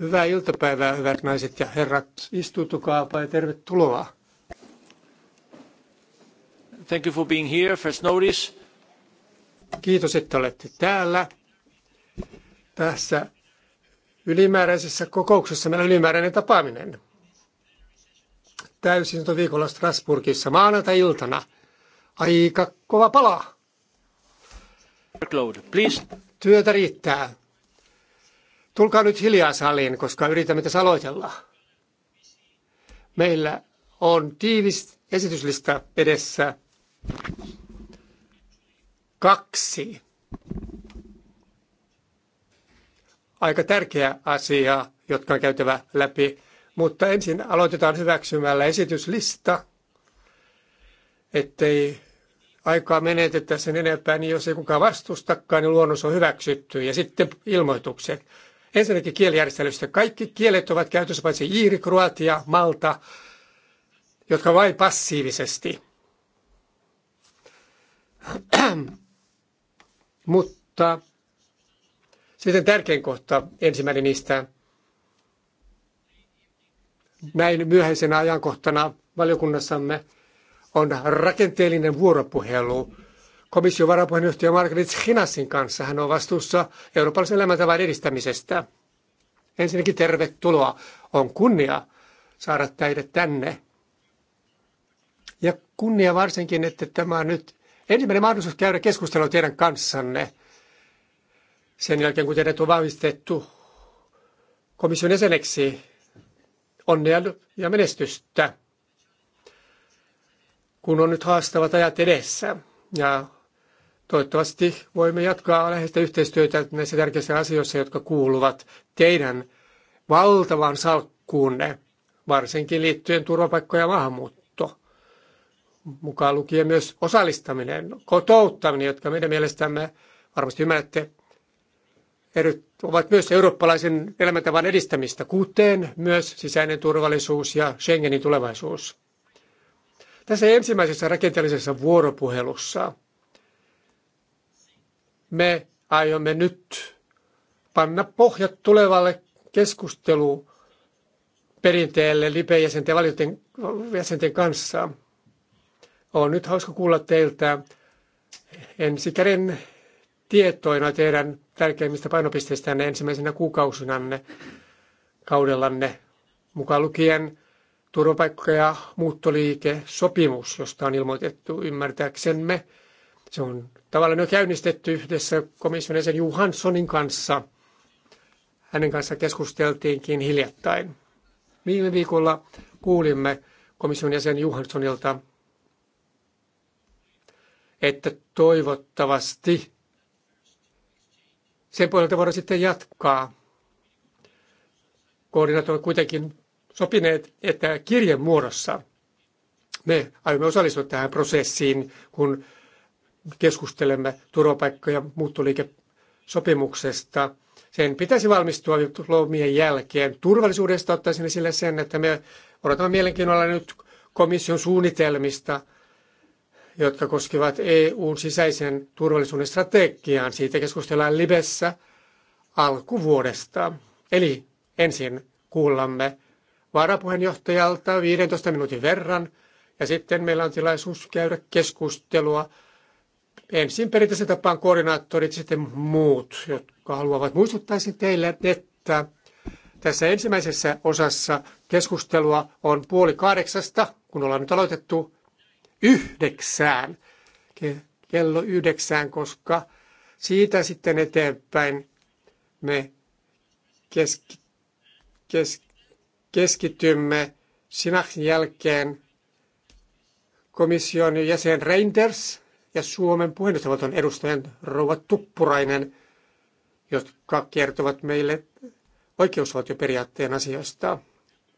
Hyvää iltapäivää, hyvät naiset ja herrat. Istuutukaapa ja tervetuloa. Thank you for being here, first notice. Kiitos, että olette täällä. Tässä ylimääräisessä kokouksessa meillä on ylimääräinen tapaaminen. Täysin viikolla Strasburgissa maanantai-iltana. Aika kova palaa. Workload, please. Työtä riittää. Tulkaa nyt hiljaa saliin, koska yritämme tässä aloitella. Meillä on tiivis esityslista edessä. Kaksi. Aika tärkeä asia, jotka on käytävä läpi. Mutta ensin aloitetaan hyväksymällä esityslista, ettei aikaa menetetä sen enempää, niin jos ei kukaan vastustakaan, niin luonnos on hyväksytty. Ja sitten ilmoitukset. Ensinnäkin kielijärjestelystä. Kaikki kielet ovat käytössä paitsi iiri, kroatia, malta, jotka vain passiivisesti. Mutta sitten tärkein kohta, ensimmäinen niistä, näin myöhäisenä ajankohtana valiokunnassamme – on rakenteellinen vuoropuhelu komission varapuheenjohtaja Margaret Schinasin kanssa. Hän on vastuussa eurooppalaisen elämäntavan edistämisestä. Ensinnäkin tervetuloa. On kunnia saada teidät tänne. Ja kunnia varsinkin, että tämä on nyt ensimmäinen mahdollisuus käydä keskustelua teidän kanssanne. Sen jälkeen, kun teidät on vahvistettu komission jäseneksi, onnea ja menestystä kun on nyt haastavat ajat edessä. Ja toivottavasti voimme jatkaa läheistä yhteistyötä näissä tärkeissä asioissa, jotka kuuluvat teidän valtavan salkkuunne, varsinkin liittyen turvapaikko- ja maahanmuutto. Mukaan lukien myös osallistaminen, kotouttaminen, jotka meidän mielestämme varmasti ymmärrätte, ovat myös eurooppalaisen elämäntavan edistämistä, kuten myös sisäinen turvallisuus ja Schengenin tulevaisuus. Tässä ensimmäisessä rakenteellisessa vuoropuhelussa me aiomme nyt panna pohjat tulevalle keskusteluun perinteelle LIPE-jäsenten valioiden jäsenten kanssa. On nyt hauska kuulla teiltä ensikäden tietoina teidän tärkeimmistä painopisteistänne ensimmäisenä kuukausinanne kaudellanne, mukaan lukien turvapaikka- ja muuttoliikesopimus, josta on ilmoitettu ymmärtääksemme. Se on tavallaan jo käynnistetty yhdessä komission jäsen Johanssonin kanssa. Hänen kanssa keskusteltiinkin hiljattain. Viime viikolla kuulimme komission jäsen Johanssonilta, että toivottavasti sen puolelta voidaan sitten jatkaa. Koordinaattori kuitenkin sopineet, että kirjan muodossa me aiomme osallistua tähän prosessiin, kun keskustelemme turvapaikka- ja muuttoliikesopimuksesta. Sen pitäisi valmistua lomien jälkeen. Turvallisuudesta ottaisin esille sen, että me odotamme mielenkiinnolla nyt komission suunnitelmista, jotka koskevat EUn sisäisen turvallisuuden strategiaan. Siitä keskustellaan Libessä alkuvuodesta. Eli ensin kuullamme varapuheenjohtajalta 15 minuutin verran. Ja sitten meillä on tilaisuus käydä keskustelua. Ensin perinteisen tapaan koordinaattorit, sitten muut, jotka haluavat. Muistuttaisin teille, että tässä ensimmäisessä osassa keskustelua on puoli kahdeksasta, kun ollaan nyt aloitettu yhdeksään, kello yhdeksään, koska siitä sitten eteenpäin me keski, keski, keskitymme Sinakin jälkeen komission jäsen Reinders ja Suomen puheenjohtajan edustajan Rouva Tuppurainen, jotka kertovat meille oikeusvaltioperiaatteen asioista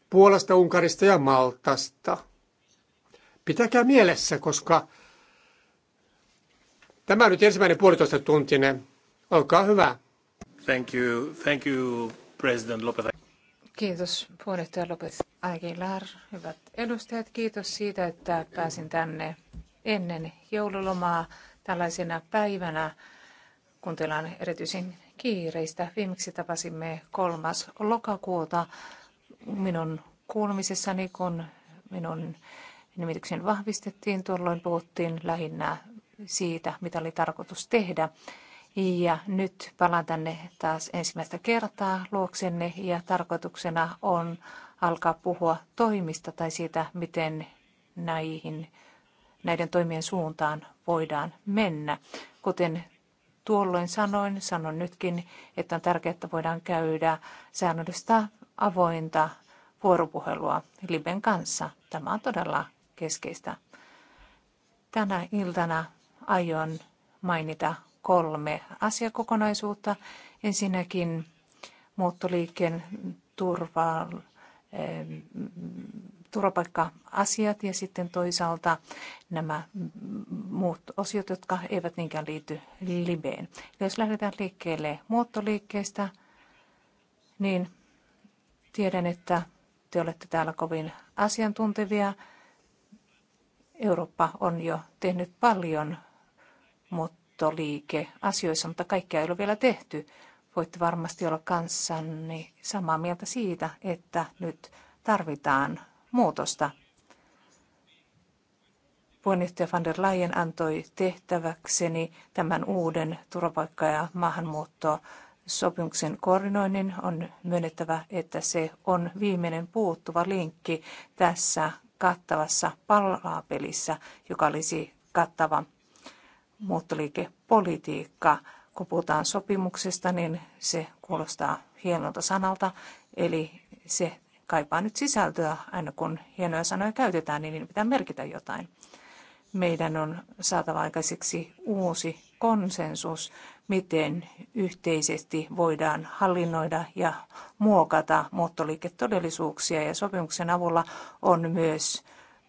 Puolasta, Unkarista ja Maltasta. Pitäkää mielessä, koska tämä on nyt ensimmäinen puolitoista tuntinen. Olkaa hyvä. Thank you, thank you, President Lopez. Kiitos puheenjohtaja Lopez Aguilar. Hyvät edustajat, kiitos siitä, että pääsin tänne ennen joululomaa tällaisena päivänä, kun teillä on erityisen kiireistä. Viimeksi tapasimme kolmas lokakuuta minun kuulumisessani, kun minun nimityksen vahvistettiin. Tuolloin puhuttiin lähinnä siitä, mitä oli tarkoitus tehdä ja nyt palaan tänne taas ensimmäistä kertaa luoksenne ja tarkoituksena on alkaa puhua toimista tai siitä, miten näihin, näiden toimien suuntaan voidaan mennä. Kuten tuolloin sanoin, sanon nytkin, että on tärkeää, että voidaan käydä säännöllistä avointa vuoropuhelua Liben kanssa. Tämä on todella keskeistä. Tänä iltana aion mainita kolme asiakokonaisuutta. Ensinnäkin muuttoliikkeen turva, turvapaikka-asiat ja sitten toisaalta nämä muut osiot, jotka eivät niinkään liity libeen. Jos lähdetään liikkeelle muuttoliikkeestä, niin tiedän, että te olette täällä kovin asiantuntevia. Eurooppa on jo tehnyt paljon, mutta muuttoliike asioissa, mutta kaikkea ei ole vielä tehty. Voitte varmasti olla kanssani samaa mieltä siitä, että nyt tarvitaan muutosta. Puheenjohtaja van der Leyen antoi tehtäväkseni tämän uuden turvapaikka- ja maahanmuuttosopimuksen koordinoinnin on myönnettävä, että se on viimeinen puuttuva linkki tässä kattavassa palapelissä, joka olisi kattava muuttoliikepolitiikka. Kun puhutaan sopimuksesta, niin se kuulostaa hienolta sanalta, eli se kaipaa nyt sisältöä. Aina kun hienoja sanoja käytetään, niin pitää merkitä jotain. Meidän on saatava aikaiseksi uusi konsensus, miten yhteisesti voidaan hallinnoida ja muokata muuttoliiketodellisuuksia. Ja sopimuksen avulla on myös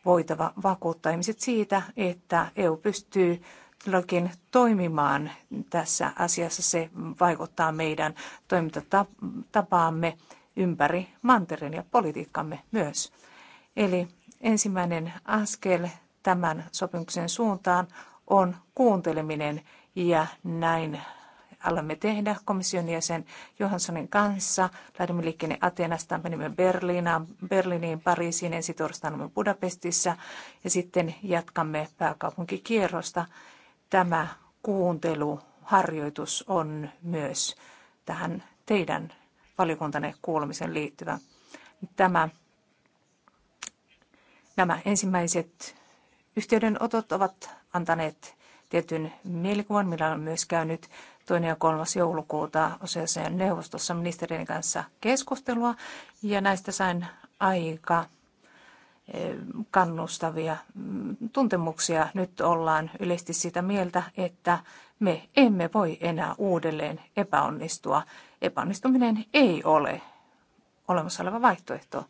voitava vakuuttaa ihmiset siitä, että EU pystyy todellakin toimimaan tässä asiassa. Se vaikuttaa meidän toimintatapaamme ympäri mantereen ja politiikkamme myös. Eli ensimmäinen askel tämän sopimuksen suuntaan on kuunteleminen ja näin alamme tehdä komission jäsen Johanssonin kanssa. Lähdemme liikkeelle Atenasta, menimme Berliinaan, Berliiniin, Pariisiin, ensi torstaina Budapestissa ja sitten jatkamme pääkaupunkikierrosta tämä kuunteluharjoitus on myös tähän teidän valiokuntanne kuulemisen liittyvä. Tämä, nämä ensimmäiset yhteydenotot ovat antaneet tietyn mielikuvan, millä on myös käynyt toinen ja kolmas joulukuuta useaseen neuvostossa ministerien kanssa keskustelua. Ja näistä sain aika kannustavia tuntemuksia. Nyt ollaan yleisesti sitä mieltä, että me emme voi enää uudelleen epäonnistua. Epäonnistuminen ei ole olemassa oleva vaihtoehto.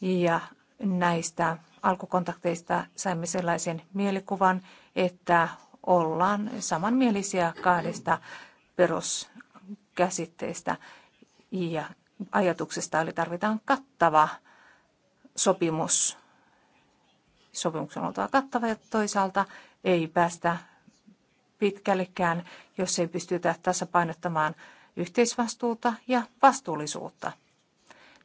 Ja näistä alkukontakteista saimme sellaisen mielikuvan, että ollaan samanmielisiä kahdesta peruskäsitteestä ja ajatuksesta, eli tarvitaan kattava sopimus, sopimuksen oltava kattava ja toisaalta ei päästä pitkällekään, jos ei pystytä tasapainottamaan yhteisvastuuta ja vastuullisuutta.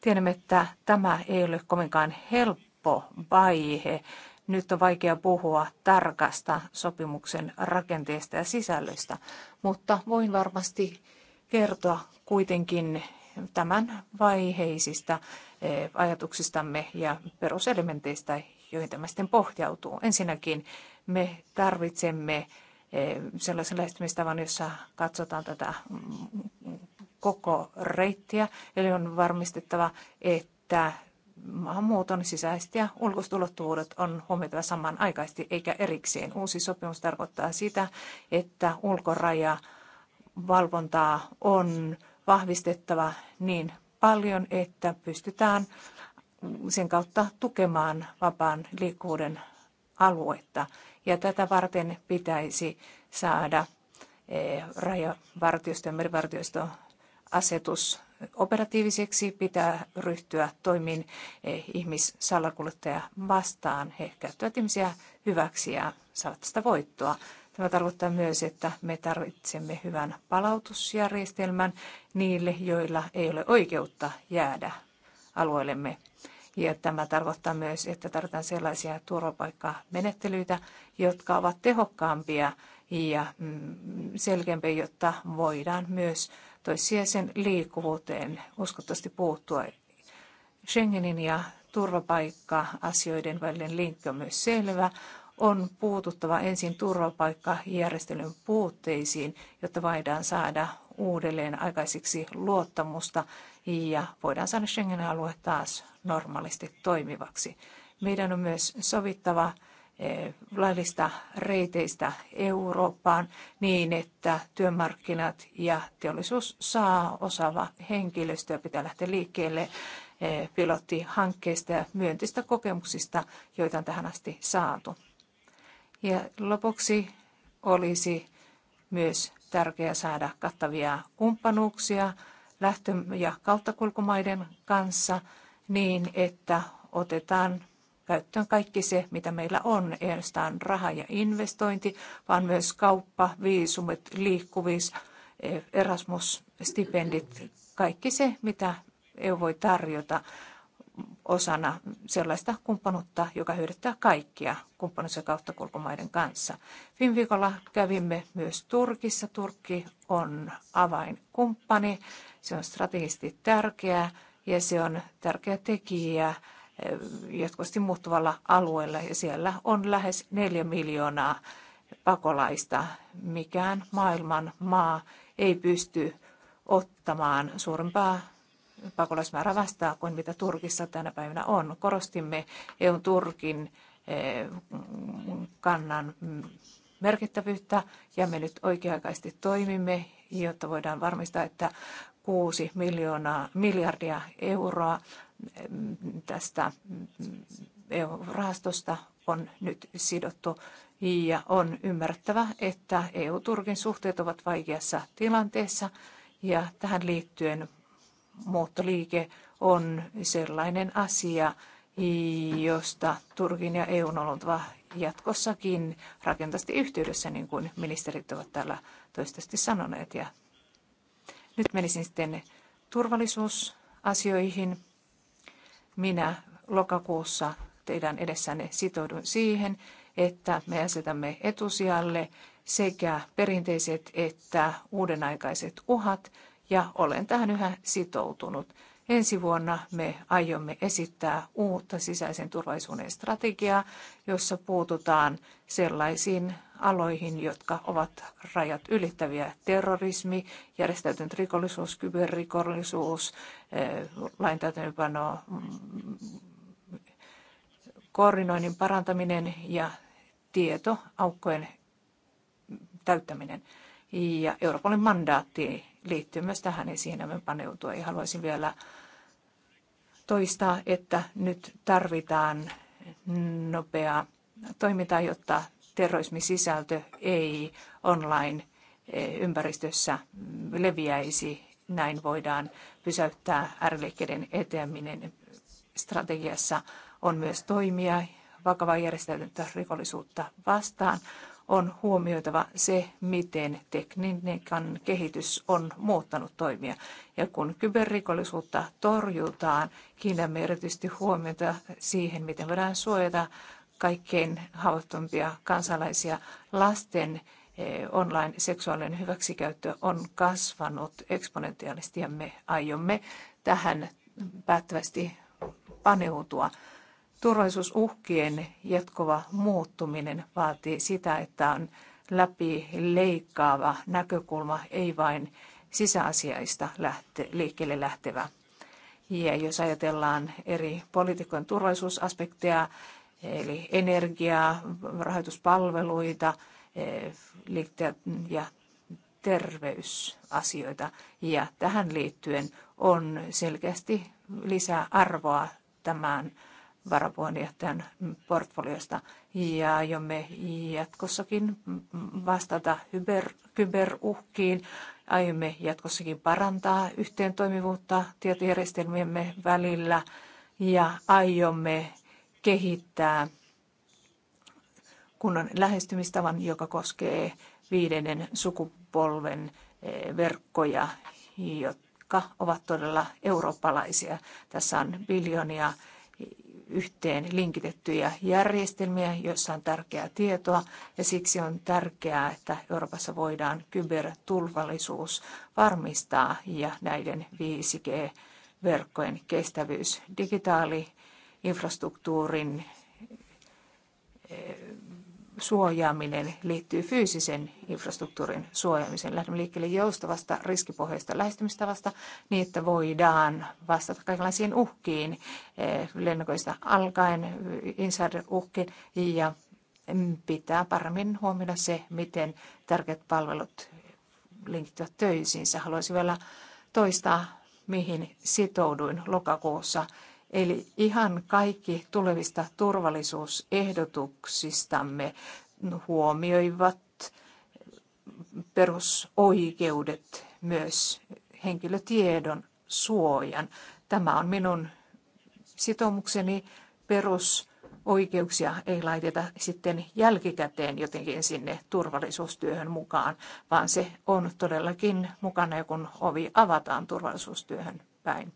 Tiedämme, että tämä ei ole kovinkaan helppo vaihe. Nyt on vaikea puhua tarkasta sopimuksen rakenteesta ja sisällöstä, mutta voin varmasti kertoa kuitenkin tämän vaiheisista Eh, ajatuksistamme ja peruselementeistä, joihin tämä sitten pohjautuu. Ensinnäkin me tarvitsemme eh, sellaisen lähestymistavan, jossa katsotaan tätä koko reittiä. Eli on varmistettava, että maahanmuuton sisäiset ja ulkoistulottuvuudet on huomioitava samanaikaisesti eikä erikseen. Uusi sopimus tarkoittaa sitä, että ulkoraja valvontaa on vahvistettava niin paljon, että pystytään sen kautta tukemaan vapaan liikkuuden aluetta. Ja tätä varten pitäisi saada eh, rajavartiosto ja merivartiosto asetus operatiiviseksi pitää ryhtyä toimiin eh, ihmissalakuljettaja vastaan. He käyttävät ihmisiä hyväksi ja saavat sitä voittoa. Tämä tarkoittaa myös, että me tarvitsemme hyvän palautusjärjestelmän niille, joilla ei ole oikeutta jäädä alueellemme. Ja tämä tarkoittaa myös, että tarvitaan sellaisia turvapaikkamenettelyitä, jotka ovat tehokkaampia ja mm, selkeämpiä, jotta voidaan myös toissijaisen liikkuvuuteen uskottavasti puuttua. Schengenin ja turvapaikka-asioiden välinen linkki on myös selvä on puututtava ensin turvapaikkajärjestelyn puutteisiin, jotta voidaan saada uudelleen aikaisiksi luottamusta ja voidaan saada Schengen-alue taas normaalisti toimivaksi. Meidän on myös sovittava eh, laillista reiteistä Eurooppaan niin, että työmarkkinat ja teollisuus saa osaava henkilöstöä. Pitää lähteä liikkeelle eh, pilottihankkeista ja myöntistä kokemuksista, joita on tähän asti saatu. Ja lopuksi olisi myös tärkeää saada kattavia kumppanuuksia lähtö- ja kauttakulkumaiden kanssa niin, että otetaan käyttöön kaikki se, mitä meillä on, ei ainoastaan raha ja investointi, vaan myös kauppa, viisumit, liikkuvis, Erasmus-stipendit, kaikki se, mitä EU voi tarjota osana sellaista kumppanuutta, joka hyödyttää kaikkia kumppanuus- ja kauttakulkumaiden kanssa. Viime viikolla kävimme myös Turkissa. Turkki on avainkumppani, se on strategisesti tärkeä ja se on tärkeä tekijä eh, jatkuvasti muuttuvalla alueella ja siellä on lähes neljä miljoonaa pakolaista. Mikään maailman maa ei pysty ottamaan suurempaa pakolaismäärä vastaa kuin mitä Turkissa tänä päivänä on. Korostimme EUn Turkin eh, kannan merkittävyyttä ja me nyt oikea-aikaisesti toimimme, jotta voidaan varmistaa, että 6 miljoonaa, miljardia euroa mm, tästä mm, EU-rahastosta on nyt sidottu ja on ymmärrettävä, että EU-Turkin suhteet ovat vaikeassa tilanteessa ja tähän liittyen muuttoliike on sellainen asia, josta Turkin ja EU on ollut jatkossakin rakentavasti yhteydessä, niin kuin ministerit ovat täällä toistaisesti sanoneet. Ja nyt menisin sitten turvallisuusasioihin. Minä lokakuussa teidän edessänne sitoudun siihen, että me asetamme etusijalle sekä perinteiset että uudenaikaiset uhat ja olen tähän yhä sitoutunut. Ensi vuonna me aiomme esittää uutta sisäisen turvallisuuden strategiaa, jossa puututaan sellaisiin aloihin, jotka ovat rajat ylittäviä. Terrorismi, järjestäytynyt rikollisuus, kyberrikollisuus, eh, laintäytäntöönpano, mm, koordinoinnin parantaminen ja tietoaukkojen täyttäminen. Ja Euroopan mandaatti liittyy myös tähän ja niin me paneutua. Ja haluaisin vielä toistaa, että nyt tarvitaan nopeaa toimintaa, jotta sisältö ei online-ympäristössä e, leviäisi. Näin voidaan pysäyttää ääriliikkeiden eteäminen. Strategiassa on myös toimia vakavaa järjestäytynyttä rikollisuutta vastaan, on huomioitava se, miten tekniikan kehitys on muuttanut toimia. Ja kun kyberrikollisuutta torjutaan, kiinnämme erityisesti huomiota siihen, miten voidaan suojata kaikkein haavoittuvimpia kansalaisia. Lasten eh, online-seksuaalinen hyväksikäyttö on kasvanut eksponentiaalisesti ja me aiomme tähän päättävästi paneutua. Turvallisuusuhkien jatkuva muuttuminen vaatii sitä, että on läpi leikkaava näkökulma, ei vain sisäasiaista lähte, liikkeelle lähtevä. Ja jos ajatellaan eri poliitikon turvallisuusaspekteja, eli energiaa, rahoituspalveluita e, ja terveysasioita. Ja tähän liittyen on selkeästi lisää arvoa tämän varapuheenjohtajan portfoliosta ja aiomme jatkossakin vastata hyber, kyberuhkiin. Aiomme jatkossakin parantaa yhteen toimivuutta tietojärjestelmiemme välillä ja aiomme kehittää kunnon lähestymistavan, joka koskee viidennen sukupolven eh, verkkoja, jotka ovat todella eurooppalaisia. Tässä on biljoonia yhteen linkitettyjä järjestelmiä, joissa on tärkeää tietoa ja siksi on tärkeää, että Euroopassa voidaan kyberturvallisuus varmistaa ja näiden 5G-verkkojen kestävyys digitaali infrastruktuurin eh, suojaaminen liittyy fyysisen infrastruktuurin suojaamiseen. Lähdemme liikkeelle joustavasta riskipohjaista lähestymistavasta niin, että voidaan vastata kaikenlaisiin uhkiin, eh, lennokoista alkaen, insider-uhkiin ja pitää paremmin huomioida se, miten tärkeät palvelut linkittyvät töisiinsä. Haluaisin vielä toistaa, mihin sitouduin lokakuussa Eli ihan kaikki tulevista turvallisuusehdotuksistamme huomioivat perusoikeudet myös henkilötiedon suojan. Tämä on minun sitoumukseni perusoikeuksia ei laiteta sitten jälkikäteen jotenkin sinne turvallisuustyöhön mukaan, vaan se on todellakin mukana, kun ovi avataan turvallisuustyöhön päin.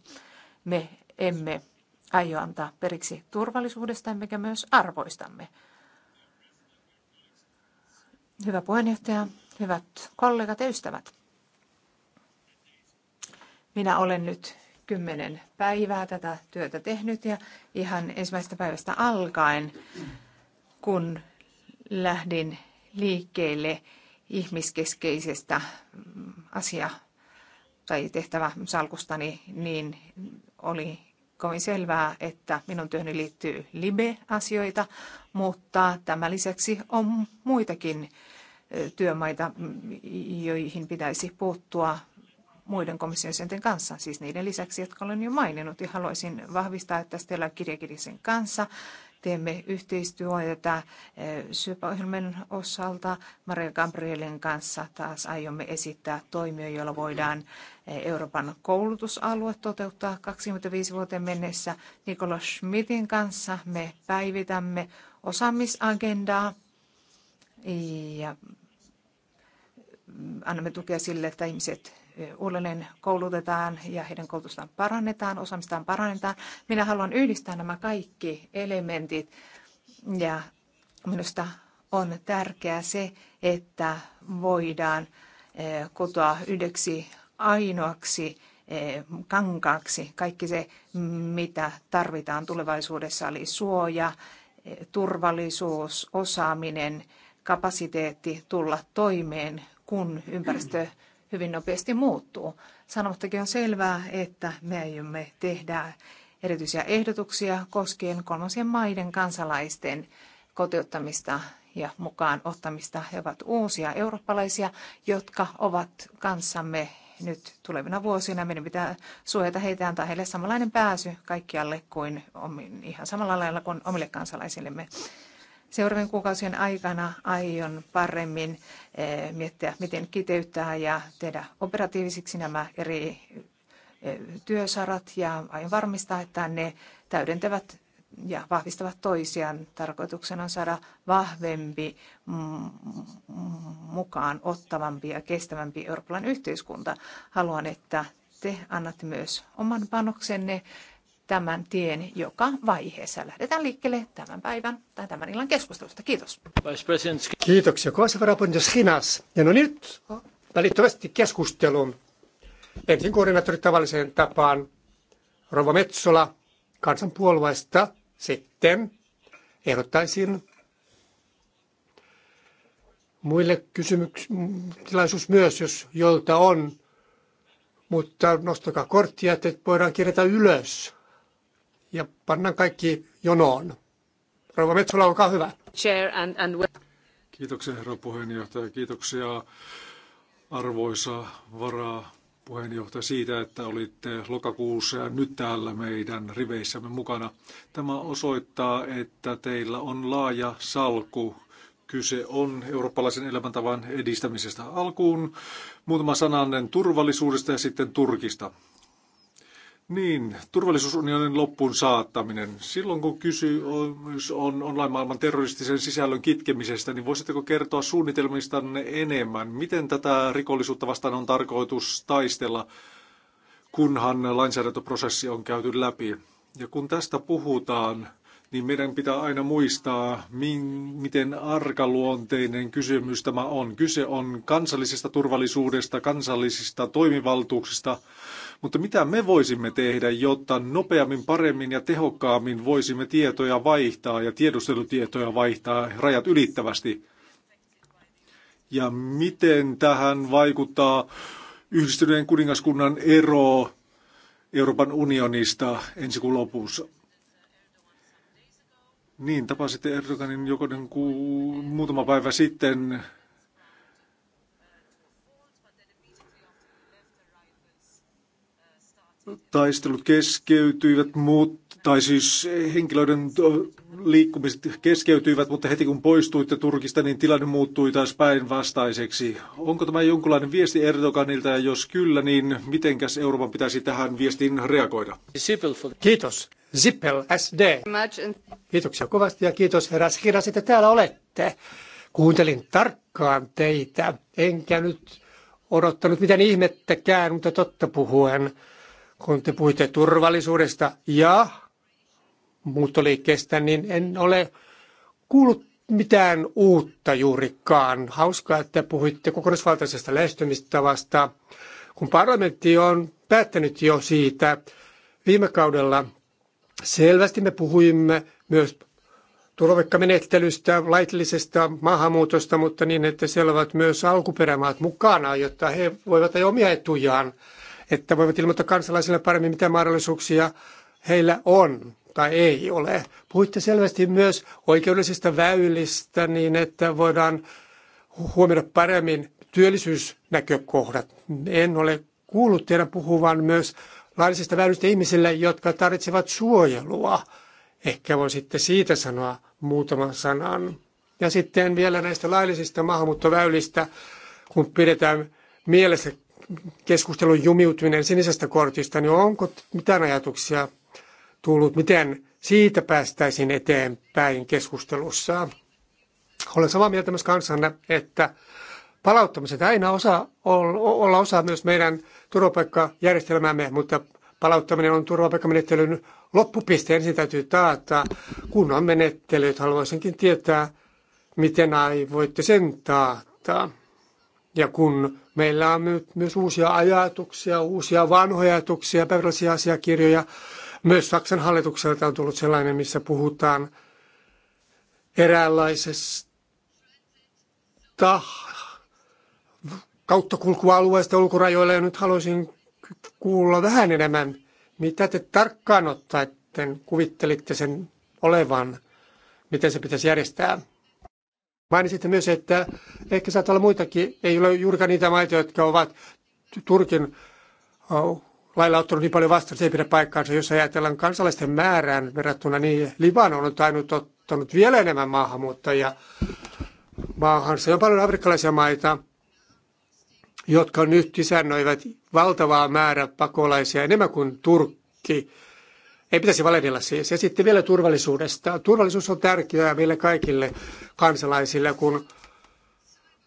Me emme aio antaa periksi turvallisuudesta ja myös arvoistamme. Hyvä puheenjohtaja, hyvät kollegat ja ystävät. Minä olen nyt kymmenen päivää tätä työtä tehnyt ja ihan ensimmäisestä päivästä alkaen, kun lähdin liikkeelle ihmiskeskeisestä mm, asia- tai tehtävä salkustani, niin oli kovin selvää, että minun työhöni liittyy LIBE-asioita, mutta tämän lisäksi on muitakin työmaita, joihin pitäisi puuttua muiden komissiosenten kanssa, siis niiden lisäksi, jotka olen jo maininnut. Ja haluaisin vahvistaa, että Stella Kirjakirisen kanssa teemme yhteistyötä eh, syöpäohjelman osalta. Maria Gabrielin kanssa taas aiomme esittää toimia, joilla voidaan eh, Euroopan koulutusalue toteuttaa 25 vuoteen mennessä. Nikola Schmidtin kanssa me päivitämme osaamisagendaa ja mm, annamme tukea sille, että ihmiset Eh, uudelleen koulutetaan ja heidän koulutustaan parannetaan, osaamistaan parannetaan. Minä haluan yhdistää nämä kaikki elementit ja minusta on tärkeää se, että voidaan eh, kutoa yhdeksi ainoaksi eh, kankaaksi kaikki se, mitä tarvitaan tulevaisuudessa, eli suoja, turvallisuus, osaaminen, kapasiteetti tulla toimeen, kun ympäristö hyvin nopeasti muuttuu. Sanomattakin on selvää, että me aiomme tehdä erityisiä ehdotuksia koskien kolmansien maiden kansalaisten kotiuttamista ja mukaan ottamista. He ovat uusia eurooppalaisia, jotka ovat kanssamme nyt tulevina vuosina. Meidän pitää suojata heitä antaa heille samanlainen pääsy kaikkialle kuin ihan samalla lailla kuin omille kansalaisillemme. Seuraavien kuukausien aikana aion paremmin eh, miettiä, miten kiteyttää ja tehdä operatiivisiksi nämä eri eh, työsarat ja aion varmistaa, että ne täydentävät ja vahvistavat toisiaan. Tarkoituksena on saada vahvempi, mm, mm, mukaan ottavampi ja kestävämpi Euroopan yhteiskunta. Haluan, että te annatte myös oman panoksenne tämän tien joka vaiheessa. Lähdetään liikkeelle tämän päivän tai tämän illan keskustelusta. Kiitos. Kiitoksia kovasti Hinas. Ja no nyt välittömästi keskustelun. Ensin koordinaattori tavalliseen tapaan Rova Metsola kansanpuolueesta. Sitten ehdottaisin muille kysymyks- tilaisuus myös, jos jolta on, mutta nostakaa korttia, että voidaan kirjata ylös ja pannaan kaikki jonoon. Rouva Metsola, olkaa hyvä. Chair and, and... Kiitoksia herra puheenjohtaja. Kiitoksia arvoisa varaa puheenjohtaja siitä, että olitte lokakuussa ja nyt täällä meidän riveissämme mukana. Tämä osoittaa, että teillä on laaja salku. Kyse on eurooppalaisen elämäntavan edistämisestä alkuun. Muutama sananen turvallisuudesta ja sitten Turkista. Niin, turvallisuusunionin loppuun saattaminen. Silloin kun kysymys on online-maailman terroristisen sisällön kitkemisestä, niin voisitteko kertoa suunnitelmistanne enemmän? Miten tätä rikollisuutta vastaan on tarkoitus taistella, kunhan lainsäädäntöprosessi on käyty läpi? Ja kun tästä puhutaan, niin meidän pitää aina muistaa, miten arkaluonteinen kysymys tämä on. Kyse on kansallisesta turvallisuudesta, kansallisista toimivaltuuksista, mutta mitä me voisimme tehdä, jotta nopeammin, paremmin ja tehokkaammin voisimme tietoja vaihtaa ja tiedustelutietoja vaihtaa rajat ylittävästi? Ja miten tähän vaikuttaa yhdistyneen kuningaskunnan ero Euroopan unionista ensi kuun lopussa? Niin, tapasitte Erdoganin jokonen ku... muutama päivä sitten taistelut keskeytyivät, muut, tai siis henkilöiden liikkumiset keskeytyivät, mutta heti kun poistuitte Turkista, niin tilanne muuttui taas päinvastaiseksi. Onko tämä jonkinlainen viesti Erdoganilta, ja jos kyllä, niin mitenkäs Euroopan pitäisi tähän viestiin reagoida? Kiitos. Zippel SD. Kiitoksia kovasti ja kiitos herra Skiras, että täällä olette. Kuuntelin tarkkaan teitä, enkä nyt odottanut mitään ihmettäkään, mutta totta puhuen kun te puhuitte turvallisuudesta ja muuttoliikkeestä, niin en ole kuullut mitään uutta juurikaan. Hauskaa, että puhuitte kokonaisvaltaisesta lähestymistavasta, kun parlamentti on päättänyt jo siitä. Viime kaudella selvästi me puhuimme myös turvapaikkamenettelystä, laillisesta maahanmuutosta, mutta niin, että siellä ovat myös alkuperämaat mukana, jotta he voivat ajaa omia etujaan että voivat ilmoittaa kansalaisille paremmin, mitä mahdollisuuksia heillä on tai ei ole. Puhuitte selvästi myös oikeudellisista väylistä niin, että voidaan huomioida paremmin työllisyysnäkökohdat. En ole kuullut teidän puhuvan myös laillisista väylistä ihmisille, jotka tarvitsevat suojelua. Ehkä voin sitten siitä sanoa muutaman sanan. Ja sitten vielä näistä laillisista maahanmuuttoväylistä, kun pidetään mielessä keskustelun jumiutuminen sinisestä kortista, niin onko mitään ajatuksia tullut, miten siitä päästäisiin eteenpäin keskustelussa? Olen samaa mieltä myös kanssanne, että palauttamiset aina osa, olla osa myös meidän turvapaikkajärjestelmäämme, mutta palauttaminen on turvapaikkamenettelyn loppupiste. Ensin täytyy taata kunnon menettelyt. Haluaisinkin tietää, miten ai voitte sen taata. Ja kun meillä on myös uusia ajatuksia, uusia vanhoja ajatuksia, päivällisiä asiakirjoja, myös Saksan hallitukselta on tullut sellainen, missä puhutaan eräänlaisesta kauttakulkualueesta ulkorajoilla. Ja nyt haluaisin kuulla vähän enemmän, mitä te tarkkaan ottaen kuvittelitte sen olevan, miten se pitäisi järjestää. Mainitsitte myös, että ehkä saattaa olla muitakin, ei ole juurikaan niitä maita, jotka ovat Turkin äh, lailla ottanut niin paljon vastaan, se ei pidä paikkaansa. Jos ajatellaan kansalaisten määrään verrattuna, niin Libanon on tainnut ottanut vielä enemmän maahanmuuttajia maahansa. On paljon afrikkalaisia maita, jotka nyt isännöivät valtavaa määrää pakolaisia enemmän kuin Turkki ei pitäisi valehdella siis. Ja sitten vielä turvallisuudesta. Turvallisuus on tärkeää meille kaikille kansalaisille, kun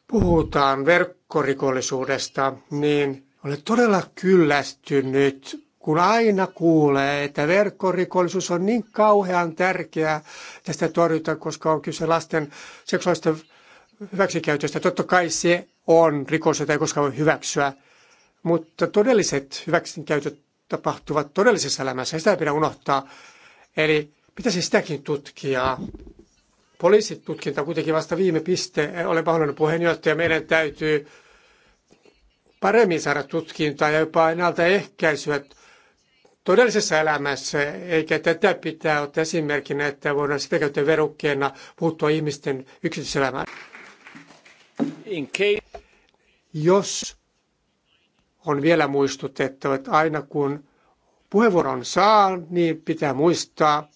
puhutaan verkkorikollisuudesta, niin olen todella kyllästynyt, kun aina kuulee, että verkkorikollisuus on niin kauhean tärkeää tästä torjuta, koska on kyse lasten seksuaalista hyväksikäytöstä. Totta kai se on rikos, jota ei koskaan voi hyväksyä, mutta todelliset hyväksikäytöt tapahtuvat todellisessa elämässä. sitä ei pidä unohtaa. Eli pitäisi sitäkin tutkia. Poliisitutkinta on kuitenkin vasta viime piste. Olen pahoillani puheenjohtaja. Meidän täytyy paremmin saada tutkintaa ja jopa ennaltaehkäisyä todellisessa elämässä, eikä tätä pitää ottaa esimerkkinä, että voidaan sitä käyttää verukkeena puuttua ihmisten yksityiselämään. Jos on vielä muistutettava, että aina kun puheenvuoron saa, niin pitää muistaa,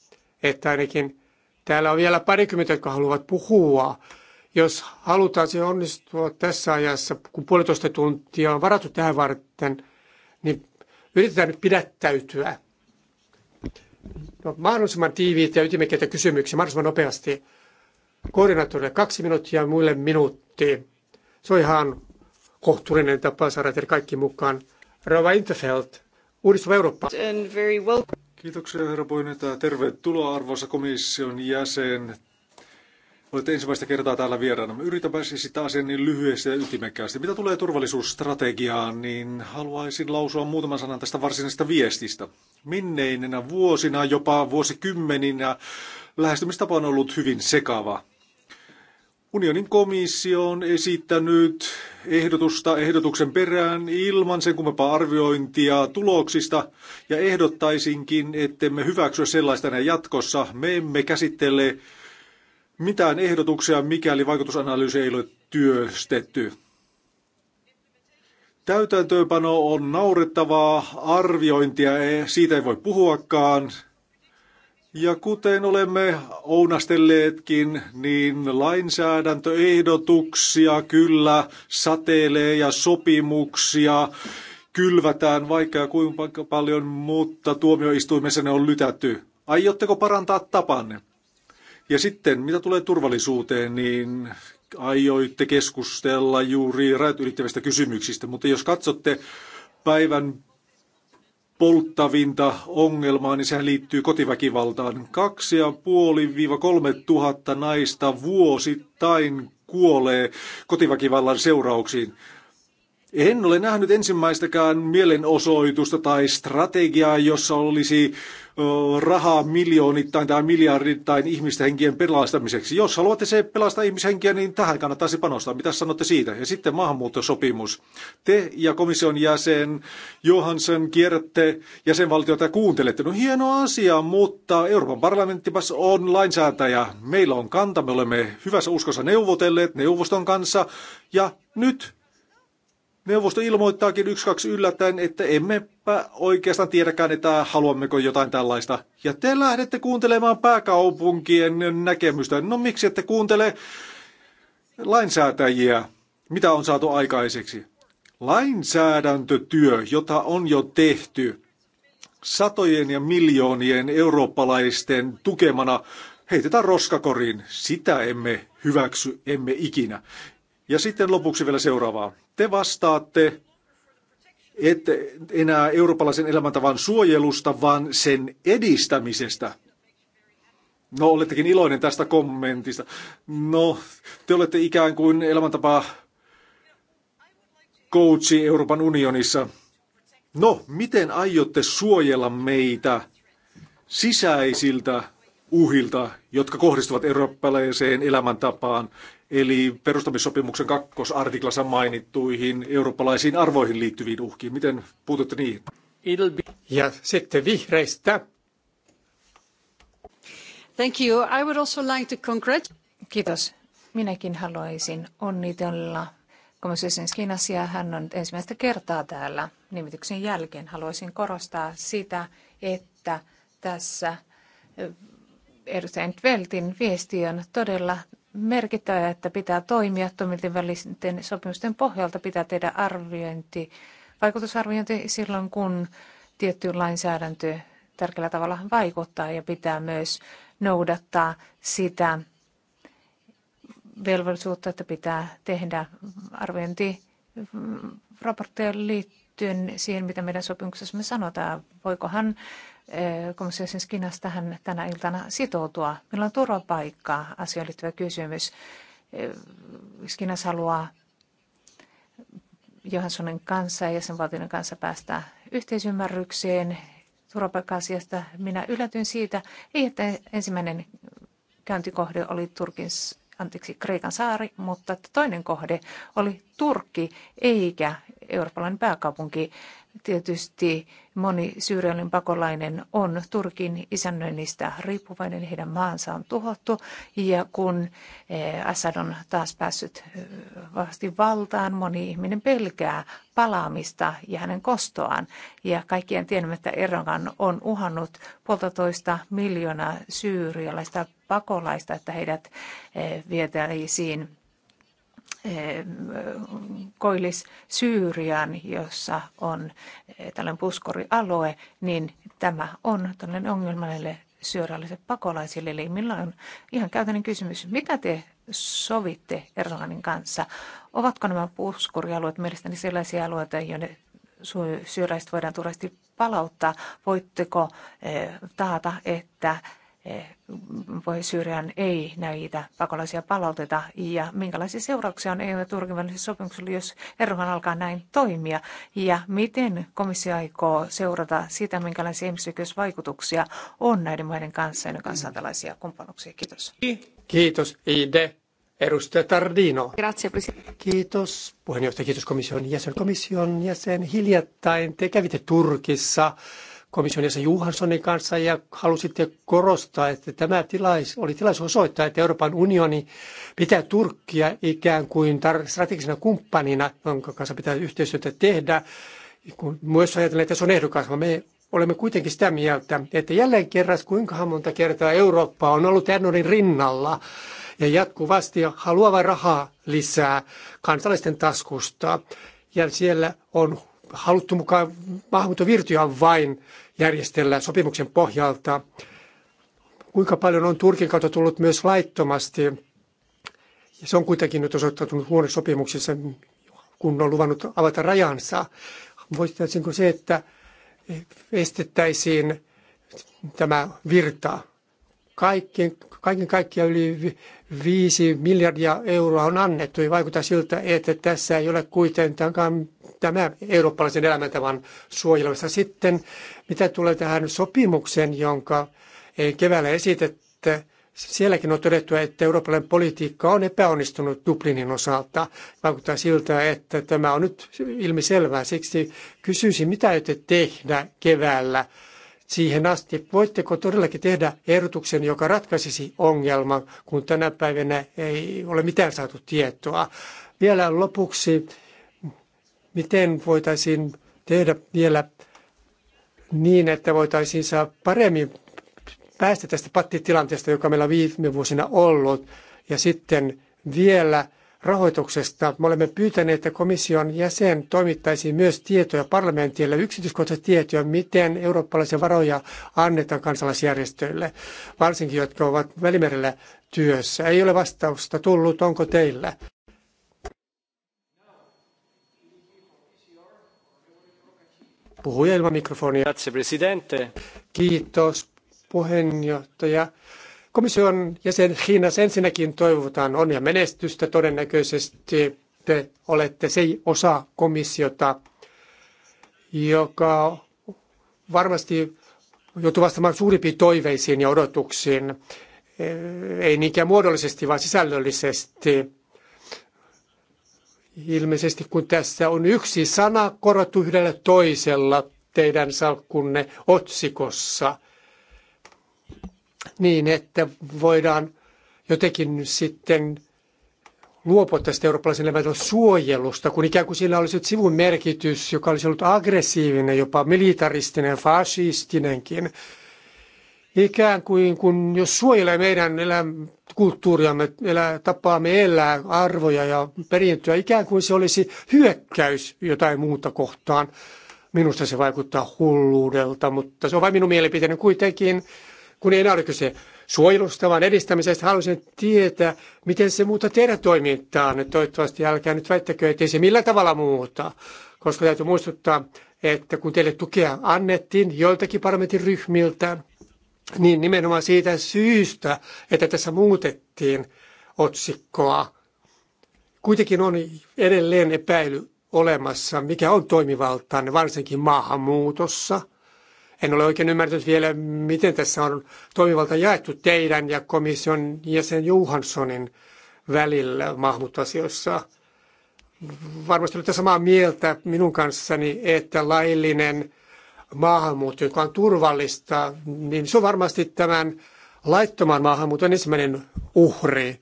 että ainakin täällä on vielä parikymmentä, jotka haluavat puhua. Jos halutaan se onnistua tässä ajassa, kun puolitoista tuntia on varattu tähän varten, niin yritetään nyt pidättäytyä. No, mahdollisimman tiiviitä ja ytimekkäitä kysymyksiä, mahdollisimman nopeasti. Koordinaattorille kaksi minuuttia ja muille minuutti. Se on ihan kohtuullinen tapa saada teidät kaikki mukaan. Rova Interfeld, uudistuva Eurooppa. Kiitoksia herra Poineta. Tervetuloa arvoisa komission jäsen. Olette ensimmäistä kertaa täällä vieraana. Yritänpä siis sitä asiaa niin lyhyesti ja ytimekkäästi. Mitä tulee turvallisuusstrategiaan, niin haluaisin lausua muutaman sanan tästä varsinaisesta viestistä. Minneinenä vuosina, jopa vuosikymmeninä, lähestymistapa on ollut hyvin sekava. Unionin komissio on esittänyt ehdotusta ehdotuksen perään ilman sen kummempaa arviointia tuloksista ja ehdottaisinkin, ettemme hyväksy sellaista näin jatkossa. Me emme käsittele mitään ehdotuksia, mikäli vaikutusanalyysi ei ole työstetty. Täytäntöönpano on naurettavaa, arviointia siitä ei voi puhuakaan, ja kuten olemme ounastelleetkin, niin lainsäädäntöehdotuksia kyllä satelee ja sopimuksia kylvätään vaikka ja kuinka paljon, mutta tuomioistuimessa ne on lytätty. Aiotteko parantaa tapanne? Ja sitten, mitä tulee turvallisuuteen, niin aioitte keskustella juuri rajat ylittävistä kysymyksistä, mutta jos katsotte päivän polttavinta ongelmaa, niin sehän liittyy kotiväkivaltaan. 2,5-3 tuhatta naista vuosittain kuolee kotiväkivallan seurauksiin. En ole nähnyt ensimmäistäkään mielenosoitusta tai strategiaa, jossa olisi rahaa miljoonittain tai miljardittain henkien pelastamiseksi. Jos haluatte se pelastaa ihmishenkiä, niin tähän kannattaisi panostaa. Mitä sanotte siitä? Ja sitten maahanmuuttosopimus. Te ja komission jäsen Johansson kierrätte jäsenvaltiota ja kuuntelette. No hieno asia, mutta Euroopan parlamentti on lainsäätäjä. Meillä on kanta, me olemme hyvässä uskossa neuvotelleet neuvoston kanssa ja nyt Neuvosto ilmoittaakin yksi kaksi yllättäen, että emmepä oikeastaan tiedäkään, että haluammeko jotain tällaista. Ja te lähdette kuuntelemaan pääkaupunkien näkemystä. No miksi ette kuuntele lainsäätäjiä, mitä on saatu aikaiseksi? Lainsäädäntötyö, jota on jo tehty satojen ja miljoonien eurooppalaisten tukemana, heitetään roskakoriin. Sitä emme hyväksy, emme ikinä. Ja sitten lopuksi vielä seuraavaa. Te vastaatte, että enää eurooppalaisen elämäntavan suojelusta, vaan sen edistämisestä. No, olettekin iloinen tästä kommentista. No, te olette ikään kuin elämäntapa coachi Euroopan unionissa. No, miten aiotte suojella meitä sisäisiltä uhilta, jotka kohdistuvat eurooppalaiseen elämäntapaan eli perustamissopimuksen kakkosartiklassa mainittuihin eurooppalaisiin arvoihin liittyviin uhkiin. Miten puututte niihin? Ja sitten vihreistä. Thank you. I would also like to congratulate... Kiitos. Minäkin haluaisin onnitella komissiosin Skinasia. Hän on ensimmäistä kertaa täällä nimityksen jälkeen. Haluaisin korostaa sitä, että tässä eh, edustaja Entveltin viesti on todella merkitään, että pitää toimia toimilten välisten sopimusten pohjalta, pitää tehdä arviointi, vaikutusarviointi silloin, kun tietty lainsäädäntö tärkeällä tavalla vaikuttaa ja pitää myös noudattaa sitä velvollisuutta, että pitää tehdä arviointiraportteja mm, liittyen siihen, mitä meidän sopimuksessa me sanotaan. Voikohan Eh, komissiosin siis Skinas tähän tänä iltana sitoutua. Meillä on turvapaikkaa asioihin liittyvä kysymys. Skinas eh, haluaa Johanssonin kanssa ja jäsenvaltioiden kanssa päästä yhteisymmärrykseen turvapaikka-asiasta. Minä yllätyin siitä, ei että ensimmäinen käyntikohde oli Turkin, anteeksi, Kreikan saari, mutta toinen kohde oli Turkki eikä eurooppalainen pääkaupunki. Tietysti moni syyrialainen pakolainen on Turkin isännöinnistä riippuvainen, heidän maansa on tuhottu ja kun eh, Assad on taas päässyt eh, vahvasti valtaan, moni ihminen pelkää palaamista ja hänen kostoaan. Ja kaikkien tiedämme, että Erdogan on uhannut puolitoista miljoonaa syyrialaista pakolaista, että heidät eh, vietäisiin Eh, koillis Syyrian, jossa on eh, tällainen puskorialue, niin tämä on tällainen ongelma näille syyrialaisille pakolaisille. Eli milloin on ihan käytännön kysymys, mitä te sovitte Erdoganin kanssa? Ovatko nämä puskurialueet mielestäni sellaisia alueita, joiden syyrialaiset voidaan turvallisesti palauttaa? Voitteko eh, taata, että voi Syyrian ei näitä pakolaisia palauteta ja minkälaisia seurauksia on EU- ja Turkin välisessä sopimuksessa, jos Erdogan alkaa näin toimia ja miten komissio aikoo seurata sitä, minkälaisia ihmisoikeusvaikutuksia on näiden maiden kanssa ja kansainvälisiä kumppanuksia. Kiitos. Kiitos Ide. Edustaja Tardino. Grazie, kiitos puheenjohtaja, kiitos komission jäsen. Komission jäsen hiljattain te kävitte Turkissa komission jäsen Johanssonin kanssa ja halusitte korostaa, että tämä tilais, oli tilaisuus osoittaa, että Euroopan unioni pitää Turkkia ikään kuin tar- strategisena kumppanina, jonka kanssa pitää yhteistyötä tehdä. Kun myös ajatellaan, että se on ehdokas, me olemme kuitenkin sitä mieltä, että jälleen kerran kuinka monta kertaa Eurooppa on ollut Erdoganin rinnalla ja jatkuvasti haluaa vain rahaa lisää kansalaisten taskusta. Ja siellä on haluttu mukaan maahanmuuttovirtoja vain järjestellä sopimuksen pohjalta. Kuinka paljon on Turkin kautta tullut myös laittomasti? Ja se on kuitenkin nyt osoittautunut huono sopimuksessa, kun on luvannut avata rajansa. Voisitko se, että estettäisiin tämä virta? Kaiken, kaiken kaikkiaan yli 5 miljardia euroa on annettu. ja vaikuttaa siltä, että tässä ei ole kuitenkaan tämä eurooppalaisen elämäntavan suojelussa Sitten mitä tulee tähän sopimukseen, jonka keväällä esitette, sielläkin on todettu, että eurooppalainen politiikka on epäonnistunut Dublinin osalta. Vaikuttaa siltä, että tämä on nyt ilmiselvää. Siksi kysyisin, mitä aiotte tehdä keväällä siihen asti. Voitteko todellakin tehdä ehdotuksen, joka ratkaisisi ongelman, kun tänä päivänä ei ole mitään saatu tietoa? Vielä lopuksi miten voitaisiin tehdä vielä niin, että voitaisiin saa paremmin päästä tästä pattitilanteesta, joka meillä on viime vuosina ollut. Ja sitten vielä rahoituksesta. Me olemme pyytäneet, että komission jäsen toimittaisi myös tietoja parlamentille, yksityiskohtaisia tietoja, miten eurooppalaisia varoja annetaan kansalaisjärjestöille, varsinkin jotka ovat välimerellä työssä. Ei ole vastausta tullut, onko teillä? Puhuja Grazie, presidente. Kiitos, puheenjohtaja. Komission jäsen Kiinassa ensinnäkin toivotan onnea menestystä. Todennäköisesti te olette se osa komissiota, joka varmasti joutuu vastaamaan suurimpiin toiveisiin ja odotuksiin, ei niinkään muodollisesti, vaan sisällöllisesti ilmeisesti, kun tässä on yksi sana korvattu yhdellä toisella teidän salkkunne otsikossa, niin että voidaan jotenkin sitten luopua tästä eurooppalaisen elämän suojelusta, kun ikään kuin sillä olisi sivun merkitys, joka olisi ollut aggressiivinen, jopa militaristinen, fasistinenkin ikään kuin kun jos suojelee meidän eläm- kulttuuriamme, elä, tapaamme elää, arvoja ja perintöä, ikään kuin se olisi hyökkäys jotain muuta kohtaan. Minusta se vaikuttaa hulluudelta, mutta se on vain minun mielipiteeni kuitenkin, kun ei enää ole kyse suojelusta, vaan edistämisestä. Haluaisin tietää, miten se muuta teidän toimintaanne. Toivottavasti älkää nyt väittäkö, ei se millä tavalla muuta, koska täytyy muistuttaa, että kun teille tukea annettiin joiltakin parlamentin ryhmiltä, niin nimenomaan siitä syystä, että tässä muutettiin otsikkoa. Kuitenkin on edelleen epäily olemassa, mikä on toimivaltaan, varsinkin maahanmuutossa. En ole oikein ymmärtänyt vielä, miten tässä on toimivalta jaettu teidän ja komission jäsen Johanssonin välillä maahanmuuttoasioissa. Varmasti olette samaa mieltä minun kanssani, että laillinen maahanmuutto, joka on turvallista, niin se on varmasti tämän laittoman maahanmuuton ensimmäinen uhri.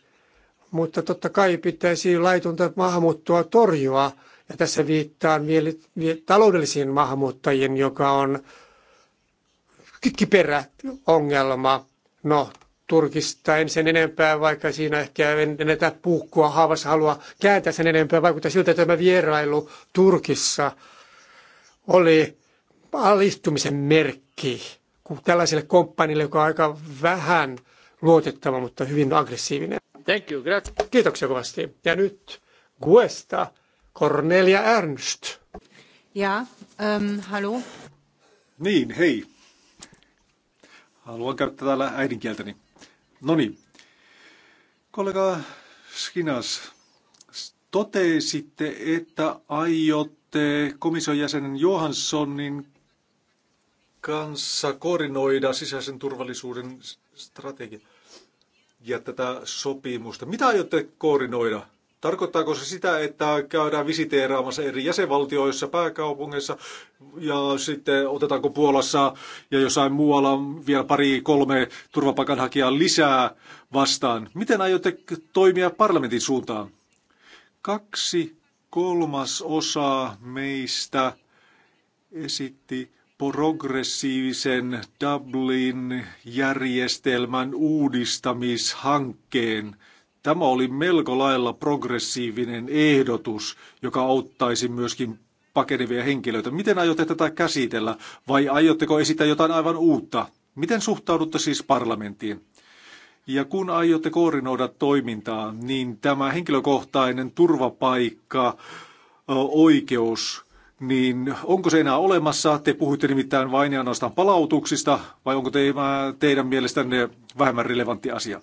Mutta totta kai pitäisi laitonta maahanmuuttoa torjua. Ja tässä viittaan vielä taloudellisiin maahanmuuttajiin, joka on kiperä ongelma. No, Turkista en sen enempää, vaikka siinä ehkä en näitä puukkua haavassa halua kääntää sen enempää. Vaikuttaa siltä, että tämä vierailu Turkissa oli alistumisen merkki tällaiselle komppanille, joka on aika vähän luotettava, mutta hyvin aggressiivinen. Thank you, grazie. Kiitoksia kovasti. Ja nyt Guesta Cornelia Ernst. Ja, um, hallo. Niin, hei. Haluan käyttää täällä äidinkieltäni. No niin. Kollega Skinas, totesitte, että aiotte komission jäsenen Johanssonin kanssa koordinoida sisäisen turvallisuuden strategia ja tätä sopimusta. Mitä aiotte koordinoida? Tarkoittaako se sitä, että käydään visiteeraamassa eri jäsenvaltioissa, pääkaupungeissa ja sitten otetaanko Puolassa ja jossain muualla vielä pari kolme turvapaikanhakijaa lisää vastaan? Miten aiotte toimia parlamentin suuntaan? Kaksi kolmas osa meistä esitti progressiivisen Dublin-järjestelmän uudistamishankkeen. Tämä oli melko lailla progressiivinen ehdotus, joka auttaisi myöskin pakenevia henkilöitä. Miten aiotte tätä käsitellä vai aiotteko esittää jotain aivan uutta? Miten suhtaudutte siis parlamenttiin? Ja kun aiotte koordinoida toimintaa, niin tämä henkilökohtainen turvapaikka, oikeus, niin onko se enää olemassa? Te puhuitte nimittäin vain ja ainoastaan palautuksista, vai onko teidän, teidän mielestänne vähemmän relevantti asia?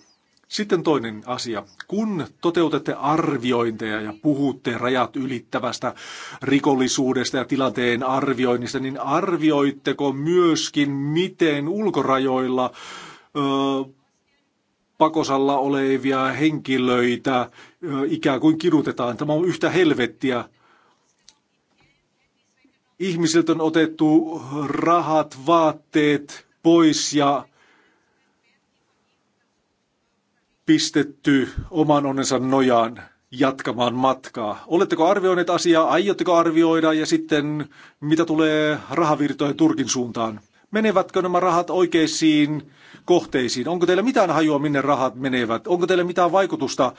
Sitten toinen asia. Kun toteutatte arviointeja ja puhutte rajat ylittävästä rikollisuudesta ja tilanteen arvioinnista, niin arvioitteko myöskin, miten ulkorajoilla ö, pakosalla olevia henkilöitä ö, ikään kuin kidutetaan? Tämä on yhtä helvettiä Ihmisiltä on otettu rahat, vaatteet pois ja pistetty oman onnensa nojaan jatkamaan matkaa. Oletteko arvioineet asiaa, aiotteko arvioida ja sitten mitä tulee rahavirtojen Turkin suuntaan? Menevätkö nämä rahat oikeisiin kohteisiin? Onko teillä mitään hajua, minne rahat menevät? Onko teillä mitään vaikutusta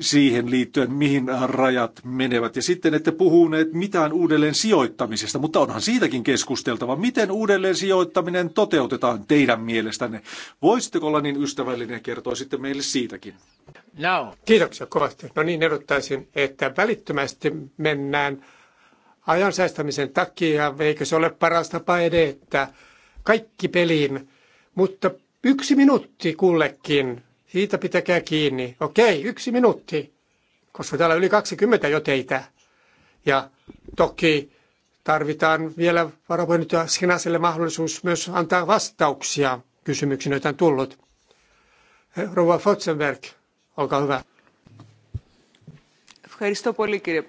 siihen liittyen, mihin rajat menevät? Ja sitten ette puhuneet mitään uudelleen sijoittamisesta, mutta onhan siitäkin keskusteltava. Miten uudelleen sijoittaminen toteutetaan teidän mielestänne? Voisitteko olla niin ystävällinen ja sitten meille siitäkin? No. Kiitoksia kovasti. No niin, erottaisin, että välittömästi mennään ajan säästämisen takia, eikö se ole paras tapa edetä? kaikki peliin, mutta yksi minuutti kullekin. Siitä pitäkää kiinni. Okei, yksi minuutti, koska täällä on yli 20 jo teitä. Ja toki tarvitaan vielä varapuheenjohtaja Skinaselle mahdollisuus myös antaa vastauksia kysymyksiin, joita on tullut. Eh, Rova Fotsenberg, olkaa hyvä. Kiitos paljon, kirja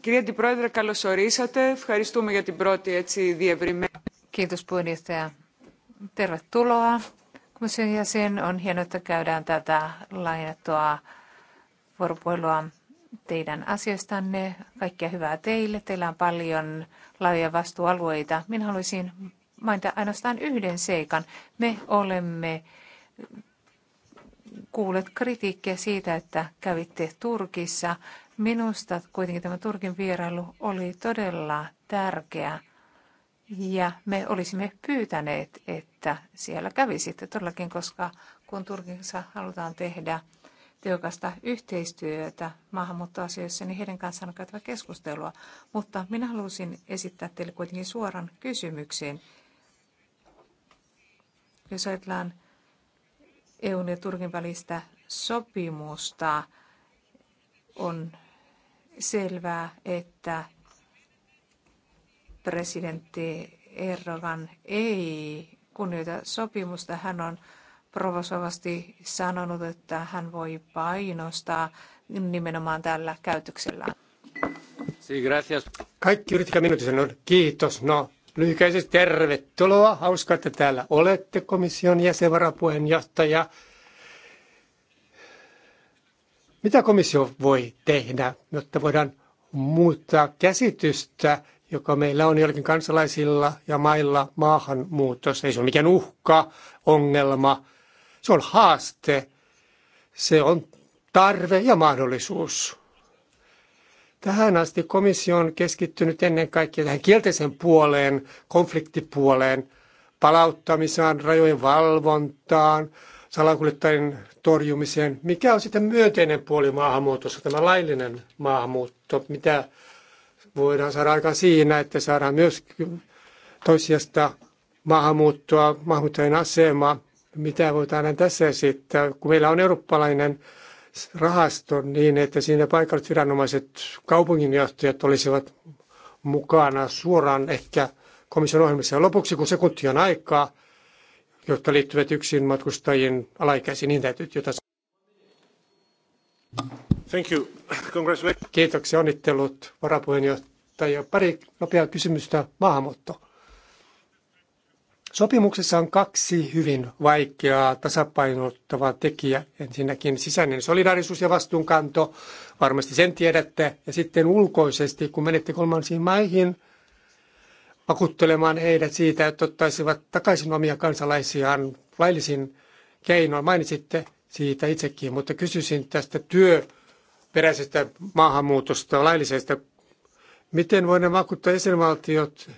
Κυρία την Πρόεδρε, καλώς ορίσατε. Ευχαριστούμε για την πρώτη έτσι διευρυμένη. Kiitos puheenjohtaja. Tervetuloa komission jäsen. On hienoa, että käydään tätä lainattua vuoropuhelua teidän asioistanne. Kaikkea hyvää teille. Teillä on paljon laajoja vastuualueita. Minä haluaisin mainita ainoastaan yhden seikan. Me olemme kuulleet kritiikkiä siitä, että kävitte Turkissa Minusta kuitenkin tämä Turkin vierailu oli todella tärkeä ja me olisimme pyytäneet, että siellä kävisitte todellakin, koska kun Turkissa halutaan tehdä tehokasta yhteistyötä maahanmuuttoasioissa, niin heidän kanssaan on käytävä keskustelua. Mutta minä halusin esittää teille kuitenkin suoran kysymyksen. Jos ajatellaan EUn ja Turkin välistä sopimusta, on selvää, että presidentti Erdogan ei kunnioita sopimusta. Hän on provosovasti sanonut, että hän voi painostaa nimenomaan tällä käytöksellään. Kaikki yrittäkää minuutin sanoa kiitos. No, lyhykäisesti tervetuloa. Hauska, että täällä olette komission jäsenvarapuheenjohtaja. Mitä komissio voi tehdä, jotta voidaan muuttaa käsitystä, joka meillä on joillakin kansalaisilla ja mailla maahanmuutossa? Ei se ole mikään uhka, ongelma. Se on haaste. Se on tarve ja mahdollisuus. Tähän asti komissio on keskittynyt ennen kaikkea tähän kielteisen puoleen, konfliktipuoleen, palauttamiseen, rajojen valvontaan, salakuljettajien torjumiseen. Mikä on sitten myönteinen puoli maahanmuutossa, tämä laillinen maahanmuutto? Mitä voidaan saada aikaan siinä, että saadaan myös toisiasta maahanmuuttoa, maahanmuuttajien asemaa? Mitä voidaan tässä esittää? Kun meillä on eurooppalainen rahasto niin, että siinä paikalliset viranomaiset, kaupunginjohtajat olisivat mukana suoraan ehkä komission ohjelmissa. Ja lopuksi, kun sekunti on aikaa, jotka liittyvät yksin matkustajien alaikäisiin, niin täytyy jotain Thank you. Congratulations. Kiitoksia, onnittelut varapuheenjohtaja. Pari nopeaa kysymystä maahanmuutto. Sopimuksessa on kaksi hyvin vaikeaa tasapainottavaa tekijää. Ensinnäkin sisäinen solidaarisuus ja vastuunkanto, varmasti sen tiedätte. Ja sitten ulkoisesti, kun menette kolmansiin maihin – vakuuttelemaan heidät siitä, että ottaisivat takaisin omia kansalaisiaan laillisin keinoin. Mainitsitte siitä itsekin, mutta kysyisin tästä työperäisestä maahanmuutosta, laillisesta. Miten voidaan vakuuttaa jäsenvaltiot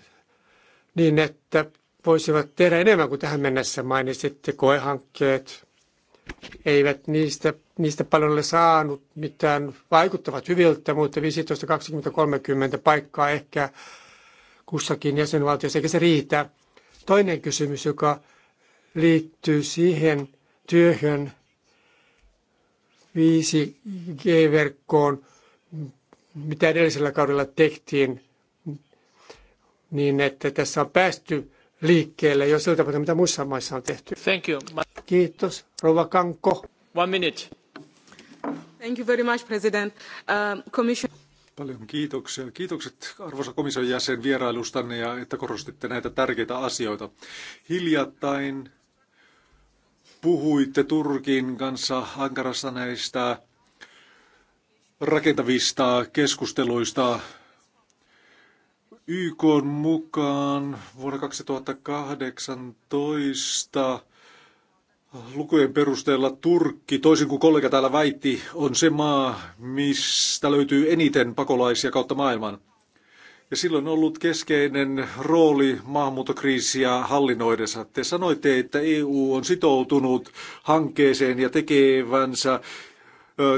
niin, että voisivat tehdä enemmän kuin tähän mennessä mainitsitte, koehankkeet, eivät niistä, niistä paljon ole saanut mitään, vaikuttavat hyviltä, mutta 15, 20, 30 paikkaa ehkä kussakin jäsenvaltiossa, eikä se riitä. Toinen kysymys, joka liittyy siihen työhön 5G-verkkoon, mitä edellisellä kaudella tehtiin, niin että tässä on päästy liikkeelle jo siltä tavalla, mitä muissa maissa on tehty. Thank you. Kiitos. Rouva Kanko. One minute. Thank you very much, President. Uh, commission... Paljon kiitoksia. Kiitokset arvoisa komission jäsen vierailustanne ja että korostitte näitä tärkeitä asioita. Hiljattain puhuitte Turkin kanssa Ankarassa näistä rakentavista keskusteluista. YK mukaan vuonna 2018 Lukujen perusteella Turkki, toisin kuin kollega täällä väitti, on se maa, mistä löytyy eniten pakolaisia kautta maailman. Ja silloin on ollut keskeinen rooli maahanmuuttokriisiä hallinnoidessa. Te sanoitte, että EU on sitoutunut hankkeeseen ja tekevänsä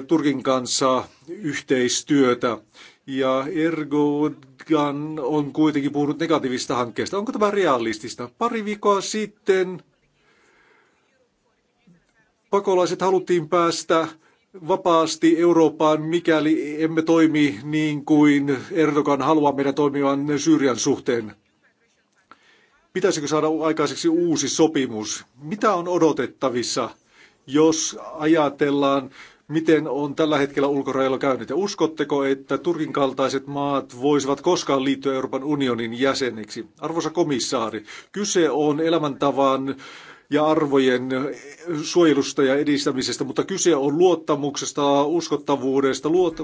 Turkin kanssa yhteistyötä. Ja Erdogan on kuitenkin puhunut negatiivista hankkeesta. Onko tämä realistista? Pari viikkoa sitten Pakolaiset haluttiin päästä vapaasti Eurooppaan, mikäli emme toimi niin kuin Erdogan haluaa meidän toimivan Syyrian suhteen. Pitäisikö saada aikaiseksi uusi sopimus? Mitä on odotettavissa, jos ajatellaan, miten on tällä hetkellä ulkorajalla käynyt? Ja uskotteko, että Turkin kaltaiset maat voisivat koskaan liittyä Euroopan unionin jäseniksi? Arvoisa komissaari, kyse on elämäntavan ja arvojen suojelusta ja edistämisestä, mutta kyse on luottamuksesta, uskottavuudesta, luot...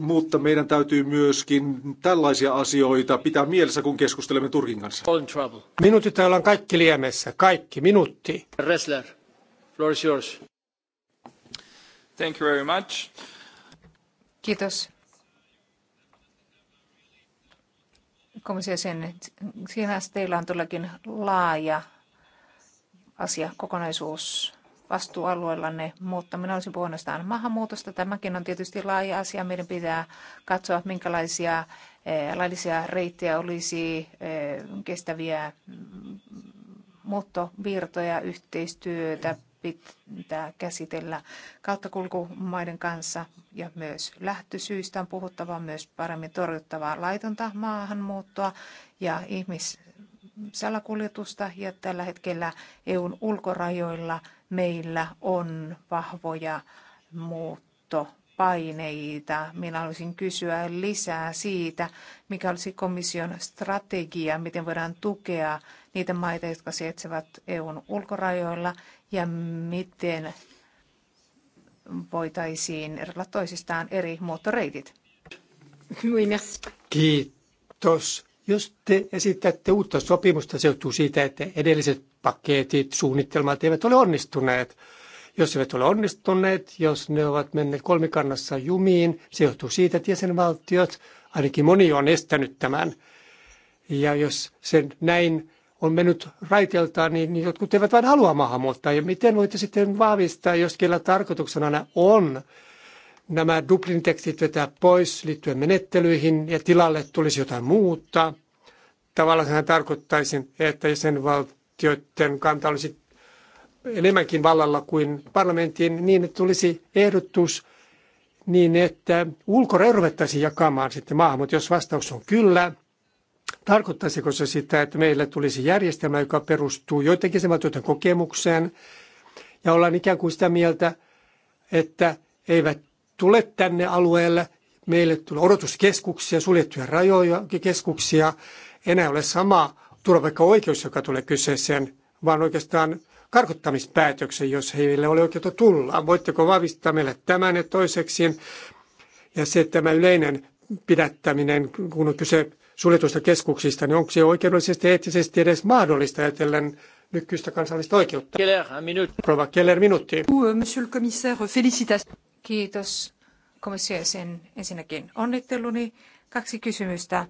mutta meidän täytyy myöskin tällaisia asioita pitää mielessä, kun keskustelemme Turkin kanssa. Minuutti täällä on kaikki liemessä, kaikki, minuutti. Ressler, floor is yours. Thank you very much. Kiitos. Komissio sen, että teillä on todellakin laaja asia, kokonaisuus vastuualueellanne, mutta minä olisin puhunnostaan maahanmuutosta. Tämäkin on tietysti laaja asia. Meidän pitää katsoa, minkälaisia eh, laillisia reittejä olisi eh, kestäviä mm, muuttovirtoja, yhteistyötä pitää käsitellä kauttakulkumaiden kanssa ja myös lähtösyistä on puhuttava myös paremmin torjuttavaa laitonta maahanmuuttoa ja ihmis salakuljetusta ja tällä hetkellä EUn ulkorajoilla meillä on vahvoja muuttopaineita. Minä haluaisin kysyä lisää siitä, mikä olisi komission strategia, miten voidaan tukea niitä maita, jotka sijaitsevat EUn ulkorajoilla ja miten voitaisiin erotella toisistaan eri muuttoreitit. Kiitos. Jos te esitätte uutta sopimusta, se johtuu siitä, että edelliset paketit, suunnitelmat eivät ole onnistuneet. Jos eivät ole onnistuneet, jos ne ovat menneet kolmikannassa jumiin, se johtuu siitä, että jäsenvaltiot, ainakin moni on estänyt tämän. Ja jos sen näin on mennyt raiteltaan, niin, niin jotkut eivät vain halua maahanmuuttaa. Ja miten voitte sitten vahvistaa, jos kellä tarkoituksena on nämä Dublin tekstit vetää pois liittyen menettelyihin ja tilalle tulisi jotain muuta. Tavallaan sehän tarkoittaisi, että jäsenvaltioiden kanta olisi enemmänkin vallalla kuin parlamentin, niin että tulisi ehdotus niin, että ulkoraja ruvettaisiin jakamaan sitten maahan, mutta jos vastaus on kyllä, tarkoittaisiko se sitä, että meille tulisi järjestelmä, joka perustuu joidenkin jäsenvaltioiden kokemukseen, ja ollaan ikään kuin sitä mieltä, että eivät tule tänne alueelle. Meille tulee odotuskeskuksia, suljettuja rajoja, keskuksia. Enää ole sama turvapaikkaoikeus, joka tulee kyseeseen, vaan oikeastaan karkottamispäätöksen, jos heille ole oikeutta tulla. Voitteko vahvistaa meille tämän ja toiseksi? Ja se, että tämä yleinen pidättäminen, kun on kyse suljetuista keskuksista, niin onko se oikeudellisesti ja eettisesti edes mahdollista ajatellen nykyistä kansallista oikeutta? Keller, minuutti. Rova Keller, minuutti. Monsieur le commissaire, félicitations. Kiitos komissio sen ensinnäkin onnitteluni. Kaksi kysymystä.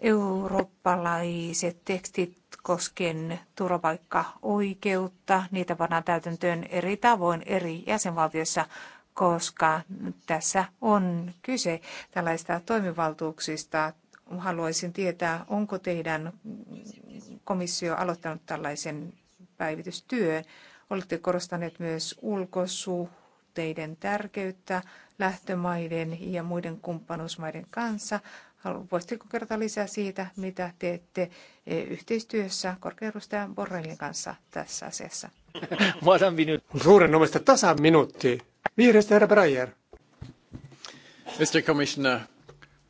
Eurooppalaiset tekstit koskien turvapaikkaoikeutta. oikeutta niitä pannaan täytäntöön eri tavoin eri jäsenvaltioissa, koska tässä on kyse tällaista toimivaltuuksista. Haluaisin tietää, onko teidän komissio aloittanut tällaisen päivitystyön. Olette korostaneet myös ulkosuhteita suhteiden tärkeyttä lähtömaiden ja muiden kumppanuusmaiden kanssa. Voisitteko kertoa lisää siitä, mitä teette e, yhteistyössä korkeudustaja Borrellin kanssa tässä asiassa? Vaatan minut. Suuren omista tasan minuutti. Vihreästä herra Breyer. Mr. Commissioner.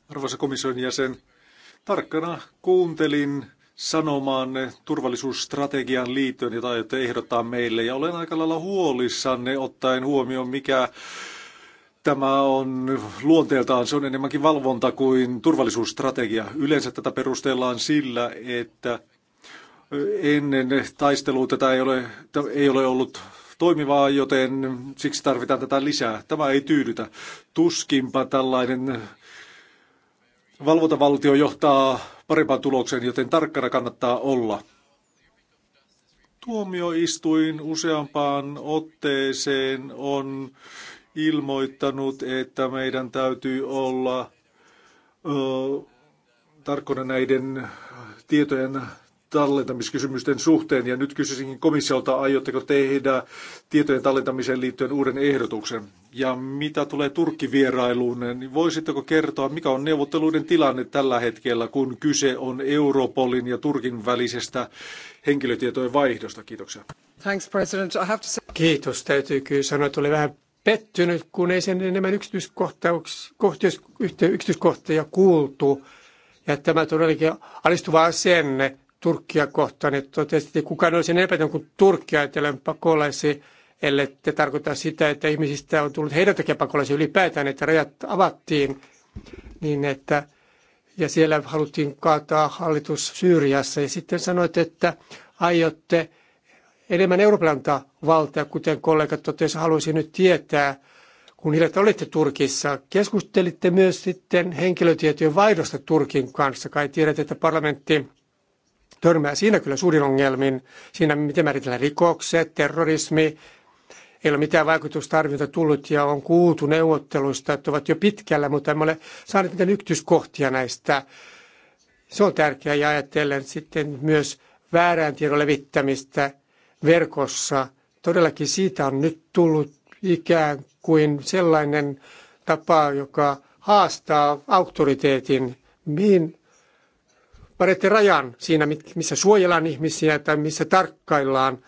Arvoisa komission jäsen, tarkkana kuuntelin sanomaanne turvallisuusstrategian liittyen, jota aiotte ehdottaa meille. Ja olen aika lailla huolissanne ottaen huomioon, mikä tämä on luonteeltaan, se on enemmänkin valvonta kuin turvallisuusstrategia. Yleensä tätä perustellaan sillä, että ennen taistelua tätä ei ole, ei ole ollut toimivaa, joten siksi tarvitaan tätä lisää. Tämä ei tyydytä. Tuskinpa tällainen valvontavaltio johtaa parempaan tulokseen, joten tarkkana kannattaa olla. Tuomioistuin useampaan otteeseen on ilmoittanut, että meidän täytyy olla ö, tarkkana näiden tietojen tallentamiskysymysten suhteen. Ja nyt kysyisinkin komissiolta, aiotteko tehdä tietojen tallentamiseen liittyen uuden ehdotuksen? Ja mitä tulee Turkkivierailuun, niin voisitteko kertoa, mikä on neuvotteluiden tilanne tällä hetkellä, kun kyse on Europolin ja Turkin välisestä henkilötietojen vaihdosta? Kiitoksia. Thanks, President. I have to say... Kiitos, täytyy kyllä sanoa, että oli vähän pettynyt, kun ei sen enemmän yksityiskohtia kuultu. Ja tämä todellakin alistuva asenne Turkkia kohtaan, että totesi, että kukaan olisi niin epätön kuin Turkkia ajatellen pakolaisi, ellei te tarkoita sitä, että ihmisistä on tullut heidän takia pakolaisia ylipäätään, että rajat avattiin niin, että ja siellä haluttiin kaataa hallitus Syyriassa. Ja sitten sanoit, että aiotte enemmän Eurooplanta valtaa, kuten kollegat totesivat, haluaisin nyt tietää, kun hiljattain olitte Turkissa. Keskustelitte myös sitten henkilötietojen vaihdosta Turkin kanssa. Kai tiedät, että parlamentti törmää siinä kyllä suurin ongelmin, siinä miten määritellään rikokset, terrorismi, ei ole mitään vaikutustarvinta tullut ja on kuultu neuvotteluista, että ovat jo pitkällä, mutta emme ole saaneet mitään yksityiskohtia näistä. Se on tärkeää ja ajatellen sitten myös väärään tiedon levittämistä verkossa. Todellakin siitä on nyt tullut ikään kuin sellainen tapa, joka haastaa auktoriteetin. Mihin parette rajan siinä, missä suojellaan ihmisiä tai missä tarkkaillaan,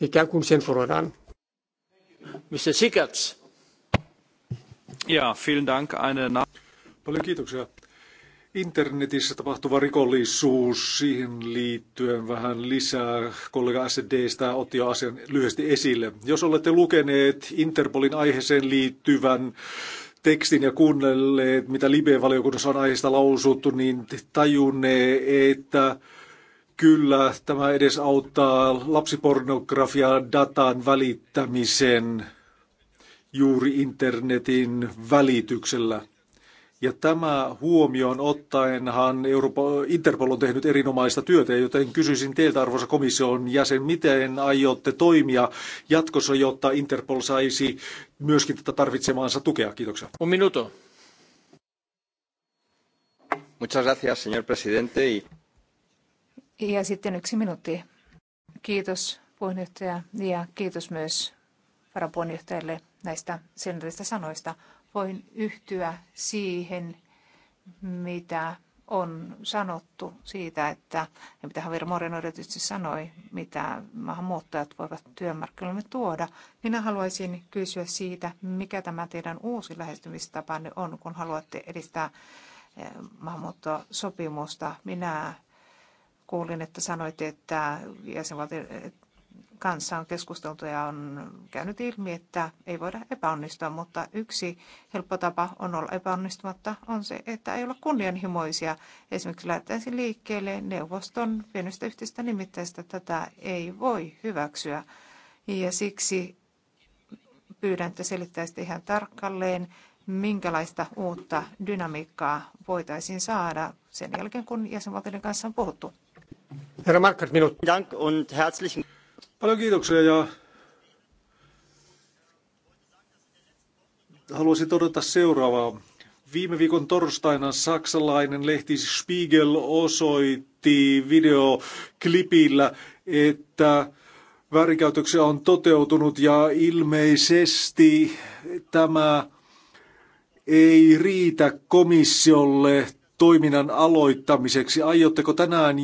ikään kuin sensuroidaan. Mr. Sikerts. Ja, vielen Dank. Eine Paljon kiitoksia. Internetissä tapahtuva rikollisuus, siihen liittyen vähän lisää. Kollega SDstä otti jo asian lyhyesti esille. Jos olette lukeneet Interpolin aiheeseen liittyvän tekstin ja kuunnelleet, mitä Libe-valiokunnassa on aiheesta lausuttu, niin tajunnee, että kyllä tämä edes auttaa lapsipornografia datan välittämisen juuri internetin välityksellä. Ja tämä huomioon ottaenhan Euroopan, Interpol on tehnyt erinomaista työtä, joten kysyisin teiltä arvoisa komission jäsen, miten aiotte toimia jatkossa, jotta Interpol saisi myöskin tätä tarvitsemaansa tukea? Kiitoksia. Un minuto. Muchas gracias, señor presidente. Ja sitten yksi minuutti. Kiitos puheenjohtaja ja kiitos myös varapuheenjohtajalle näistä selvitystä sanoista voin yhtyä siihen, mitä on sanottu siitä, että, ja mitä Javier Moreno erityisesti sanoi, mitä maahanmuuttajat voivat työmarkkinoille tuoda. Minä haluaisin kysyä siitä, mikä tämä teidän uusi lähestymistapanne on, kun haluatte edistää eh, maahanmuuttosopimusta. Minä kuulin, että sanoitte, että jäsenvaltio, kanssa on keskusteltu ja on käynyt ilmi, että ei voida epäonnistua, mutta yksi helppo tapa on olla epäonnistumatta on se, että ei olla kunnianhimoisia. Esimerkiksi lähtäisi liikkeelle neuvoston pienestä yhteistä nimittäistä. Tätä ei voi hyväksyä ja siksi pyydän, että selittäisitte ihan tarkalleen, minkälaista uutta dynamiikkaa voitaisiin saada sen jälkeen, kun jäsenvaltioiden kanssa on puhuttu. Herra Markkart, minut. Dank und herzlichen... Paljon kiitoksia ja haluaisin todeta seuraavaa. Viime viikon torstaina saksalainen lehti Spiegel osoitti videoklipillä, että väärinkäytöksiä on toteutunut ja ilmeisesti tämä ei riitä komissiolle toiminnan aloittamiseksi. Aiotteko tänään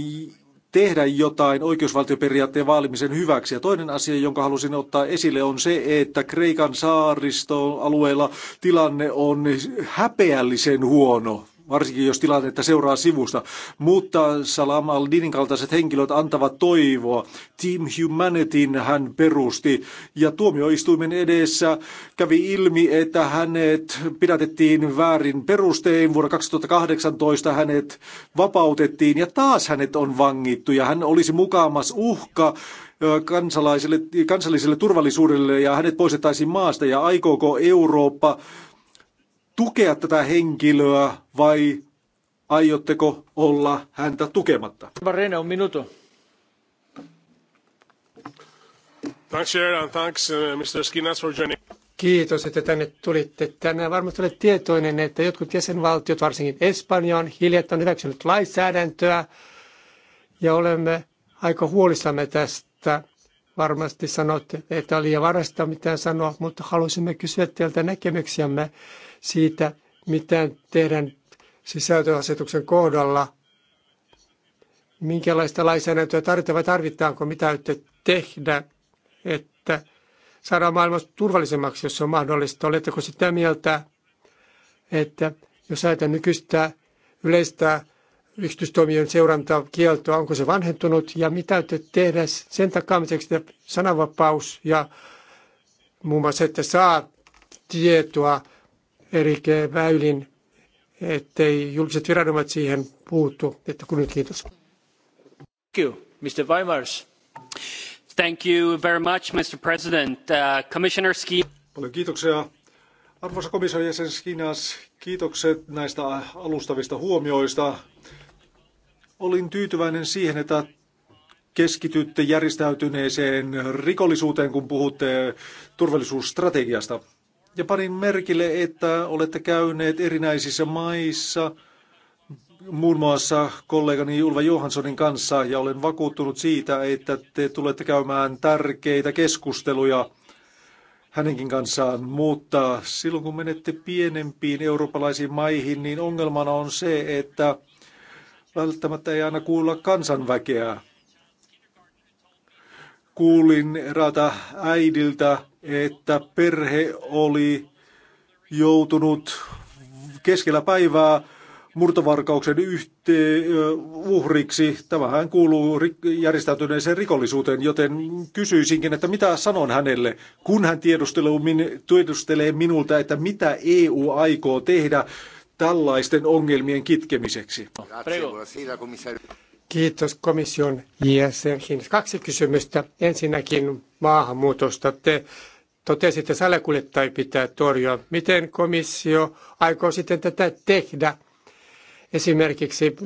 tehdä jotain oikeusvaltioperiaatteen vaalimisen hyväksi. Ja toinen asia, jonka halusin ottaa esille, on se, että Kreikan saaristoalueella tilanne on häpeällisen huono varsinkin jos tilannetta seuraa sivusta. Mutta Salam al-Dinin kaltaiset henkilöt antavat toivoa. Team Humanityn hän perusti ja tuomioistuimen edessä kävi ilmi, että hänet pidätettiin väärin perustein. Vuonna 2018 hänet vapautettiin ja taas hänet on vangittu ja hän olisi mukaamas uhka kansalaiselle, kansalliselle turvallisuudelle ja hänet poistettaisiin maasta ja aikooko Eurooppa tukea tätä henkilöä vai aiotteko olla häntä tukematta? Varene on minuto. Thanks, Thanks, uh, Mr. Skinnas, for joining. Kiitos, että tänne tulitte. Tänään varmasti olet tietoinen, että jotkut jäsenvaltiot, varsinkin Espanja, on hiljattain hyväksynyt lainsäädäntöä ja olemme aika huolissamme tästä. Varmasti sanotte, että on liian varasta mitään sanoa, mutta halusimme kysyä teiltä näkemyksiämme siitä, mitä tehdään sisältöasetuksen kohdalla, minkälaista lainsäädäntöä tarvitaan vai tarvitaanko, mitä aiotte tehdä, että saadaan maailma turvallisemmaksi, jos se on mahdollista. Oletteko sitä mieltä, että jos ajatellaan nykyistä yleistä yksityistoimien seurantaa kieltoa, onko se vanhentunut ja mitä te tehdä sen takaamiseksi, että sananvapaus ja muun muassa, että saa tietoa eri väylin, ettei julkiset viranomaiset siihen puuttu. Että kun nyt kiitos. Thank you, Mr. Weimars. Thank you very much, Mr. President. Uh, Commissioner Ski. Paljon kiitoksia. Arvoisa komissaari, jäsen Skinas, kiitokset näistä alustavista huomioista. Olin tyytyväinen siihen, että keskitytte järjestäytyneeseen rikollisuuteen, kun puhutte turvallisuusstrategiasta ja parin merkille, että olette käyneet erinäisissä maissa, muun muassa kollegani Julva Johanssonin kanssa, ja olen vakuuttunut siitä, että te tulette käymään tärkeitä keskusteluja hänenkin kanssaan, mutta silloin kun menette pienempiin eurooppalaisiin maihin, niin ongelmana on se, että välttämättä ei aina kuulla kansanväkeä. Kuulin eräältä äidiltä, että perhe oli joutunut keskellä päivää murtovarkauksen yhte- uhriksi. Tämähän kuuluu järjestäytyneeseen rikollisuuteen, joten kysyisinkin, että mitä sanon hänelle, kun hän tiedustelee minulta, että mitä EU aikoo tehdä tällaisten ongelmien kitkemiseksi. Kiitos komission jäsen. Kaksi kysymystä. Ensinnäkin maahanmuutosta. Te totesi, että salakuljettajia pitää torjua. Miten komissio aikoo sitten tätä tehdä? Esimerkiksi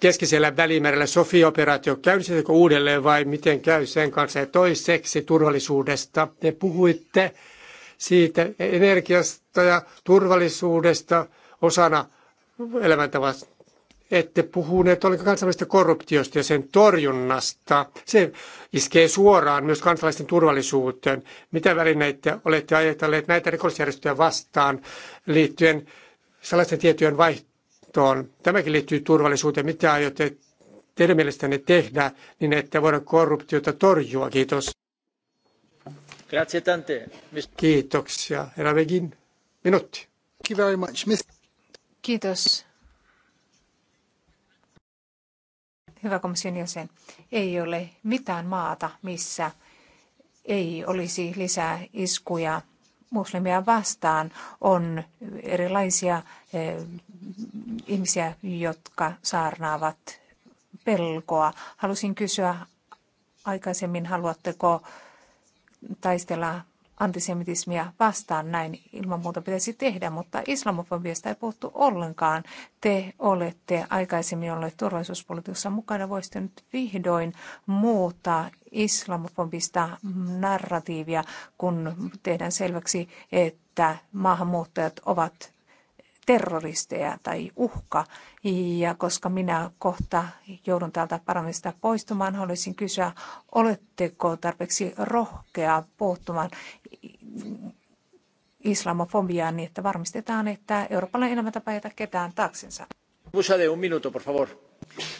keskisellä välimerellä Sofia-operaatio käynnistetäänkö uudelleen vai miten käy sen kanssa? Ja toiseksi turvallisuudesta. Te puhuitte siitä energiasta ja turvallisuudesta osana elämäntavasta ette puhuneet ollenkaan kansainvälisestä korruptiosta ja sen torjunnasta. Se iskee suoraan myös kansalaisten turvallisuuteen. Mitä välineitä olette ajatelleet näitä rikollisjärjestöjä vastaan liittyen sellaisten tietojen vaihtoon? Tämäkin liittyy turvallisuuteen. Mitä aiotte teidän mielestänne tehdä niin, että voidaan korruptiota torjua? Kiitos. Grazie tante. Kiitoksia. Herra Vegin, minuutti. Kiitos. Hyvä komission jäsen, ei ole mitään maata, missä ei olisi lisää iskuja muslimia vastaan. On erilaisia eh, ihmisiä, jotka saarnaavat pelkoa. Halusin kysyä aikaisemmin, haluatteko taistella antisemitismia vastaan. Näin ilman muuta pitäisi tehdä, mutta islamofobiasta ei puhuttu ollenkaan. Te olette aikaisemmin olleet turvallisuuspolitiikassa mukana. Voisitte nyt vihdoin muuttaa islamofobista narratiivia, kun tehdään selväksi, että maahanmuuttajat ovat terroristeja tai uhka. Ja koska minä kohta joudun täältä parlamentista poistumaan, haluaisin kysyä, oletteko tarpeeksi rohkea puuttumaan islamofobiaan niin, että varmistetaan, että Euroopan elämäntapa ei ketään taaksensa. Busade, un minuto, por favor.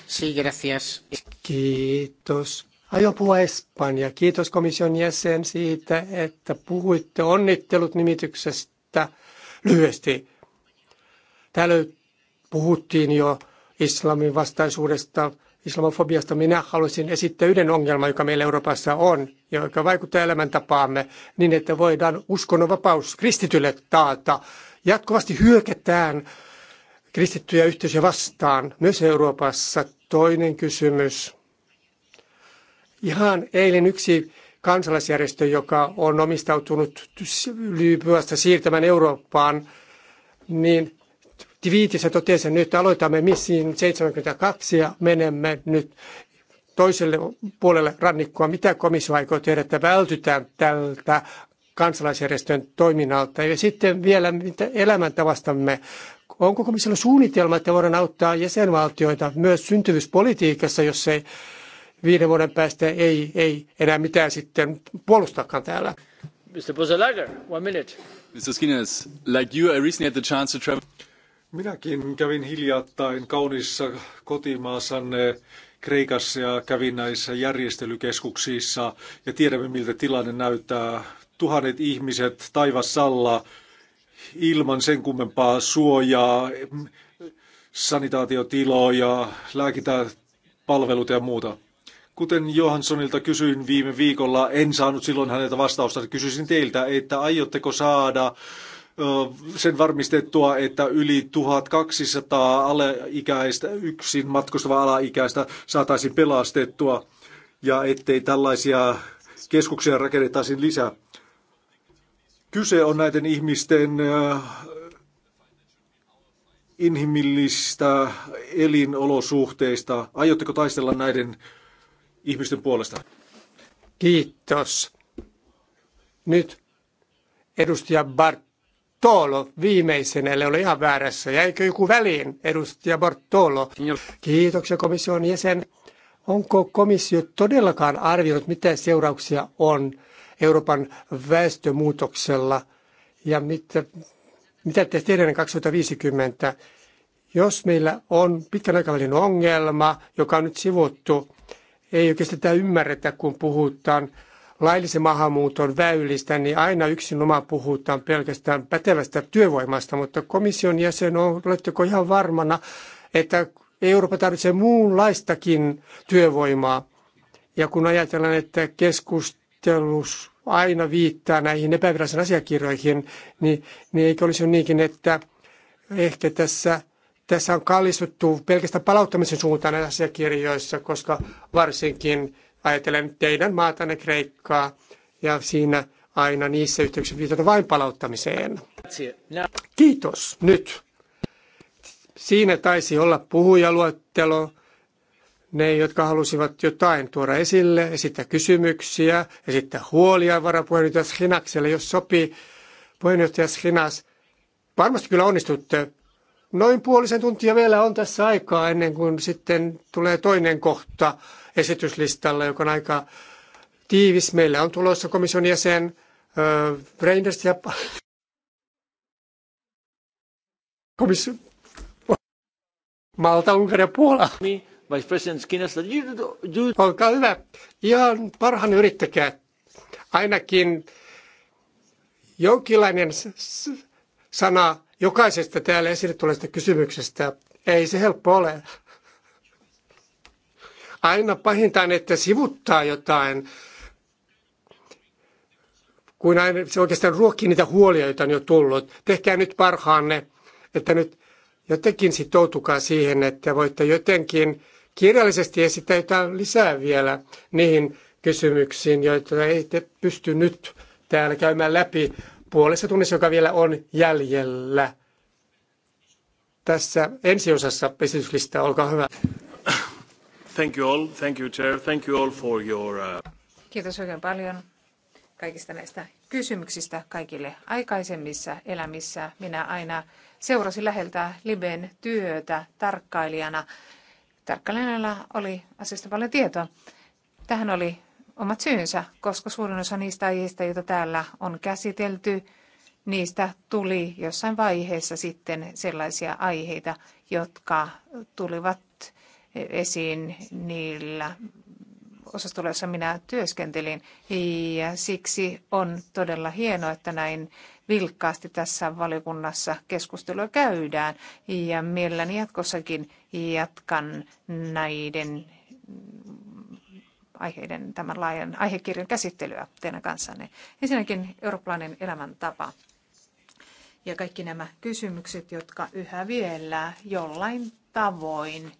Sí, gracias. Kiitos. Aion puhua Espanja. Kiitos komission jäsen siitä, että puhuitte onnittelut nimityksestä lyhyesti Täällä puhuttiin jo islamin vastaisuudesta, islamofobiasta. Minä haluaisin esittää yhden ongelman, joka meillä Euroopassa on, ja joka vaikuttaa elämäntapaamme, niin että voidaan uskonnonvapaus kristitylle taata. Jatkuvasti hyökätään kristittyjä yhteisöjä vastaan, myös Euroopassa. Toinen kysymys. Ihan eilen yksi kansalaisjärjestö, joka on omistautunut Lyybyasta siirtämään Eurooppaan, niin Viitisen totesi, että nyt aloitamme missiin 72 ja menemme nyt toiselle puolelle rannikkoa. Mitä komissio aikoo tehdä, että vältytään tältä kansalaisjärjestön toiminnalta? Ja sitten vielä mitä elämäntavastamme Onko komissiolla suunnitelma, että voidaan auttaa jäsenvaltioita myös syntyvyyspolitiikassa, jos ei viiden vuoden päästä ei, ei enää mitään sitten puolustakaan täällä? Mr. Buzelager, one minute. Mr. Skinner, like you, I recently had the chance to travel... Minäkin kävin hiljattain kauniissa kotimaassanne Kreikassa ja kävin näissä järjestelykeskuksissa ja tiedämme miltä tilanne näyttää. Tuhannet ihmiset taivassalla ilman sen kummempaa suojaa, sanitaatiotiloja, lääkintäpalveluita ja muuta. Kuten Johanssonilta kysyin viime viikolla, en saanut silloin häneltä vastausta, kysyisin teiltä, että aiotteko saada sen varmistettua, että yli 1200 alaikäistä, yksin matkustavaa alaikäistä saataisiin pelastettua ja ettei tällaisia keskuksia rakennettaisiin lisää. Kyse on näiden ihmisten inhimillistä elinolosuhteista. Aiotteko taistella näiden ihmisten puolesta? Kiitos. Nyt edustaja Bart Bortolo viimeisenä, ellei ole ihan väärässä. Jäikö joku väliin, edustaja Bortolo? Kiitoksia komission jäsen. Onko komissio todellakaan arvioinut, mitä seurauksia on Euroopan väestömuutoksella ja mitä, mitä te tehdään 2050? Jos meillä on pitkän aikavälin ongelma, joka on nyt sivuttu, ei oikeastaan ymmärretä, kun puhutaan laillisen maahanmuuton väylistä, niin aina yksinomaan puhutaan pelkästään pätevästä työvoimasta, mutta komission jäsen, oletteko ihan varmana, että Eurooppa tarvitsee muunlaistakin työvoimaa? Ja kun ajatellaan, että keskustelus aina viittaa näihin epävirallisiin asiakirjoihin, niin, niin eikö olisi niinkin, että ehkä tässä, tässä on kallistuttu pelkästään palauttamisen suuntaan näissä asiakirjoissa, koska varsinkin Ajatellen teidän maatanne Kreikkaa ja siinä aina niissä yhteyksissä viitata vain palauttamiseen. Kiitos. Nyt. Siinä taisi olla puhujaluettelo. Ne, jotka halusivat jotain tuoda esille, esittää kysymyksiä, esittää huolia varapuheenjohtaja Schinakselle, jos sopii. Puheenjohtaja Schinas, varmasti kyllä onnistutte. Noin puolisen tuntia vielä on tässä aikaa ennen kuin sitten tulee toinen kohta esityslistalla, joka on aika tiivis. Meillä on tulossa komission jäsen Reinders ja komissio Malta, Unkari ja Puola. Vice President Skinner, you... Olkaa hyvä. Ihan parhaan yrittäkää. Ainakin jonkinlainen sana jokaisesta täällä esille tulleesta kysymyksestä. Ei se helppo ole aina pahintaan, että sivuttaa jotain, kun aina se oikeastaan ruokkii niitä huolia, joita on jo tullut. Tehkää nyt parhaanne, että nyt jotenkin sitoutukaa siihen, että voitte jotenkin kirjallisesti esittää jotain lisää vielä niihin kysymyksiin, joita ei te pysty nyt täällä käymään läpi puolessa tunnissa, joka vielä on jäljellä. Tässä ensiosassa esityslista, olkaa hyvä. Thank you all. Thank you, Chair. Thank you all for your... Uh, Kiitos oikein paljon kaikista näistä kysymyksistä kaikille aikaisemmissa elämissä. Minä aina seurasin läheltä Liben työtä tarkkailijana. Tarkkailijana oli asiasta paljon tietoa. Tähän oli omat syynsä, koska suurin osa niistä aiheista, joita täällä on käsitelty, niistä tuli jossain vaiheessa sitten sellaisia aiheita, jotka tulivat esiin niillä osastolla, jossa minä työskentelin. Ja siksi on todella hienoa, että näin vilkkaasti tässä valiokunnassa keskustelua käydään. Ja mielelläni jatkossakin jatkan näiden aiheiden, tämän laajan aihekirjan käsittelyä teidän kanssanne. Ensinnäkin eurooppalainen elämäntapa ja kaikki nämä kysymykset, jotka yhä vielä jollain tavoin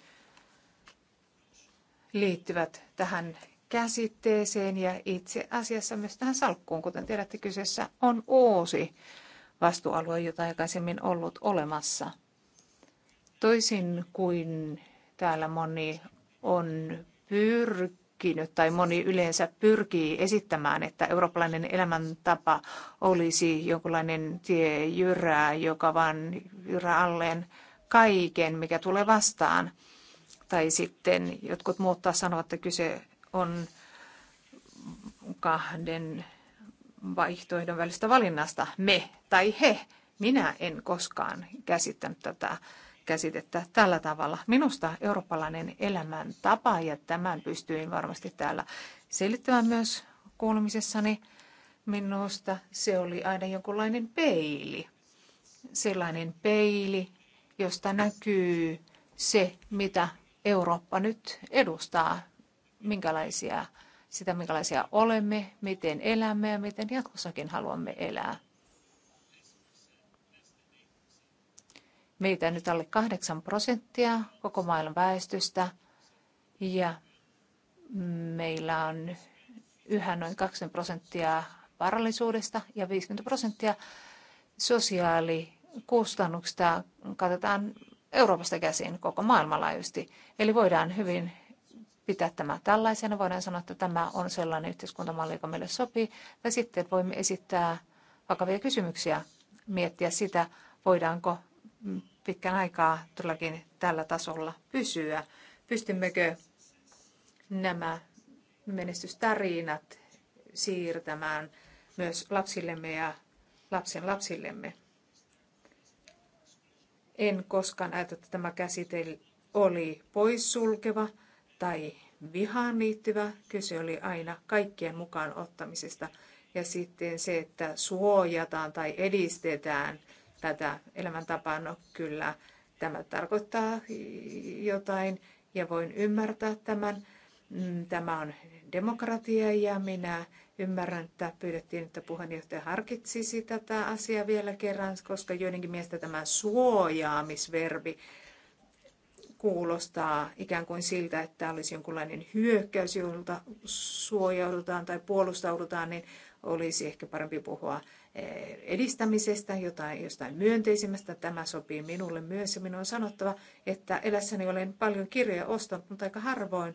liittyvät tähän käsitteeseen ja itse asiassa myös tähän salkkuun. Kuten tiedätte, kyseessä on uusi vastuualue, jota aikaisemmin ollut olemassa. Toisin kuin täällä moni on pyrkinyt tai moni yleensä pyrkii esittämään, että eurooppalainen elämäntapa olisi jonkinlainen tie jyrää, joka vaan jyrää alleen kaiken, mikä tulee vastaan – tai sitten jotkut muut taas sanovat, että kyse on kahden vaihtoehdon välistä valinnasta, me tai he. Minä en koskaan käsittänyt tätä käsitettä tällä tavalla. Minusta eurooppalainen elämäntapa, ja tämän pystyin varmasti täällä selittämään myös kuulumisessani, minusta se oli aina jonkunlainen peili. Sellainen peili, josta näkyy se, mitä Eurooppa nyt edustaa, minkälaisia, sitä minkälaisia olemme, miten elämme ja miten jatkossakin haluamme elää. Meitä nyt alle 8 prosenttia koko maailman väestöstä ja meillä on yhä noin 2 prosenttia varallisuudesta ja 50 prosenttia sosiaalikustannuksista katsotaan. Euroopasta käsin koko maailmanlaajuisesti. Eli voidaan hyvin pitää tämä tällaisena. Voidaan sanoa, että tämä on sellainen yhteiskuntamalli, joka meille sopii. ja sitten voimme esittää vakavia kysymyksiä, miettiä sitä, voidaanko pitkän aikaa todellakin tällä tasolla pysyä. Pystymmekö nämä menestystarinat siirtämään myös lapsillemme ja lapsen lapsillemme. En koskaan ajatellut, että tämä käsite oli poissulkeva tai vihaan liittyvä. Kyse oli aina kaikkien mukaan ottamisesta. Ja sitten se, että suojataan tai edistetään tätä elämäntapaa, no kyllä tämä tarkoittaa jotain ja voin ymmärtää tämän. Mm, tämä on demokratia ja minä Ymmärrän, että pyydettiin, että puheenjohtaja harkitsisi tätä asiaa vielä kerran, koska joidenkin mielestä tämä suojaamisverbi kuulostaa ikään kuin siltä, että olisi jonkunlainen hyökkäys, jolta suojaudutaan tai puolustaudutaan, niin olisi ehkä parempi puhua eh, edistämisestä, jotain, jostain myönteisemmästä. Tämä sopii minulle myös ja minun on sanottava, että elässäni olen paljon kirjoja ostanut, mutta aika harvoin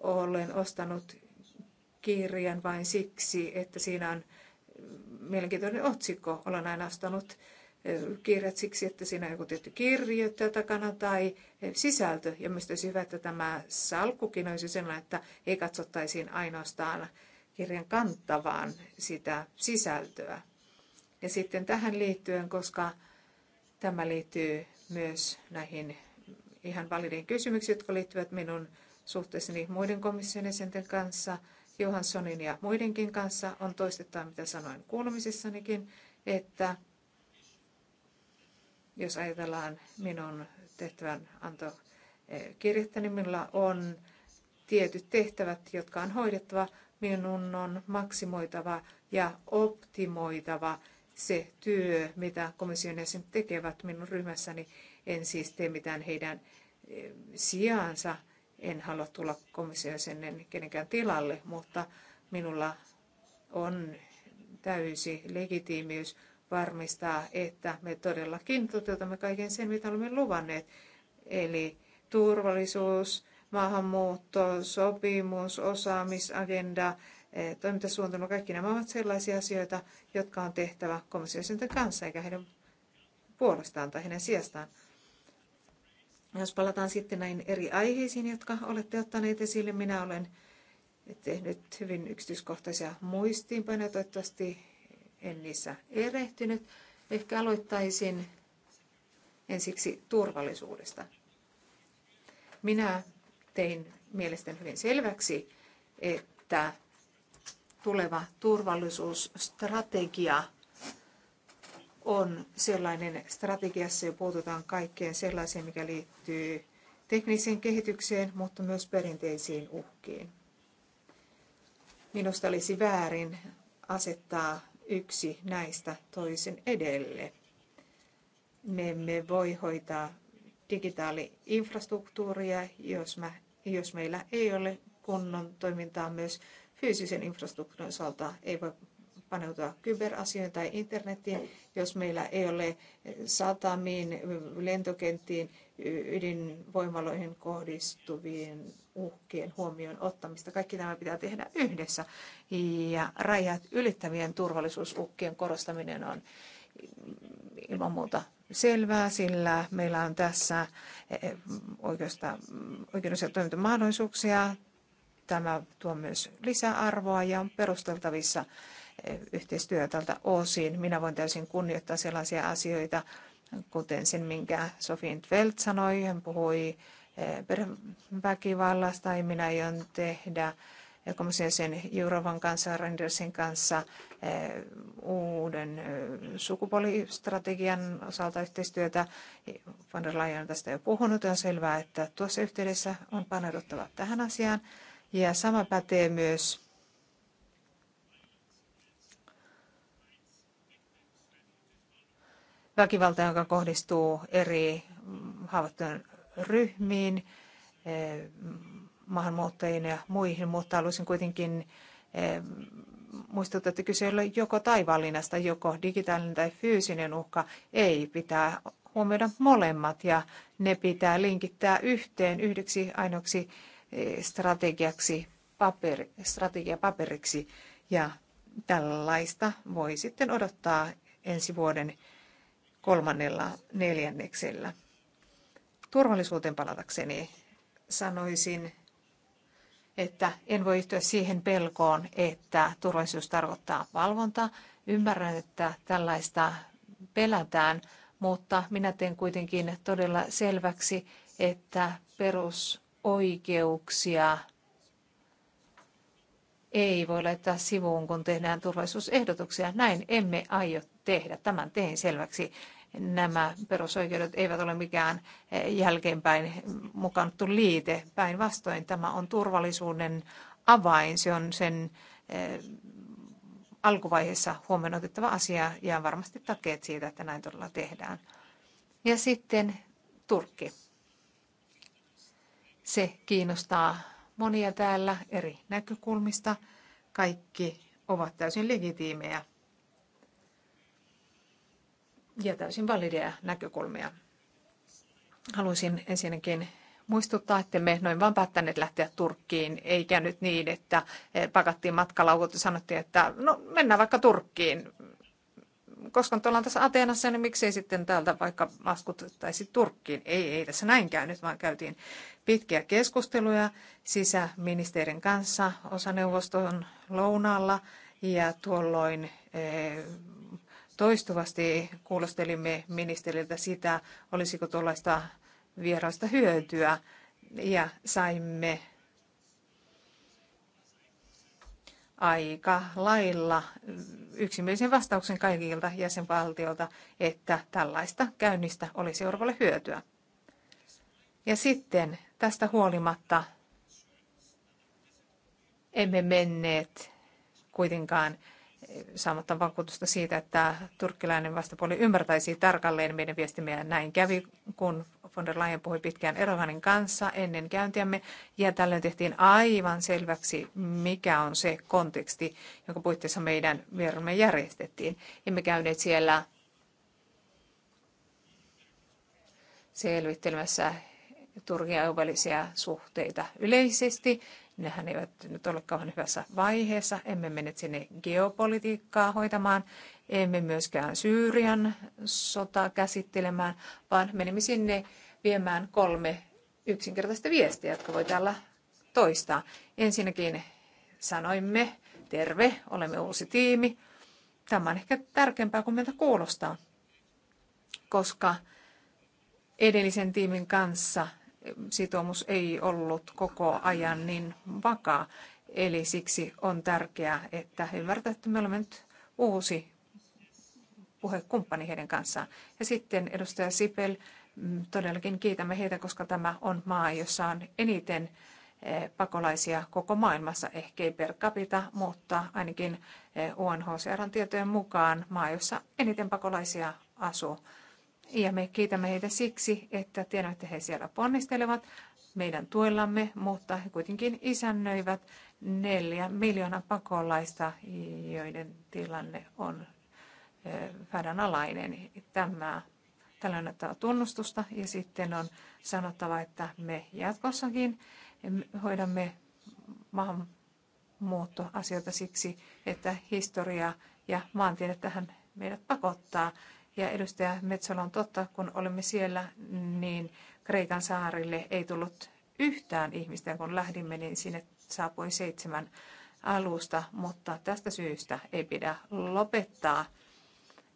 olen ostanut kirjan vain siksi, että siinä on mielenkiintoinen otsikko. Olen aina ostanut eh, kirjat siksi, että siinä on joku tietty kirjoittaja takana tai eh, sisältö. Ja minusta olisi hyvä, että tämä salkkukin olisi sellainen, että ei katsottaisiin ainoastaan kirjan kantavaan sitä sisältöä. Ja sitten tähän liittyen, koska tämä liittyy myös näihin ihan validin kysymyksiin, jotka liittyvät minun suhteessani muiden komission jäsenten kanssa – Johanssonin ja muidenkin kanssa on toistettava, mitä sanoin kuulumisissanikin, että jos ajatellaan minun tehtävän anto e, kirjettä, niin minulla on tietyt tehtävät, jotka on hoidettava. Minun on maksimoitava ja optimoitava se työ, mitä komission jäsenet tekevät minun ryhmässäni. En siis tee mitään heidän e, sijaansa, en halua tulla komission sen kenenkään tilalle, mutta minulla on täysi legitiimiys varmistaa, että me todellakin toteutamme kaiken sen, mitä olemme luvanneet. Eli turvallisuus, maahanmuutto, sopimus, osaamisagenda, eh, toimintasuunnitelma, kaikki nämä ovat sellaisia asioita, jotka on tehtävä komissiosenten kanssa eikä heidän puolestaan tai heidän sijastaan. Jos palataan sitten näihin eri aiheisiin, jotka olette ottaneet esille, minä olen tehnyt hyvin yksityiskohtaisia muistiinpanoja. Toivottavasti en niissä erehtynyt. Ehkä aloittaisin ensiksi turvallisuudesta. Minä tein mielestäni hyvin selväksi, että tuleva turvallisuusstrategia – on sellainen strategiassa, jo puututaan kaikkeen sellaiseen, mikä liittyy tekniseen kehitykseen, mutta myös perinteisiin uhkiin. Minusta olisi väärin asettaa yksi näistä toisen edelle. Me emme voi hoitaa digitaali-infrastruktuuria, jos, mä, jos meillä ei ole kunnon toimintaa myös fyysisen infrastruktuurin osalta. Ei voi paneutua kyberasioihin tai internetiin, jos meillä ei ole satamiin, lentokenttiin, ydinvoimaloihin kohdistuvien uhkien huomioon ottamista. Kaikki tämä pitää tehdä yhdessä. Ja rajat ylittävien turvallisuusuhkien korostaminen on ilman muuta selvää, sillä meillä on tässä eh, oikeastaan oikeudellisia toimintamahdollisuuksia. Tämä tuo myös lisäarvoa ja on perusteltavissa yhteistyö tältä osin. Minä voin täysin kunnioittaa sellaisia asioita, kuten sen, minkä Sofin Tvelt sanoi. Hän puhui eh, perheväkivallasta ja minä aion tehdä eh, komission sen Euroopan kanssa, Rendersin kanssa eh, uuden sukupuolistrategian osalta yhteistyötä. Van der Leyen on tästä jo puhunut. On selvää, että tuossa yhteydessä on paneuduttava tähän asiaan. Ja sama pätee myös väkivalta, joka kohdistuu eri mm, haavoittujen ryhmiin, eh, maahanmuuttajiin ja muihin, mutta haluaisin kuitenkin eh, muistuttaa, että kyse ei ole joko taivallinasta, joko digitaalinen tai fyysinen uhka. Ei, pitää huomioida molemmat ja ne pitää linkittää yhteen yhdeksi ainoaksi eh, strategiaksi, paperi, strategiapaperiksi. Ja tällaista voi sitten odottaa ensi vuoden kolmannella neljänneksellä. Turvallisuuteen palatakseni sanoisin, että en voi yhtyä siihen pelkoon, että turvallisuus tarkoittaa valvontaa. Ymmärrän, että tällaista pelätään, mutta minä teen kuitenkin todella selväksi, että perusoikeuksia ei voi laittaa sivuun, kun tehdään turvallisuusehdotuksia. Näin emme aio tehdä. Tämän tein selväksi. Nämä perusoikeudet eivät ole mikään eh, jälkeenpäin mukannuttu liite. Päinvastoin tämä on turvallisuuden avain. Se on sen eh, alkuvaiheessa huomioon otettava asia ja varmasti takeet siitä, että näin todella tehdään. Ja sitten Turkki. Se kiinnostaa monia täällä eri näkökulmista. Kaikki ovat täysin legitiimejä ja täysin valideja näkökulmia. Haluaisin ensinnäkin muistuttaa, että me noin vaan päättäneet lähteä Turkkiin, eikä nyt niin, että eh, pakattiin matkalaukut ja sanottiin, että no mennään vaikka Turkkiin. Koska nyt ollaan tässä Ateenassa, niin miksei sitten täältä vaikka maskuttaisi Turkkiin. Ei, ei tässä näin käynyt, vaan käytiin pitkiä keskusteluja sisäministerin kanssa osaneuvoston lounaalla ja tuolloin eh, Toistuvasti kuulostelimme ministeriltä sitä, olisiko tuollaista vierasta hyötyä, ja saimme aika lailla yksimielisen vastauksen kaikilta jäsenvaltiolta, että tällaista käynnistä olisi Euroopalle hyötyä. Ja sitten tästä huolimatta emme menneet kuitenkaan saamatta vakuutusta siitä, että turkkilainen vastapuoli ymmärtäisi tarkalleen meidän viestimme. Ja näin kävi, kun von der Leyen puhui pitkään Erdoganin kanssa ennen käyntiämme. Ja tällöin tehtiin aivan selväksi, mikä on se konteksti, jonka puitteissa meidän vierailumme järjestettiin. Emme käyneet siellä selvittelemässä Turkia ja välisiä suhteita yleisesti. Nehän eivät nyt ole kauhean hyvässä vaiheessa. Emme mene sinne geopolitiikkaa hoitamaan, emme myöskään Syyrian sotaa käsittelemään, vaan menemme sinne viemään kolme yksinkertaista viestiä, jotka voi täällä toistaa. Ensinnäkin sanoimme, terve, olemme uusi tiimi. Tämä on ehkä tärkeämpää kuin meiltä kuulostaa, koska edellisen tiimin kanssa – sitoumus ei ollut koko ajan niin vakaa. Eli siksi on tärkeää, että ymmärtää, että me olemme nyt uusi puhekumppani heidän kanssaan. Ja sitten edustaja Sipel, mm, todellakin kiitämme heitä, koska tämä on maa, jossa on eniten eh, pakolaisia koko maailmassa, ehkä ei per capita, mutta ainakin eh, UNHCRn tietojen mukaan maa, jossa eniten pakolaisia asuu. Ja me kiitämme heitä siksi, että tiedän, että he siellä ponnistelevat meidän tuellamme, mutta he kuitenkin isännöivät neljä miljoonaa pakolaista, joiden tilanne on alainen. Tämä Tällä on tunnustusta ja sitten on sanottava, että me jatkossakin hoidamme maahanmuuttoasioita siksi, että historia ja maantiede tähän meidät pakottaa. Ja edustaja Metsola on totta, kun olimme siellä, niin Kreikan saarille ei tullut yhtään ihmistä. Kun lähdimme, niin sinne saapui seitsemän alusta, mutta tästä syystä ei pidä lopettaa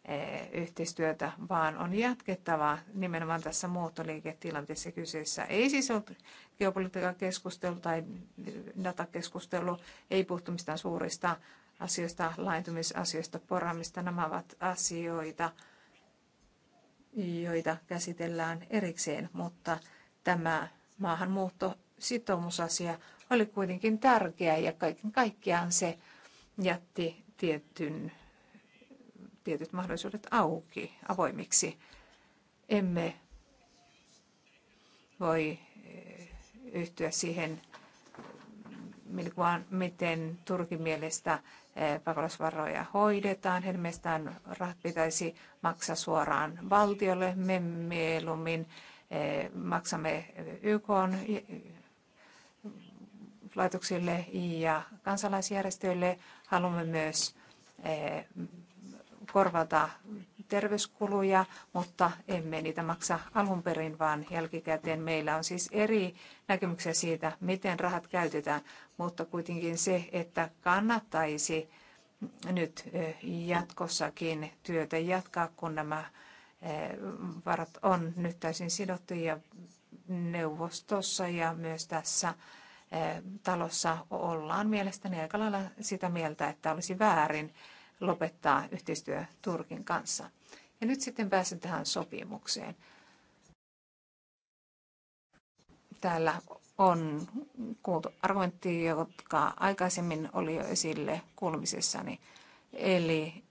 eh, yhteistyötä, vaan on jatkettava nimenomaan tässä muuttoliiketilanteessa kyseessä. Ei siis ole geopolitiikan keskustelu tai datakeskustelu, ei mistään suurista asioista, laajentumisasioista, poraamista. Nämä ovat asioita, joita käsitellään erikseen, mutta tämä maahanmuutto sitoumusasia oli kuitenkin tärkeä ja kaiken kaikkiaan se jätti tietyn, tietyt mahdollisuudet auki, avoimiksi. Emme voi eh, yhtyä siihen, mm, miten Turkin mielestä Eh, pakolaisvaroja hoidetaan. mielestään rahat pitäisi maksaa suoraan valtiolle. Me mieluummin eh, maksamme YK eh, laitoksille ja kansalaisjärjestöille. Haluamme myös korvata terveyskuluja, mutta emme niitä maksa alun perin, vaan jälkikäteen meillä on siis eri näkemyksiä siitä, miten rahat käytetään, mutta kuitenkin se, että kannattaisi nyt jatkossakin työtä jatkaa, kun nämä varat on nyt täysin ja neuvostossa ja myös tässä talossa ollaan mielestäni aika lailla sitä mieltä, että olisi väärin lopettaa yhteistyö Turkin kanssa. Ja nyt sitten pääsen tähän sopimukseen. Täällä on kuultu argumenttia, jotka aikaisemmin oli jo esille kuulumisessani. Eli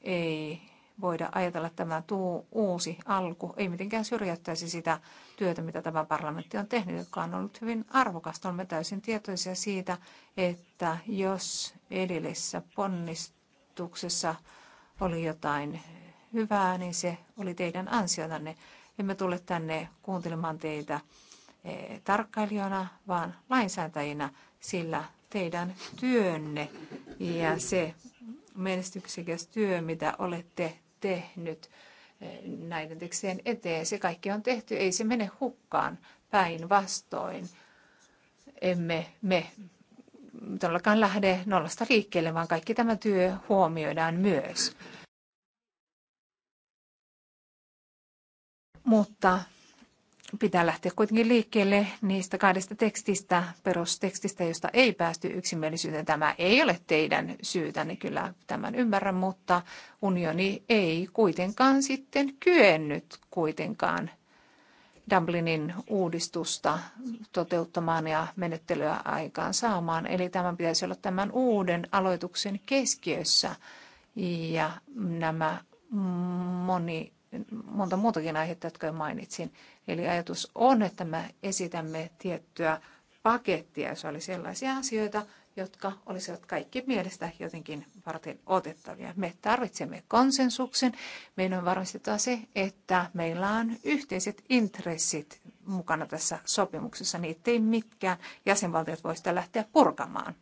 ei voida ajatella, että tämä tuu uusi alku ei mitenkään syrjäyttäisi sitä työtä, mitä tämä parlamentti on tehnyt, joka on ollut hyvin arvokasta. Olemme täysin tietoisia siitä, että jos edellisessä ponnistuksessa ehdotuksessa oli jotain hyvää, niin se oli teidän ansiotanne. Emme tule tänne kuuntelemaan teitä eh, tarkkailijana vaan lainsäätäjinä, sillä teidän työnne ja se menestyksekäs työ, mitä olette tehnyt eh, näiden tekstien eteen, se kaikki on tehty, ei se mene hukkaan päinvastoin. Emme me todellakaan lähde nollasta liikkeelle, vaan kaikki tämä työ huomioidaan myös. Mutta pitää lähteä kuitenkin liikkeelle niistä kahdesta tekstistä, perustekstistä, josta ei päästy yksimielisyyteen. Tämä ei ole teidän niin kyllä tämän ymmärrän, mutta unioni ei kuitenkaan sitten kyennyt kuitenkaan Dublinin uudistusta toteuttamaan ja menettelyä aikaan saamaan. Eli tämän pitäisi olla tämän uuden aloituksen keskiössä ja nämä moni, monta muutakin aihetta, jotka jo mainitsin. Eli ajatus on, että me esitämme tiettyä pakettia, jos oli sellaisia asioita, jotka olisivat kaikki mielestä jotenkin varten otettavia. Me tarvitsemme konsensuksen. Meidän on varmistettava se, että meillä on yhteiset intressit mukana tässä sopimuksessa. Niitä ei mitkään jäsenvaltiot voi sitä lähteä purkamaan.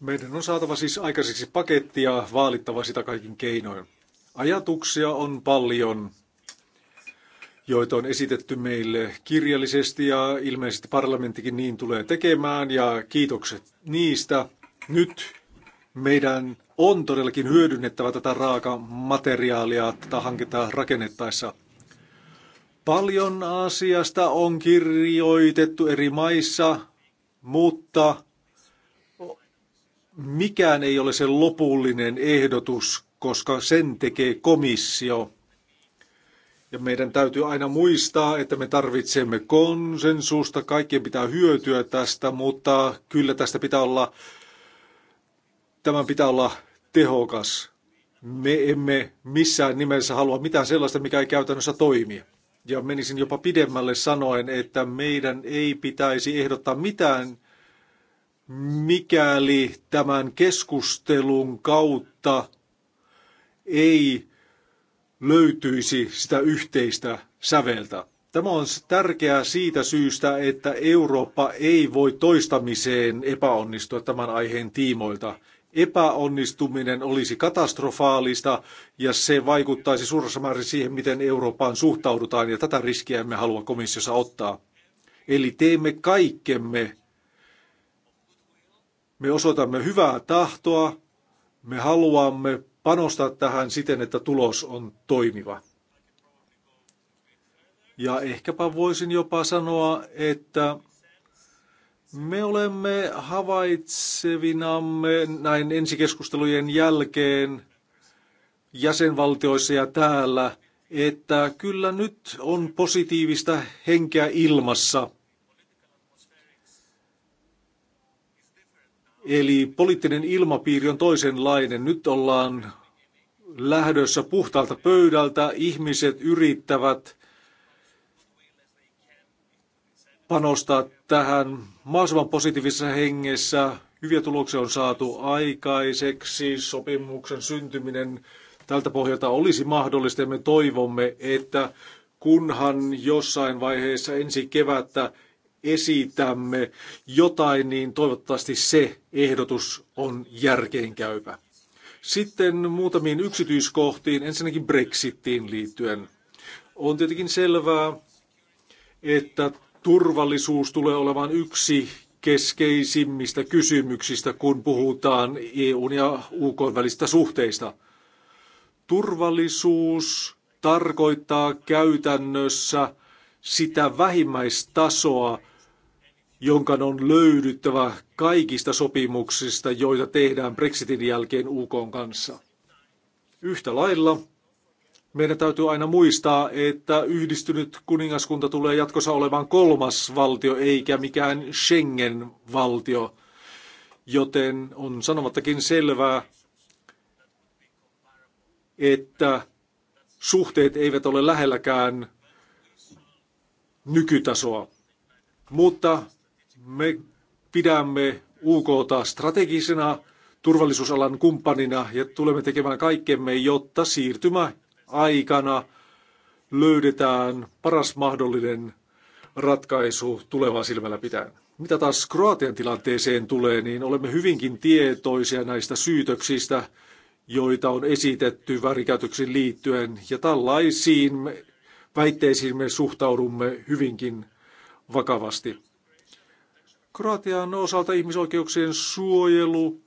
Meidän on saatava siis aikaiseksi pakettia ja vaalittava sitä kaikin keinoin. Ajatuksia on paljon joita on esitetty meille kirjallisesti ja ilmeisesti parlamenttikin niin tulee tekemään ja kiitokset niistä. Nyt meidän on todellakin hyödynnettävä tätä raakamateriaalia tätä hanketta rakennettaessa. Paljon asiasta on kirjoitettu eri maissa, mutta mikään ei ole se lopullinen ehdotus, koska sen tekee komissio. Ja meidän täytyy aina muistaa, että me tarvitsemme konsensusta, kaikkien pitää hyötyä tästä, mutta kyllä tästä pitää olla, tämän pitää olla tehokas. Me emme missään nimessä halua mitään sellaista, mikä ei käytännössä toimi. Ja menisin jopa pidemmälle sanoen, että meidän ei pitäisi ehdottaa mitään, mikäli tämän keskustelun kautta ei löytyisi sitä yhteistä säveltä. Tämä on tärkeää siitä syystä, että Eurooppa ei voi toistamiseen epäonnistua tämän aiheen tiimoilta. Epäonnistuminen olisi katastrofaalista ja se vaikuttaisi suuressa määrin siihen, miten Eurooppaan suhtaudutaan ja tätä riskiä emme halua komissiossa ottaa. Eli teemme kaikkemme. Me osoitamme hyvää tahtoa, me haluamme panostaa tähän siten, että tulos on toimiva. Ja ehkäpä voisin jopa sanoa, että me olemme havaitsevinamme näin ensikeskustelujen jälkeen jäsenvaltioissa ja täällä, että kyllä nyt on positiivista henkeä ilmassa – Eli poliittinen ilmapiiri on toisenlainen. Nyt ollaan lähdössä puhtaalta pöydältä. Ihmiset yrittävät panostaa tähän mahdollisimman positiivisessa hengessä. Hyviä tuloksia on saatu aikaiseksi. Sopimuksen syntyminen tältä pohjalta olisi mahdollista me toivomme, että kunhan jossain vaiheessa ensi kevättä esitämme jotain, niin toivottavasti se ehdotus on järkeenkäypä. Sitten muutamiin yksityiskohtiin, ensinnäkin Brexittiin liittyen. On tietenkin selvää, että turvallisuus tulee olemaan yksi keskeisimmistä kysymyksistä, kun puhutaan EUn ja UK välistä suhteista. Turvallisuus tarkoittaa käytännössä sitä vähimmäistasoa, jonka on löydyttävä kaikista sopimuksista, joita tehdään Brexitin jälkeen UK kanssa. Yhtä lailla meidän täytyy aina muistaa, että yhdistynyt kuningaskunta tulee jatkossa olemaan kolmas valtio eikä mikään Schengen-valtio, joten on sanomattakin selvää, että suhteet eivät ole lähelläkään nykytasoa. Mutta me pidämme UKta strategisena turvallisuusalan kumppanina ja tulemme tekemään kaikkemme, jotta siirtymä aikana löydetään paras mahdollinen ratkaisu tulevaa silmällä pitäen. Mitä taas Kroatian tilanteeseen tulee, niin olemme hyvinkin tietoisia näistä syytöksistä, joita on esitetty värikäytöksiin liittyen, ja tällaisiin väitteisiin me suhtaudumme hyvinkin vakavasti. Kroatian osalta ihmisoikeuksien suojelu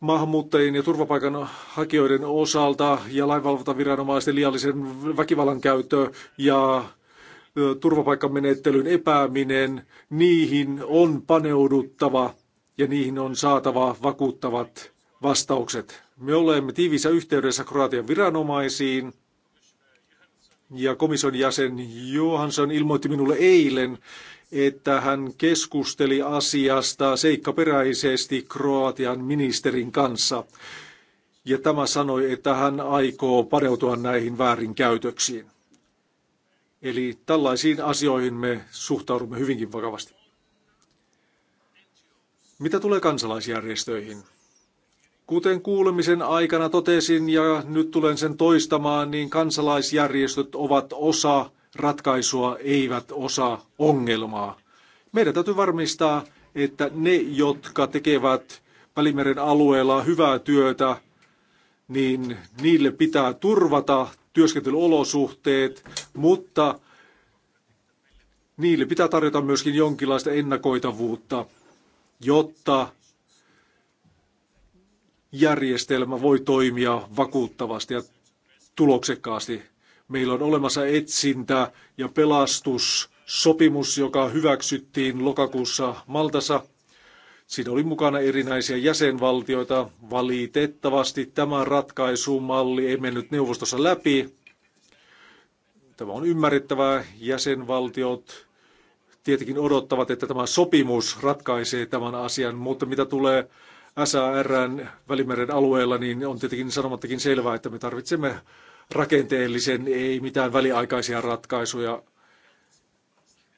maahanmuuttajien ja turvapaikanhakijoiden osalta ja lainvalvontaviranomaisten liiallisen väkivallan käyttö ja turvapaikkamenettelyn epääminen, niihin on paneuduttava ja niihin on saatava vakuuttavat vastaukset. Me olemme tiivissä yhteydessä Kroatian viranomaisiin ja komission jäsen Johansson ilmoitti minulle eilen, että hän keskusteli asiasta seikkaperäisesti Kroatian ministerin kanssa. Ja tämä sanoi, että hän aikoo paneutua näihin väärinkäytöksiin. Eli tällaisiin asioihin me suhtaudumme hyvinkin vakavasti. Mitä tulee kansalaisjärjestöihin? Kuten kuulemisen aikana totesin ja nyt tulen sen toistamaan, niin kansalaisjärjestöt ovat osa ratkaisua, eivät osaa ongelmaa. Meidän täytyy varmistaa, että ne, jotka tekevät Välimeren alueella hyvää työtä, niin niille pitää turvata työskentelyolosuhteet, mutta niille pitää tarjota myöskin jonkinlaista ennakoitavuutta, jotta järjestelmä voi toimia vakuuttavasti ja tuloksekkaasti. Meillä on olemassa etsintä ja pelastussopimus, joka hyväksyttiin lokakuussa Maltassa. Siinä oli mukana erinäisiä jäsenvaltioita. Valitettavasti tämä ratkaisumalli ei mennyt neuvostossa läpi. Tämä on ymmärrettävää. Jäsenvaltiot tietenkin odottavat, että tämä sopimus ratkaisee tämän asian, mutta mitä tulee SARn välimeren alueella, niin on tietenkin sanomattakin selvää, että me tarvitsemme rakenteellisen, ei mitään väliaikaisia ratkaisuja,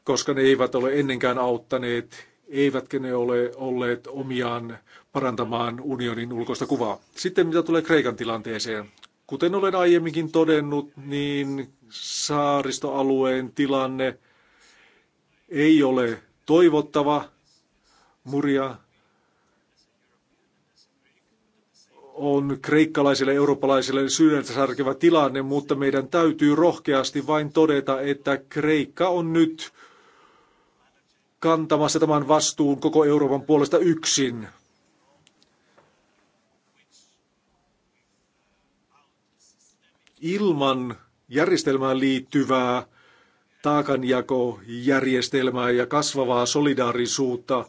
koska ne eivät ole ennenkään auttaneet, eivätkä ne ole olleet omiaan parantamaan unionin ulkoista kuvaa. Sitten mitä tulee Kreikan tilanteeseen. Kuten olen aiemminkin todennut, niin saaristoalueen tilanne ei ole toivottava. Muria on kreikkalaisille eurooppalaisille sydäntä särkevä tilanne, mutta meidän täytyy rohkeasti vain todeta, että Kreikka on nyt kantamassa tämän vastuun koko Euroopan puolesta yksin. Ilman järjestelmään liittyvää taakanjakojärjestelmää ja kasvavaa solidaarisuutta,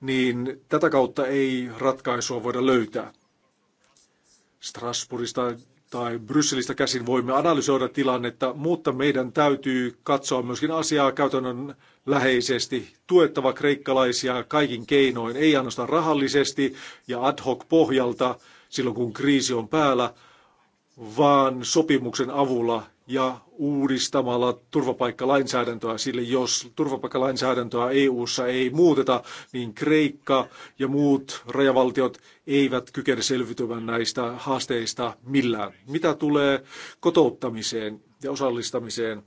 niin tätä kautta ei ratkaisua voida löytää. Strasbourgista tai Brysselistä käsin voimme analysoida tilannetta, mutta meidän täytyy katsoa myöskin asiaa käytännön läheisesti, tuettava kreikkalaisia kaikin keinoin, ei ainoastaan rahallisesti ja ad hoc pohjalta silloin kun kriisi on päällä, vaan sopimuksen avulla ja uudistamalla turvapaikkalainsäädäntöä, sillä jos turvapaikkalainsäädäntöä EU-ssa ei muuteta, niin Kreikka ja muut rajavaltiot eivät kykene selviytymään näistä haasteista millään. Mitä tulee kotouttamiseen ja osallistamiseen?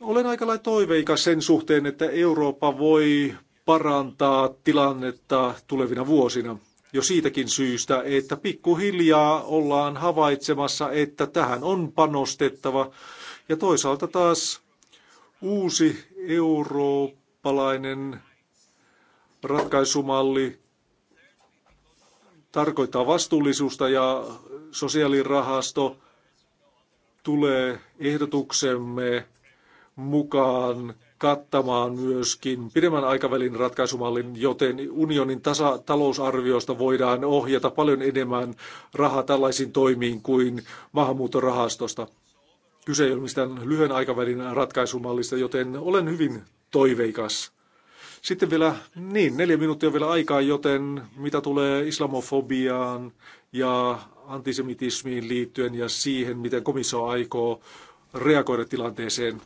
No, olen aika lailla toiveikas sen suhteen, että Eurooppa voi parantaa tilannetta tulevina vuosina jo siitäkin syystä, että pikkuhiljaa ollaan havaitsemassa, että tähän on panostettava. Ja toisaalta taas uusi eurooppalainen ratkaisumalli tarkoittaa vastuullisuutta ja sosiaalirahasto tulee ehdotuksemme mukaan kattamaan myöskin pidemmän aikavälin ratkaisumallin, joten unionin tasa- talousarviosta voidaan ohjata paljon enemmän rahaa tällaisiin toimiin kuin maahanmuuttorahastosta. Kyse ei ole mistään lyhyen aikavälin ratkaisumallista, joten olen hyvin toiveikas. Sitten vielä, niin, neljä minuuttia vielä aikaa, joten mitä tulee islamofobiaan ja antisemitismiin liittyen ja siihen, miten komissio aikoo reagoida tilanteeseen,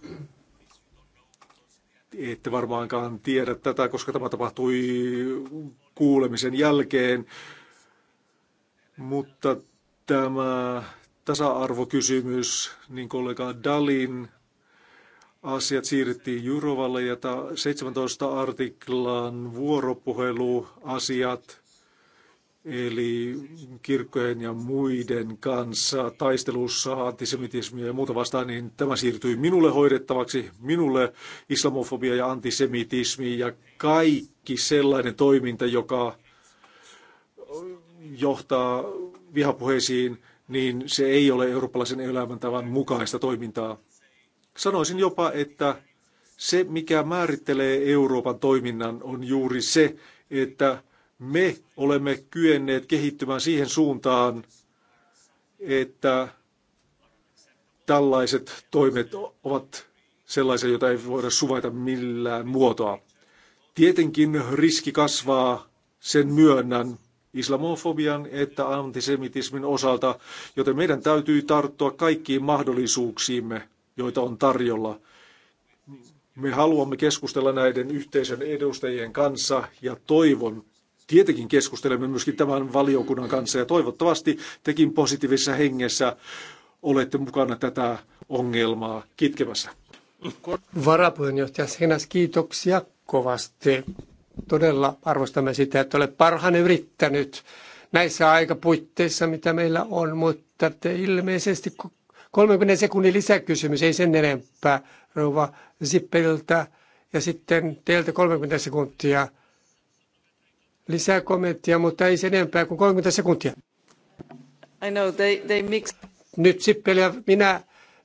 ette varmaankaan tiedä tätä, koska tämä tapahtui kuulemisen jälkeen. Mutta tämä tasa-arvokysymys, niin kollega Dalin asiat siirrettiin Jurovalle ja 17 artiklan vuoropuheluasiat eli kirkkojen ja muiden kanssa taistelussa antisemitismiä ja muuta vastaan, niin tämä siirtyi minulle hoidettavaksi, minulle islamofobia ja antisemitismi ja kaikki sellainen toiminta, joka johtaa vihapuheisiin, niin se ei ole eurooppalaisen elämäntavan mukaista toimintaa. Sanoisin jopa, että se mikä määrittelee Euroopan toiminnan on juuri se, että me olemme kyenneet kehittymään siihen suuntaan, että tällaiset toimet ovat sellaisia, joita ei voida suvaita millään muotoa. Tietenkin riski kasvaa, sen myönnän, islamofobian että antisemitismin osalta, joten meidän täytyy tarttua kaikkiin mahdollisuuksiimme, joita on tarjolla. Me haluamme keskustella näiden yhteisön edustajien kanssa ja toivon, tietenkin keskustelemme myöskin tämän valiokunnan kanssa ja toivottavasti tekin positiivisessa hengessä olette mukana tätä ongelmaa kitkemässä. Varapuheenjohtaja Senas, kiitoksia kovasti. Todella arvostamme sitä, että olet parhaan yrittänyt näissä aikapuitteissa, mitä meillä on, mutta te ilmeisesti 30 sekunnin lisäkysymys, ei sen enempää, rouva Zippeliltä, ja sitten teiltä 30 sekuntia – lisää kommenttia, mutta ei sen enempää kuin 30 sekuntia. I know, they, they mix. Nyt Sippeli ja minä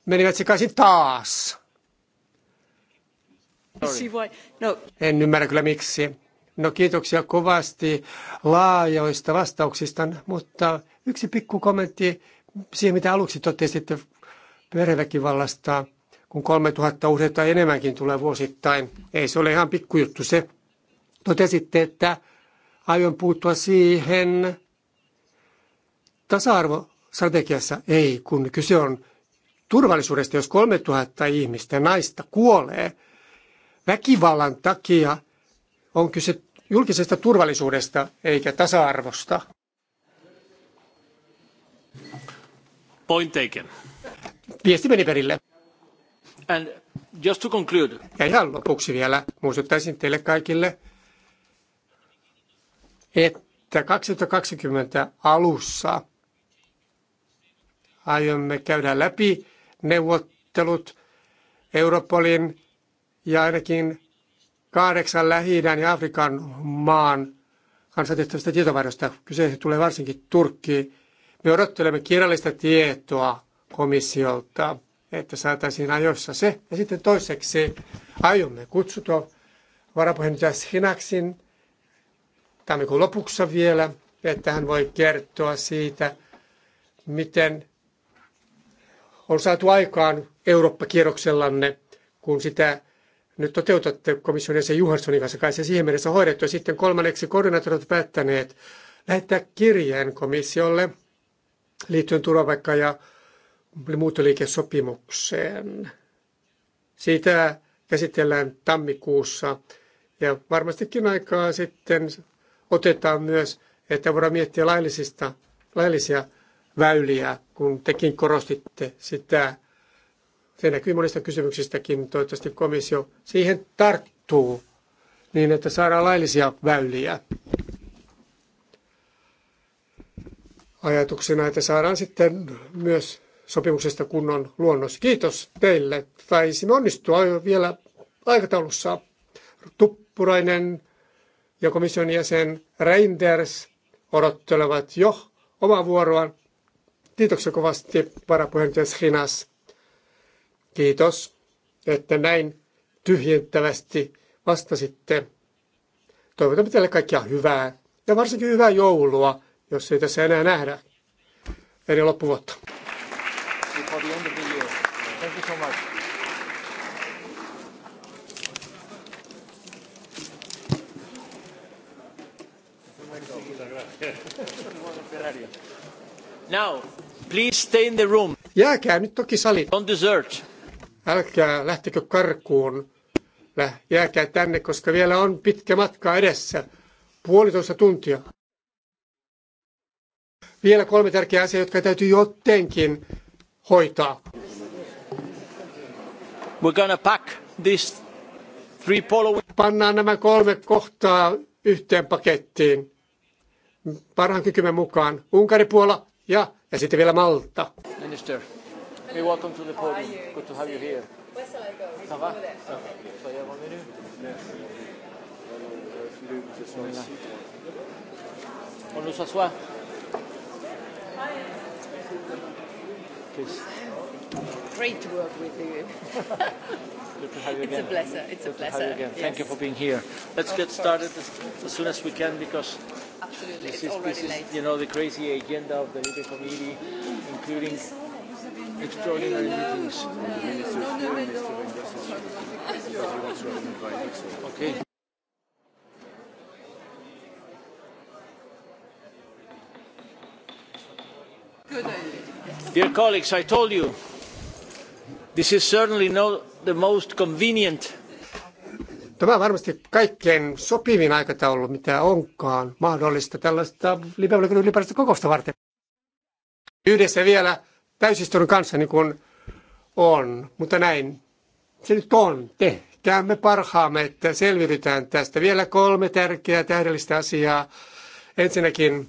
menivät sekaisin taas. No. En ymmärrä kyllä miksi. No kiitoksia kovasti laajoista vastauksista, mutta yksi pikku kommentti siihen, mitä aluksi totesitte perheväkivallasta, kun 3000 uhria tai enemmänkin tulee vuosittain. Ei se ole ihan pikkujuttu se. Totesitte, että aion puuttua siihen tasa-arvostrategiassa. Ei, kun kyse on turvallisuudesta, jos 3000 ihmistä, naista kuolee väkivallan takia, on kyse julkisesta turvallisuudesta eikä tasa-arvosta. Point taken. Viesti meni perille. And just to conclude. Ja ihan lopuksi vielä muistuttaisin teille kaikille, että 2020 alussa aiomme käydä läpi neuvottelut Europolin ja ainakin kahdeksan lähi ja Afrikan maan kanssa tehtävästä tietovaihdosta. Kyse tulee varsinkin Turkki. Me odottelemme kirjallista tietoa komissiolta, että saataisiin ajoissa se. Ja sitten toiseksi aiomme kutsuta varapuheenjohtaja Sinaksin tammikuun lopussa vielä, että hän voi kertoa siitä, miten on saatu aikaan Eurooppa-kierroksellanne, kun sitä nyt toteutatte komission jäsen Juhanssonin kanssa, kai se siihen mennessä hoidettu. Ja sitten kolmanneksi koordinaattorit päättäneet lähettää kirjeen komissiolle liittyen turvapaikka- ja muuttoliikesopimukseen. Siitä käsitellään tammikuussa ja varmastikin aikaa sitten otetaan myös, että voidaan miettiä laillisista, laillisia väyliä, kun tekin korostitte sitä. Se näkyy monista kysymyksistäkin. Toivottavasti komissio siihen tarttuu niin, että saadaan laillisia väyliä. Ajatuksena, että saadaan sitten myös sopimuksesta kunnon luonnos. Kiitos teille. Taisimme onnistua vielä aikataulussa. Tuppurainen ja komission jäsen Reinders odottelevat jo omaa vuoroaan. Kiitoksia kovasti varapuheenjohtaja Hinas. Kiitos, että näin tyhjentävästi vastasitte. Toivotamme teille kaikkia hyvää ja varsinkin hyvää joulua, jos ei tässä enää nähdä. Eli loppuvuotta. Thank you so much. Now, please stay in the room. Jääkää nyt toki sali. On dessert. Älkää lähtekö karkuun. Jääkää tänne, koska vielä on pitkä matka edessä. Puolitoista tuntia. Vielä kolme tärkeää asiaa, jotka täytyy jotenkin hoitaa. We're gonna pack this three polo. Pannaan nämä kolme kohtaa yhteen pakettiin parhaan kykymme mukaan. Unkari, Puola, ja, ja sitten vielä Malta. Minister, hey, welcome to the podium. Good to have you here. Where shall I go? Ça va? Ça va. Soyez On nous s'assoit. Please. Great to work with you. Good to have you it's a pleasure. It's Good a pleasure. To have you again. Yes. Thank you for being here. Let's get started as, as soon as we can because Absolutely, this it's is, already this late. Is, you know, the crazy agenda of the Libre Committee, including extraordinary meetings. No, no, no, okay. Dear colleagues, I told you, this is certainly not the most convenient Tämä on varmasti kaikkein sopivin aikataulu, mitä onkaan mahdollista tällaista liberaalikon ylipäätöstä kokousta varten. Yhdessä vielä täysistunnon kanssa niin kuin on, mutta näin se nyt on. Tehkäämme parhaamme, että selviydytään tästä. Vielä kolme tärkeää tähdellistä asiaa. Ensinnäkin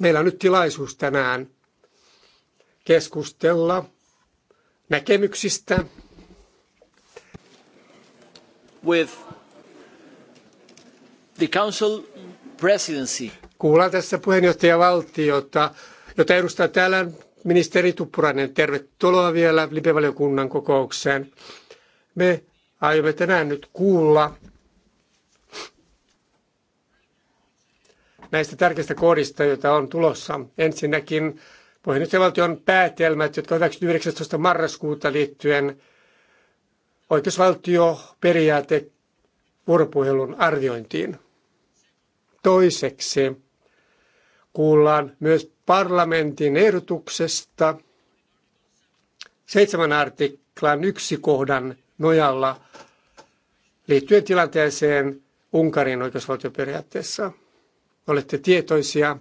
meillä on nyt tilaisuus tänään keskustella näkemyksistä with the council presidency. Kuullaan tässä puheenjohtajavaltiota, jota edustaa täällä ministeri Tuppurainen. Tervetuloa vielä Lipevaliokunnan kokoukseen. Me aiomme tänään nyt kuulla näistä tärkeistä kohdista, joita on tulossa. Ensinnäkin puheenjohtajavaltion päätelmät, jotka hyväksyttiin 19. marraskuuta liittyen oikeusvaltioperiaate vuoropuhelun arviointiin. Toiseksi kuullaan myös parlamentin ehdotuksesta seitsemän artiklan yksi kohdan nojalla liittyen tilanteeseen Unkarin oikeusvaltioperiaatteessa. Olette tietoisia,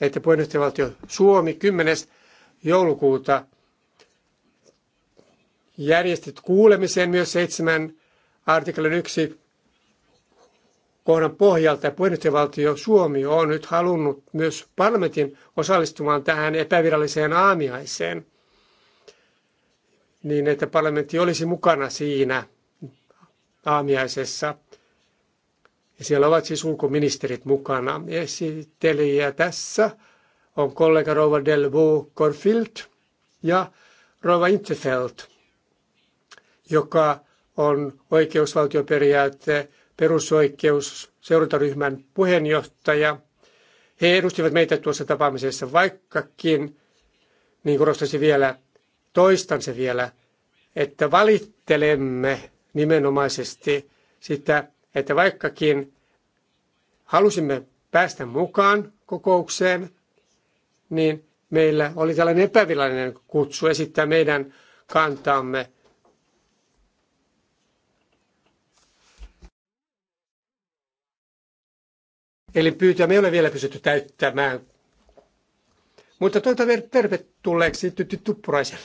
että puheenjohtajavaltio Suomi 10. joulukuuta järjestit kuulemisen myös seitsemän artiklan yksi kohdan pohjalta. Ja puheenjohtajavaltio Suomi on nyt halunnut myös parlamentin osallistumaan tähän epäviralliseen aamiaiseen, niin että parlamentti olisi mukana siinä aamiaisessa. Ja siellä ovat siis ulkoministerit mukana. Esittelijä tässä on kollega Rova Delvaux Corfield ja Rova Interfeldt joka on oikeusvaltioperiaate, perusoikeus, seurantaryhmän puheenjohtaja. He edustivat meitä tuossa tapaamisessa, vaikkakin, niin korostaisin vielä, toistan se vielä, että valittelemme nimenomaisesti sitä, että vaikkakin halusimme päästä mukaan kokoukseen, niin meillä oli tällainen epävirallinen kutsu esittää meidän kantaamme – Eli pyytää me ei ole vielä pysytty täyttämään. Mutta toivotan tervetulleeksi Tytti Tuppuraiselle.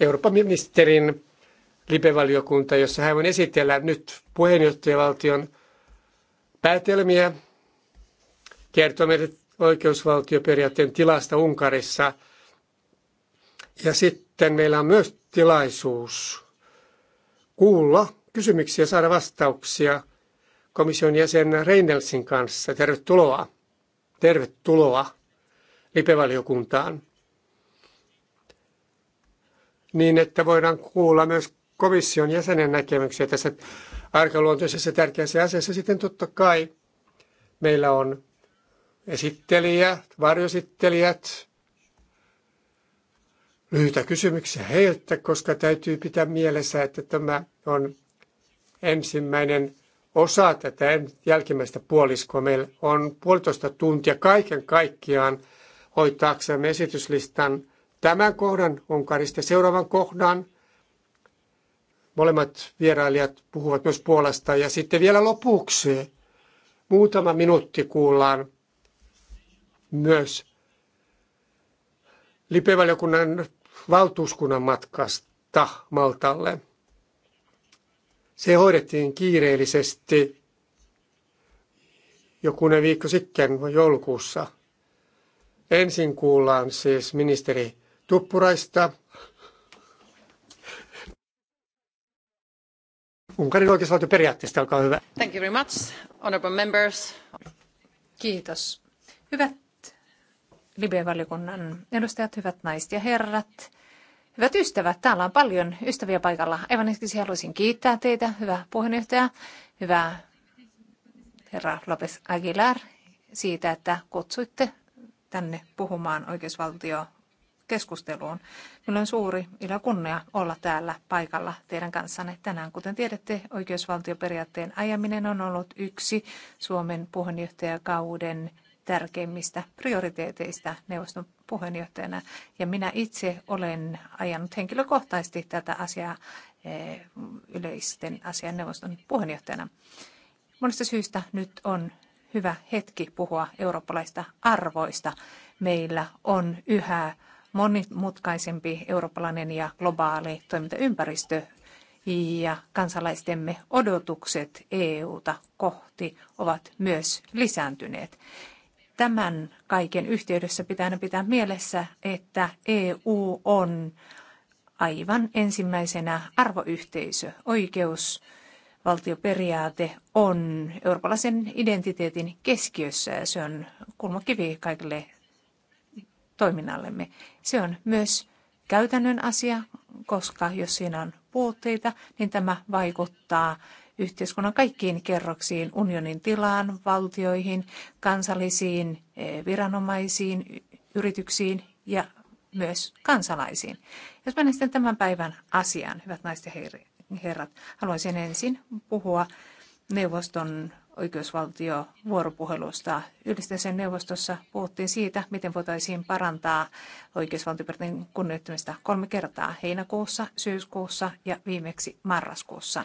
Euroopan ministerin lipevaliokunta, jossa hän voi esitellä nyt puheenjohtajavaltion päätelmiä, kertoo meille oikeusvaltioperiaatteen tilasta Unkarissa. Ja sitten meillä on myös tilaisuus kuulla kysymyksiä ja saada vastauksia – komission jäsen Reinelsin kanssa. Tervetuloa. Tervetuloa lipevaliokuntaan. Niin, että voidaan kuulla myös komission jäsenen näkemyksiä tässä arkaluontoisessa tärkeässä asiassa. Sitten totta kai meillä on esittelijä, varjosittelijät, lyhyitä kysymyksiä heiltä, koska täytyy pitää mielessä, että tämä on ensimmäinen osa tätä jälkimmäistä puoliskoa. Meillä on puolitoista tuntia kaiken kaikkiaan hoitaaksemme esityslistan tämän kohdan Unkarista seuraavan kohdan. Molemmat vierailijat puhuvat myös Puolasta ja sitten vielä lopuksi muutama minuutti kuullaan myös Lipevaliokunnan valtuuskunnan matkasta Maltalle. Se hoidettiin kiireellisesti jokunen viikko sitten joulukuussa. Ensin kuullaan siis ministeri Tuppuraista, Unkarin periaatteesta, olkaa hyvä. Thank you very much, honorable members. Kiitos. Hyvät Libe-valiokunnan edustajat, hyvät naiset ja herrat. Hyvät ystävät, täällä on paljon ystäviä paikalla. Aivan ensiksi haluaisin kiittää teitä, hyvä puheenjohtaja, hyvä herra Lopes Aguilar, siitä, että kutsuitte tänne puhumaan oikeusvaltio keskusteluun. Minulla on suuri ilo kunnia olla täällä paikalla teidän kanssanne tänään. Kuten tiedätte, oikeusvaltioperiaatteen ajaminen on ollut yksi Suomen puheenjohtajakauden tärkeimmistä prioriteeteista neuvoston puheenjohtajana. Ja minä itse olen ajanut henkilökohtaisesti tätä asiaa eh, yleisten neuvoston puheenjohtajana. Monesta syystä nyt on hyvä hetki puhua eurooppalaista arvoista. Meillä on yhä monimutkaisempi eurooppalainen ja globaali toimintaympäristö ja kansalaistemme odotukset EUta kohti ovat myös lisääntyneet tämän kaiken yhteydessä pitää pitää mielessä, että EU on aivan ensimmäisenä arvoyhteisö. Oikeusvaltioperiaate on eurooppalaisen identiteetin keskiössä ja se on kulmakivi kaikille toiminnallemme. Se on myös käytännön asia, koska jos siinä on puutteita, niin tämä vaikuttaa yhteiskunnan kaikkiin kerroksiin, unionin tilaan, valtioihin, kansallisiin eh, viranomaisiin, yrityksiin ja myös kansalaisiin. Jos mennään sitten tämän päivän asiaan, hyvät naiset ja herrat, haluaisin ensin puhua neuvoston oikeusvaltio vuoropuhelusta. Yhdistyneen neuvostossa puhuttiin siitä, miten voitaisiin parantaa oikeusvaltioperiaatteen kunnioittamista kolme kertaa heinäkuussa, syyskuussa ja viimeksi marraskuussa.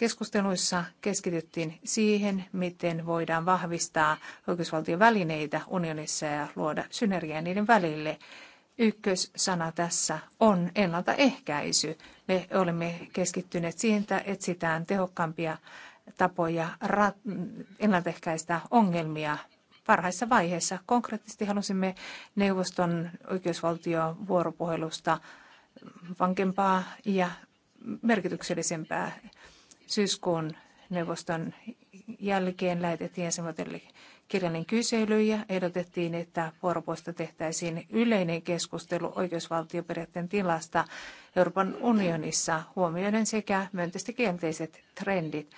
Keskusteluissa keskityttiin siihen, miten voidaan vahvistaa oikeusvaltion välineitä unionissa ja luoda synergiaa niiden välille. Ykkössana tässä on ennaltaehkäisy. Me olemme keskittyneet siihen, että etsitään tehokkaampia tapoja ennaltaehkäistä ongelmia parhaissa vaiheessa. Konkreettisesti halusimme neuvoston vuoropuhelusta vankempaa ja merkityksellisempää syyskuun neuvoston jälkeen lähetettiin ensimmäinen kirjallinen kysely ja ehdotettiin, että vuoropuolesta tehtäisiin yleinen keskustelu oikeusvaltioperiaatteen tilasta Euroopan unionissa huomioiden sekä myönteiset kielteiset trendit.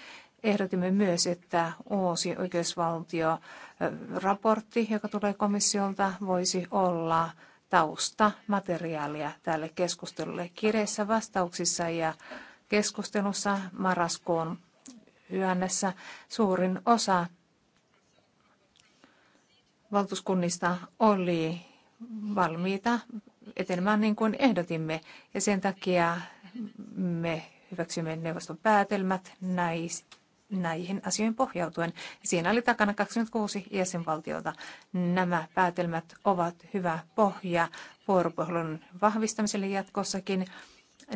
Ehdotimme myös, että uusi oikeusvaltioraportti, joka tulee komissiolta, voisi olla tausta materiaalia tälle keskustelulle. Kireissä vastauksissa ja keskustelussa marraskuun yönnessä suurin osa valtuuskunnista oli valmiita etenemään niin kuin ehdotimme. Ja sen takia me hyväksymme neuvoston päätelmät näihin asioihin pohjautuen. Siinä oli takana 26 jäsenvaltiota. Nämä päätelmät ovat hyvä pohja vuoropuhelun vahvistamiselle jatkossakin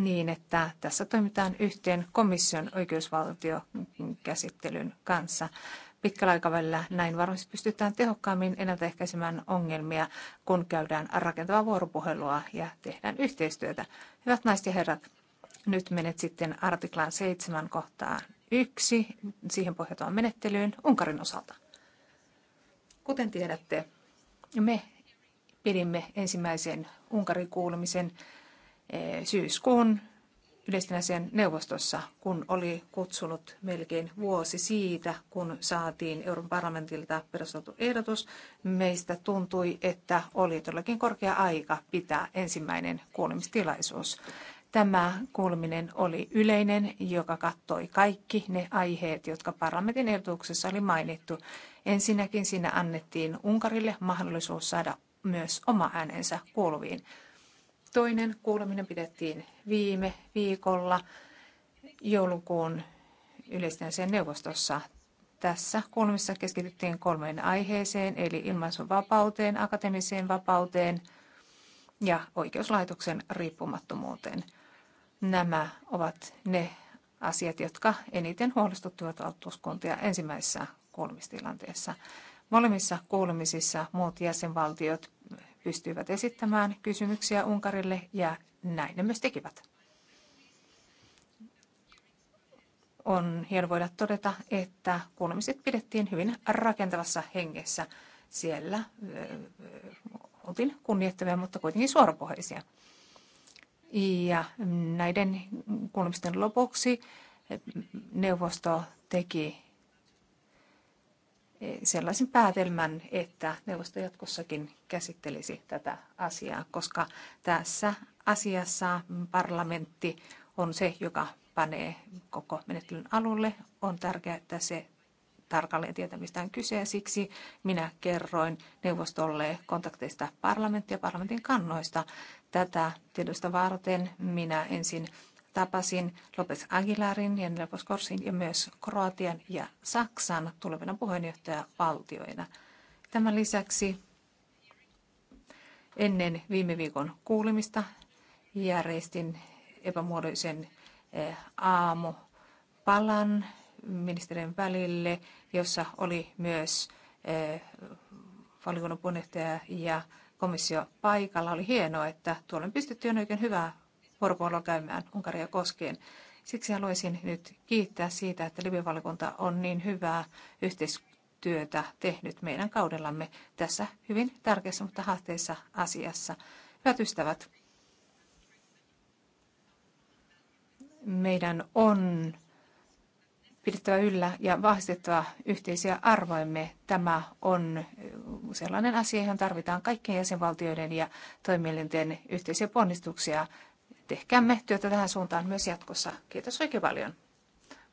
niin, että tässä toimitaan yhteen komission oikeusvaltiokäsittelyn kanssa. Pitkällä aikavälillä näin varmasti pystytään tehokkaammin ennaltaehkäisemään ongelmia, kun käydään rakentavaa vuoropuhelua ja tehdään yhteistyötä. Hyvät naiset ja herrat, nyt menet sitten artiklaan 7 kohtaan 1, siihen pohjautuvaan menettelyyn Unkarin osalta. Kuten tiedätte, me pidimme ensimmäisen Unkarin kuulumisen Eh, syyskuun yleisten asian neuvostossa, kun oli kutsunut melkein vuosi siitä, kun saatiin Euroopan parlamentilta perusteltu ehdotus. Meistä tuntui, että oli todellakin korkea aika pitää ensimmäinen kuulemistilaisuus. Tämä kuuleminen oli yleinen, joka kattoi kaikki ne aiheet, jotka parlamentin ehdotuksessa oli mainittu. Ensinnäkin siinä annettiin Unkarille mahdollisuus saada myös oma äänensä kuuluviin. Toinen kuuleminen pidettiin viime viikolla joulukuun yleisten neuvostossa. Tässä kuulemisessa keskityttiin kolmeen aiheeseen, eli ilmaisun vapauteen, akateemiseen vapauteen ja oikeuslaitoksen riippumattomuuteen. Nämä ovat ne asiat, jotka eniten huolestuttivat valtuuskuntia ensimmäisessä kuulemistilanteessa. Molemmissa kuulemisissa muut jäsenvaltiot pystyivät esittämään kysymyksiä Unkarille ja näin ne myös tekivät. On hieno voida todeta, että kuulemiset pidettiin hyvin rakentavassa hengessä. Siellä oltiin kunnioittavia, mutta kuitenkin suorapohjaisia. Ja näiden kuulemisten lopuksi neuvosto teki Eh, sellaisen päätelmän, että neuvosto jatkossakin käsittelisi tätä asiaa, koska tässä asiassa parlamentti on se, joka panee koko menettelyn alulle. On tärkeää, että se tarkalleen tietää, mistä on kyse. Siksi minä kerroin neuvostolle kontakteista parlamenttia ja parlamentin kannoista. Tätä tiedosta varten minä ensin Tapasin Lopez Aguilarin ja Lepos Korsin ja myös Kroatian ja Saksan tulevina puheenjohtajavaltioina. Tämän lisäksi ennen viime viikon kuulemista järjestin epämuodollisen eh, aamupalan ministerien välille, jossa oli myös eh, valiokunnan puheenjohtaja ja komissio paikalla. Oli hienoa, että tuolle pystyttiin oikein hyvää vuoropuhelua käymään Unkaria koskien. Siksi haluaisin nyt kiittää siitä, että Libyvalikunta on niin hyvää yhteistyötä tehnyt meidän kaudellamme tässä hyvin tärkeässä, mutta haasteessa asiassa. Hyvät ystävät, meidän on pidettävä yllä ja vahvistettava yhteisiä arvoimme. Tämä on sellainen asia, johon tarvitaan kaikkien jäsenvaltioiden ja toimielinten yhteisiä ponnistuksia tehkäämme työtä tähän suuntaan myös jatkossa. Kiitos oikein paljon.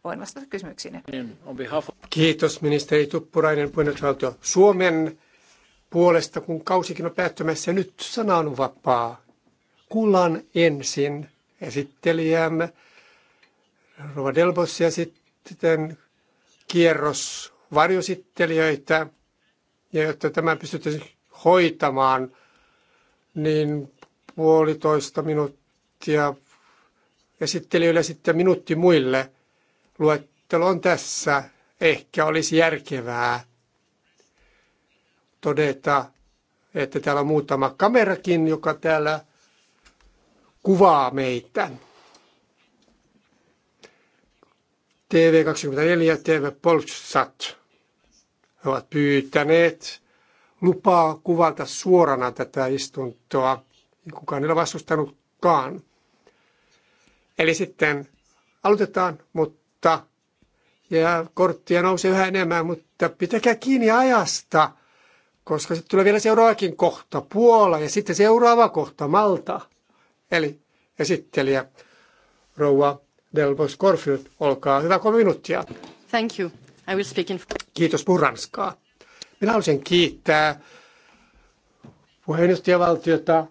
Voin vastata kysymyksiin. Kiitos ministeri Tuppurainen puheenjohtaja Suomen puolesta, kun kausikin on päättymässä. Nyt sana on vapaa. Kuullaan ensin esittelijämme Rova Delbos ja sitten kierros varjosittelijöitä. Ja jotta tämä pystyttäisiin hoitamaan, niin puolitoista minuuttia minuuttia esittelijöille sitten minuutti muille. Luettelo on tässä. Ehkä olisi järkevää todeta, että täällä on muutama kamerakin, joka täällä kuvaa meitä. TV24 ja TV Polsat he ovat pyytäneet lupaa kuvata suorana tätä istuntoa. Kukaan ei ole vastustanutkaan. Eli sitten aloitetaan, mutta ja korttia nousee yhä enemmän, mutta pitäkää kiinni ajasta, koska sitten tulee vielä seuraavakin kohta, Puola, ja sitten seuraava kohta, Malta. Eli esittelijä, rouva Delbos Corfield, olkaa hyvä kolme minuuttia. Thank you. I will speak in... Kiitos, puhun ranskaa. Minä haluaisin kiittää puheenjohtajavaltiota,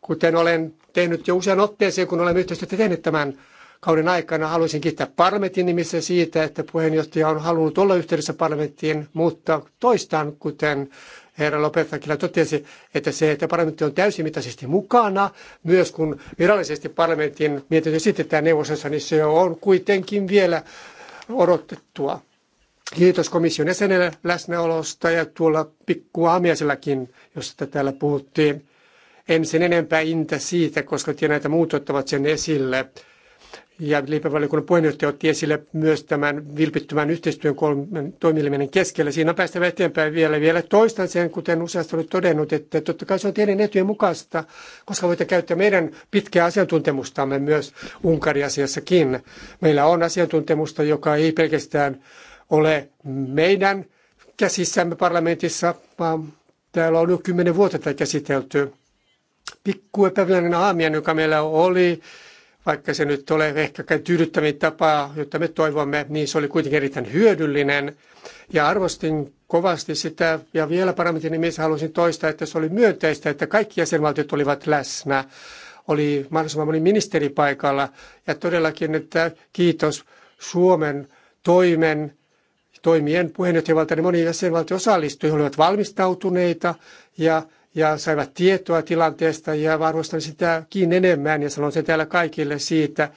kuten olen tehnyt jo usean otteeseen, kun olemme yhteistyötä tehneet tämän kauden aikana. Haluaisin kiittää parlamentin nimissä siitä, että puheenjohtaja on halunnut olla yhteydessä parlamenttiin, mutta toistan, kuten herra Lopetakilla totesi, että se, että parlamentti on täysimittaisesti mukana, myös kun virallisesti parlamentin mietintö esitetään neuvostossa, niin se on kuitenkin vielä odotettua. Kiitos komission jäsenelle läsnäolosta ja tuolla pikkua aamiaisellakin, josta täällä puhuttiin. En sen enempää intä siitä, koska että muut ottavat sen esille. Ja liipävaliokunnan puheenjohtaja otti esille myös tämän vilpittömän yhteistyön kolmen toimielimen keskellä. Siinä on päästävä eteenpäin vielä. Vielä toistan sen, kuten useasti olet todennut, että totta kai se on teidän etujen mukaista, koska voitte käyttää meidän pitkää asiantuntemustamme myös Unkari-asiassakin. Meillä on asiantuntemusta, joka ei pelkästään ole meidän käsissämme parlamentissa, vaan täällä on jo kymmenen vuotta tätä käsitelty pikku epävirallinen aamien, joka meillä oli, vaikka se nyt ole ehkä tyydyttävin tapa, jotta me toivomme, niin se oli kuitenkin erittäin hyödyllinen. Ja arvostin kovasti sitä, ja vielä parlamentin nimissä halusin toistaa, että se oli myönteistä, että kaikki jäsenvaltiot olivat läsnä. Oli mahdollisimman moni ministeri paikalla, ja todellakin, että kiitos Suomen toimen toimien puheenjohtajavaltainen niin moni jäsenvaltio osallistui, he olivat valmistautuneita ja ja saivat tietoa tilanteesta ja varustan sitä kiinni enemmän ja sanon sen täällä kaikille siitä,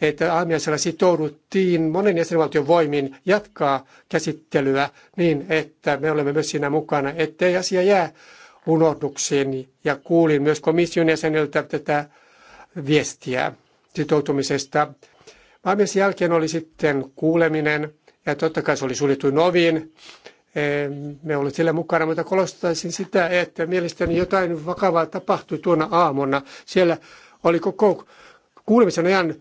että aamiaisella sitouduttiin monen jäsenvaltion voimin jatkaa käsittelyä niin, että me olemme myös siinä mukana, ettei asia jää unohduksiin. Ja kuulin myös komission jäseniltä tätä viestiä sitoutumisesta. Aamiaisen jälkeen oli sitten kuuleminen ja totta kai se oli suljetuin oviin me olin siellä mukana, mutta kolostaisin sitä, että mielestäni jotain vakavaa tapahtui tuona aamuna. Siellä oli koko kuulemisen ajan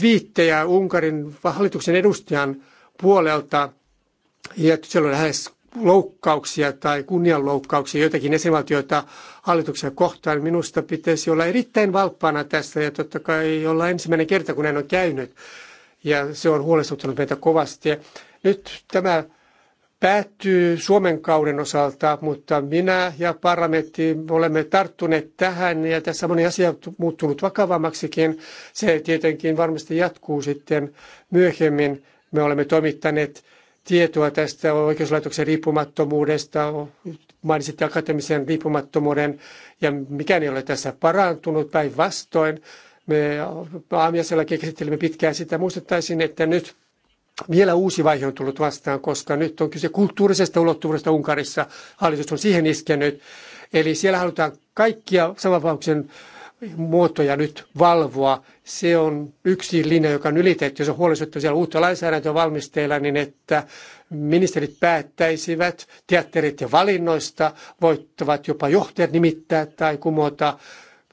twiittejä Unkarin hallituksen edustajan puolelta, ja siellä oli lähes loukkauksia tai kunnianloukkauksia joitakin jäsenvaltioita hallituksen kohtaan. Minusta pitäisi olla erittäin valppaana tässä ja totta kai olla ensimmäinen kerta, kun en on käynyt. Ja se on huolestuttanut meitä kovasti. Ja nyt tämä päättyy Suomen kauden osalta, mutta minä ja parlamentti olemme tarttuneet tähän ja tässä moni asia on muuttunut vakavammaksikin. Se tietenkin varmasti jatkuu sitten myöhemmin. Me olemme toimittaneet tietoa tästä oikeuslaitoksen riippumattomuudesta, mainitsitte akateemisen riippumattomuuden ja mikään ei ole tässä parantunut päinvastoin. Me aamiaisellakin käsittelimme pitkään sitä. Muistuttaisin, että nyt vielä uusi vaihe on tullut vastaan, koska nyt on kyse kulttuurisesta ulottuvuudesta Unkarissa. Hallitus on siihen iskenyt. Eli siellä halutaan kaikkia samanvauksen muotoja nyt valvoa. Se on yksi linja, joka on ylitetty. Jos on huolestuttu siellä uutta lainsäädäntöä valmisteilla, niin että ministerit päättäisivät teatterit ja valinnoista, voittavat jopa johtajat nimittää tai kumota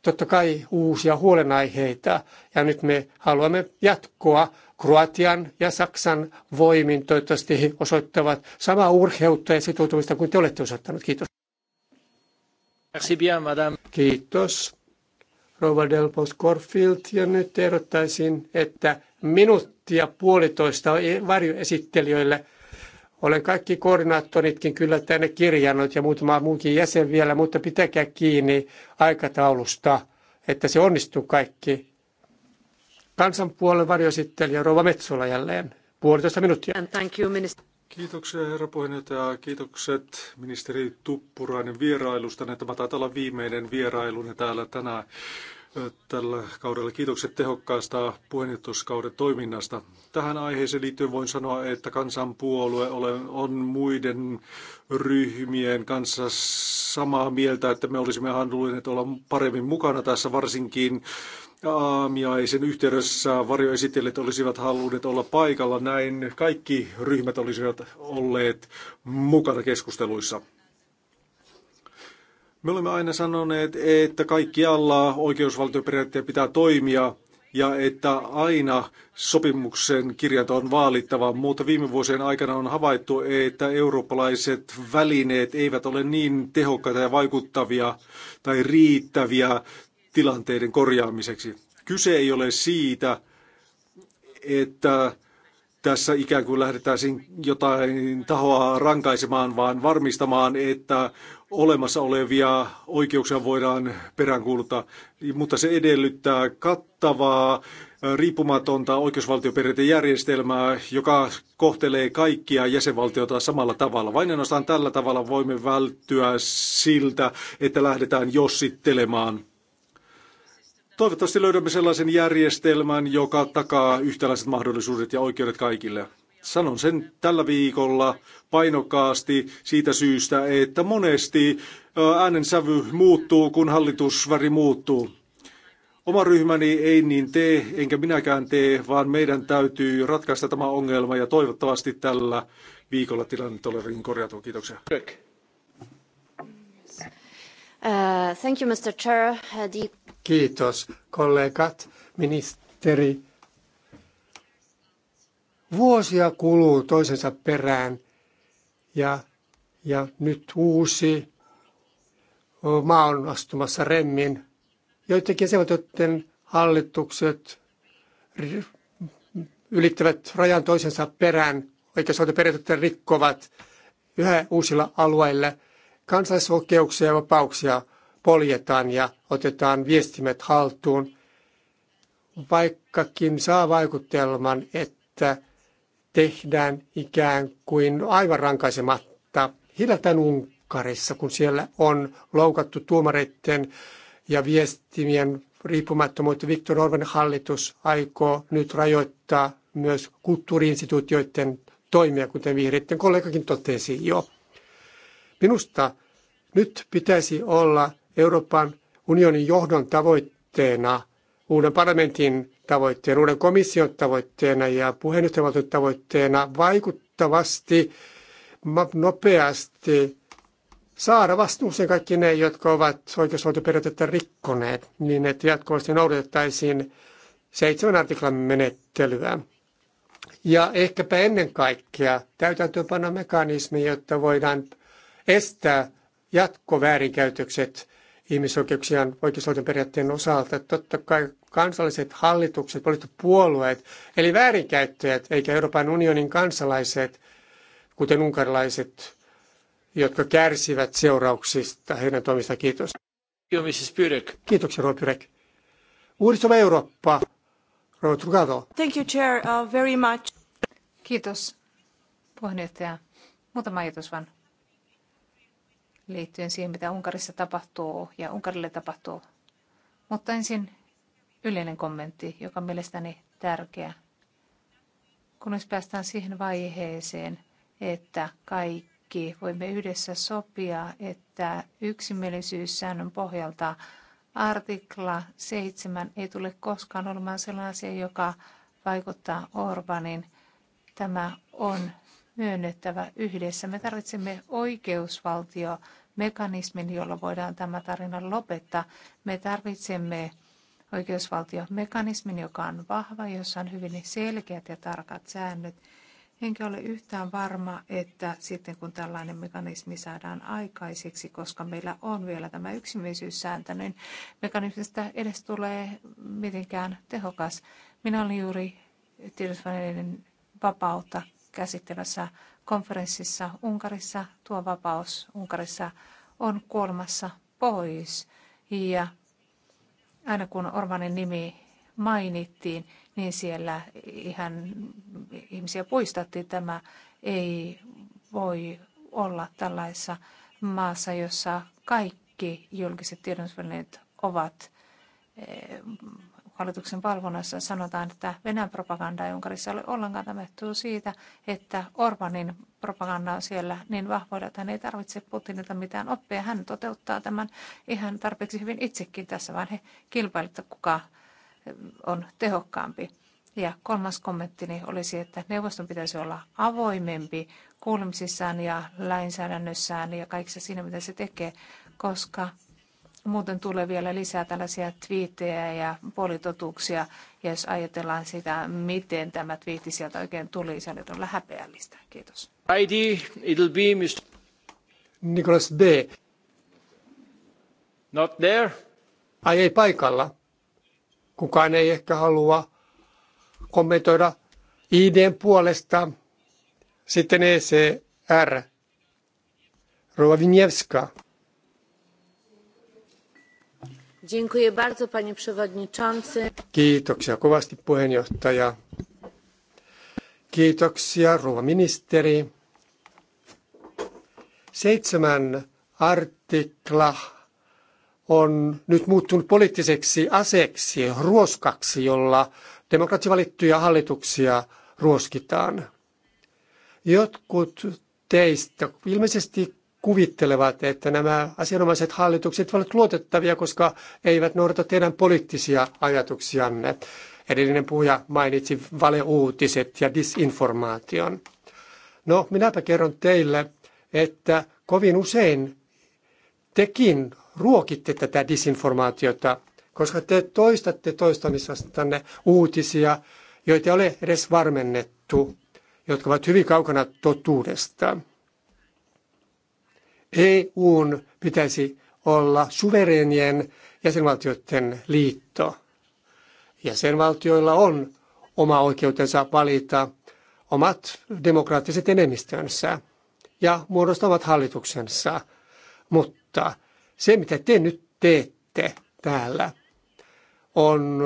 totta kai uusia huolenaiheita. Ja nyt me haluamme jatkoa Kroatian ja Saksan voimin toivottavasti he osoittavat samaa urheutta ja sitoutumista kuin te olette osoittaneet. Kiitos. Merci bien, madame. Kiitos. Rova Delpos Corfield ja nyt ehdottaisin, että minuuttia puolitoista e- varjoesittelijöille. Olen kaikki koordinaattoritkin kyllä tänne kirjannut ja muutama muukin jäsen vielä, mutta pitäkää kiinni aikataulusta, että se onnistuu kaikki kansanpuolen varjoesittelijä Rova Metsola jälleen. Puolitoista minuuttia. thank you, Kiitoksia herra puheenjohtaja. Kiitokset ministeri Tuppurainen vierailusta. Tämä taitaa olla viimeinen vierailunne täällä tänään tällä kaudella. Kiitokset tehokkaasta puheenjohtajuuskauden toiminnasta. Tähän aiheeseen liittyen voin sanoa, että kansanpuolue on muiden ryhmien kanssa samaa mieltä, että me olisimme halunneet olla paremmin mukana tässä varsinkin aamiaisen yhteydessä varjoesittelijät olisivat halunneet olla paikalla. Näin kaikki ryhmät olisivat olleet mukana keskusteluissa. Me olemme aina sanoneet, että kaikkialla oikeusvaltioperiaatteen pitää toimia ja että aina sopimuksen kirjanto on vaalittava, mutta viime vuosien aikana on havaittu, että eurooppalaiset välineet eivät ole niin tehokkaita ja vaikuttavia tai riittäviä tilanteiden korjaamiseksi. Kyse ei ole siitä, että tässä ikään kuin lähdetään jotain tahoa rankaisemaan, vaan varmistamaan, että olemassa olevia oikeuksia voidaan peräänkuuluttaa, mutta se edellyttää kattavaa, riippumatonta oikeusvaltioperiaatteen järjestelmää, joka kohtelee kaikkia jäsenvaltioita samalla tavalla. Vain ainoastaan tällä tavalla voimme välttyä siltä, että lähdetään jossittelemaan. Toivottavasti löydämme sellaisen järjestelmän, joka takaa yhtäläiset mahdollisuudet ja oikeudet kaikille. Sanon sen tällä viikolla painokkaasti siitä syystä, että monesti äänensävy muuttuu, kun hallitusväri muuttuu. Oma ryhmäni ei niin tee, enkä minäkään tee, vaan meidän täytyy ratkaista tämä ongelma ja toivottavasti tällä viikolla tilanne ole hyvin Kiitoksia. Uh, thank you, Mr. Chair. The Kiitos kollegat, ministeri. Vuosia kuluu toisensa perään ja, ja nyt uusi maa on astumassa remmin. Joidenkin seuraten hallitukset ylittävät rajan toisensa perään, oikeusvaltioperiaatteita rikkovat yhä uusilla alueilla kansalaisoikeuksia ja vapauksia poljetaan ja otetaan viestimet haltuun, vaikkakin saa vaikutelman, että tehdään ikään kuin aivan rankaisematta. Hiljattain Unkarissa, kun siellä on loukattu tuomareiden ja viestimien riippumattomuutta, Viktor Orban hallitus aikoo nyt rajoittaa myös kulttuuriinstituutioiden toimia, kuten vihreiden kollegakin totesi jo. Minusta nyt pitäisi olla Euroopan unionin johdon tavoitteena, uuden parlamentin tavoitteena, uuden komission tavoitteena ja puheenjohtajavaltion tavoitteena vaikuttavasti, nopeasti saada vastuuseen kaikki ne, jotka ovat oikeusvaltioperiaatetta rikkoneet, niin että jatkuvasti noudatettaisiin seitsemän artiklan menettelyä. Ja ehkäpä ennen kaikkea täytäntöönpanomekanismi, jotta voidaan estää jatkoväärinkäytökset ihmisoikeuksien oikeusvaltion periaatteen osalta. Totta kai kansalliset hallitukset, poliittiset puolueet, eli väärinkäyttäjät, eikä Euroopan unionin kansalaiset, kuten unkarilaiset, jotka kärsivät seurauksista heidän toimistaan. Kiitos. Kiitoksia, Rouva Pyrek. Uudistava Eurooppa, Rouva Trugado. Thank you, Chair, uh, very much. Kiitos, puheenjohtaja. Muutama ajatus vaan liittyen siihen, mitä Unkarissa tapahtuu ja Unkarille tapahtuu. Mutta ensin yleinen kommentti, joka on mielestäni tärkeä. Kunnes päästään siihen vaiheeseen, että kaikki voimme yhdessä sopia, että yksimielisyyssäännön pohjalta artikla 7 ei tule koskaan olemaan sellainen asia, joka vaikuttaa Orbanin. Tämä on myönnettävä yhdessä. Me tarvitsemme oikeusvaltio mekanismin, jolla voidaan tämä tarina lopettaa. Me tarvitsemme oikeusvaltiomekanismin, joka on vahva, jossa on hyvin selkeät ja tarkat säännöt. Enkä ole yhtään varma, että sitten kun tällainen mekanismi saadaan aikaiseksi, koska meillä on vielä tämä yksimielisyyssääntö, niin mekanismista edes tulee mitenkään tehokas. Minä olin juuri tiedotusvälineiden vapautta käsittelevässä konferenssissa Unkarissa. Tuo vapaus Unkarissa on kuolemassa pois. Ja aina kun Orbanin nimi mainittiin, niin siellä ihan ihmisiä puistattiin. Tämä ei voi olla tällaisessa maassa, jossa kaikki julkiset tiedonsvälineet ovat eh, hallituksen valvonnassa sanotaan, että Venäjän propaganda ei Unkarissa ole ollenkaan. Tämä johtuu siitä, että Orbanin propaganda on siellä niin vahvoilla, että hän ei tarvitse Putinilta mitään oppia. Hän toteuttaa tämän ihan tarpeeksi hyvin itsekin tässä, vaan he kilpailevat, kuka eh, on tehokkaampi. Ja kolmas kommenttini olisi, että neuvoston pitäisi olla avoimempi kuulemisissaan ja lainsäädännössään ja kaikessa siinä, mitä se tekee, koska muuten tulee vielä lisää tällaisia twiittejä ja puolitotuuksia. Ja jos ajatellaan sitä, miten tämä twiitti sieltä oikein tuli, se on todella häpeällistä. Kiitos. ID, it'll be Mr. Nicholas B. Not there. Ai ei paikalla. Kukaan ei ehkä halua kommentoida IDn puolesta. Sitten ECR. Rova Vinjevska. Dziękuję bardzo, panie przewodniczący. Kiitoksia kovasti puheenjohtaja. Kiitoksia rouva ministeri. Seitsemän artikla on nyt muuttunut poliittiseksi aseeksi, ruoskaksi, jolla demokraattivalittuja hallituksia ruoskitaan. Jotkut teistä ilmeisesti kuvittelevat, että nämä asianomaiset hallitukset ovat luotettavia, koska eivät noudata teidän poliittisia ajatuksianne. Edellinen puhuja mainitsi valeuutiset ja disinformaation. No, minäpä kerron teille, että kovin usein tekin ruokitte tätä disinformaatiota, koska te toistatte toistamisestanne uutisia, joita ei ole edes varmennettu, jotka ovat hyvin kaukana totuudesta. EUn pitäisi olla suvereenien jäsenvaltioiden liitto. Jäsenvaltioilla on oma oikeutensa valita omat demokraattiset enemmistönsä ja muodostavat hallituksensa. Mutta se, mitä te nyt teette täällä, on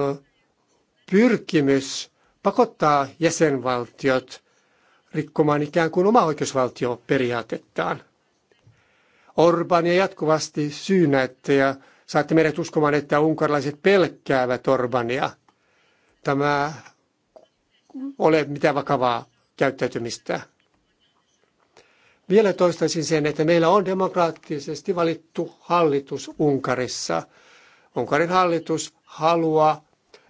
pyrkimys pakottaa jäsenvaltiot rikkomaan ikään kuin oma oikeusvaltioperiaatettaan. Orbania jatkuvasti syynäätte ja saatte meidät uskomaan, että unkarilaiset pelkäävät Orbania. Tämä ole mitään vakavaa käyttäytymistä. Vielä toistaisin sen, että meillä on demokraattisesti valittu hallitus Unkarissa. Unkarin hallitus haluaa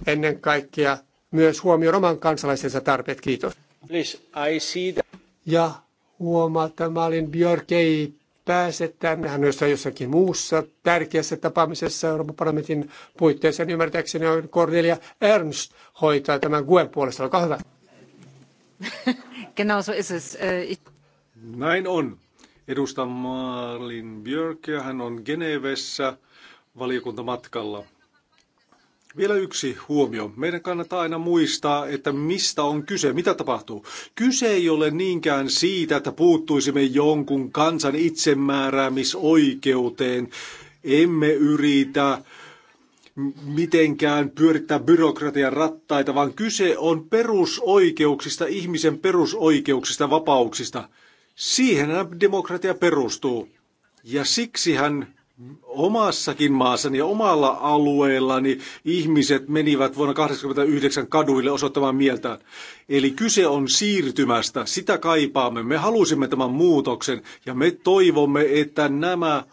ennen kaikkea myös huomioida oman kansalaisensa tarpeet. Kiitos. Please, I see that. Ja huomaa, että Malin Björk ei pääse tänne. Hän on jossakin muussa tärkeässä tapaamisessa Euroopan parlamentin puitteissa. Niin ymmärtääkseni on Cornelia Ernst hoitaa tämän Guen puolesta. Olkaa hyvä. genau so ist es. Äh, Näin on. Edustan Marlin Björk ja hän on Genevessä valiokuntamatkalla. Vielä yksi huomio. Meidän kannattaa aina muistaa, että mistä on kyse, mitä tapahtuu. Kyse ei ole niinkään siitä, että puuttuisimme jonkun kansan itsemääräämisoikeuteen. Emme yritä mitenkään pyörittää byrokratian rattaita, vaan kyse on perusoikeuksista, ihmisen perusoikeuksista, vapauksista. Siihen demokratia perustuu. Ja siksihän omassakin maassani ja omalla alueellani ihmiset menivät vuonna 1989 kaduille osoittamaan mieltään. Eli kyse on siirtymästä, sitä kaipaamme. Me halusimme tämän muutoksen ja me toivomme, että nämä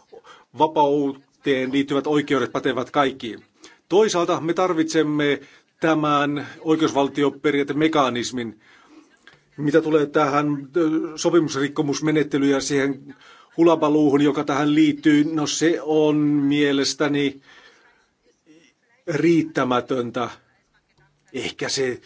vapauteen liittyvät oikeudet pätevät kaikkiin. Toisaalta me tarvitsemme tämän oikeusvaltioperiaatemekanismin, mitä tulee tähän sopimusrikkomusmenettelyyn ja siihen hulabaluuhun, joka tähän liittyy, no se on mielestäni riittämätöntä. Ehkä se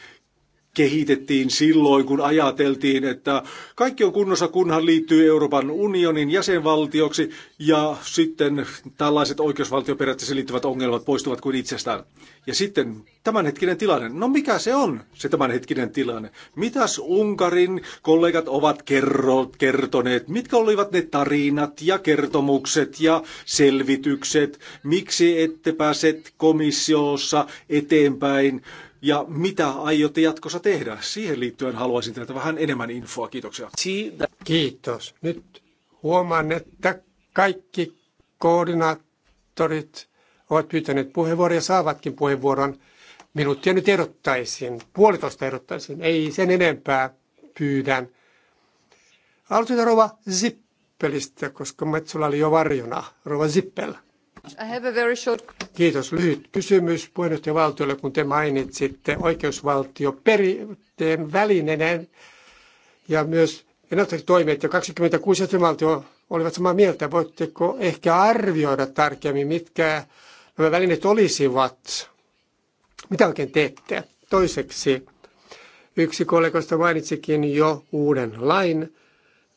kehitettiin silloin, kun ajateltiin, että kaikki on kunnossa, kunhan liittyy Euroopan unionin jäsenvaltioksi ja sitten tällaiset oikeusvaltioperiaatteeseen liittyvät ongelmat poistuvat kuin itsestään. Ja sitten tämänhetkinen tilanne. No mikä se on, se tämänhetkinen tilanne? Mitäs Unkarin kollegat ovat kerrot, kertoneet? Mitkä olivat ne tarinat ja kertomukset ja selvitykset? Miksi ette pääset komissiossa eteenpäin? ja mitä aiotte jatkossa tehdä? Siihen liittyen haluaisin teiltä vähän enemmän infoa. Kiitoksia. Kiitos. Nyt huomaan, että kaikki koordinaattorit ovat pyytäneet puheenvuoron ja saavatkin puheenvuoron. Minuuttia nyt erottaisin, puolitoista erottaisin, ei sen enempää pyydän. Aloitetaan Rova Zippelistä, koska Metsulla oli jo varjona Rova Zippel. Kiitos. Lyhyt kysymys puheenjohtajavaltiolle, kun te mainitsitte oikeusvaltioperiaatteen välineen ja myös ennaltaiset ja 26 jäsenvaltio olivat samaa mieltä. Voitteko ehkä arvioida tarkemmin, mitkä nämä välineet olisivat? Mitä oikein teette? Toiseksi, yksi kollegoista mainitsikin jo uuden lain,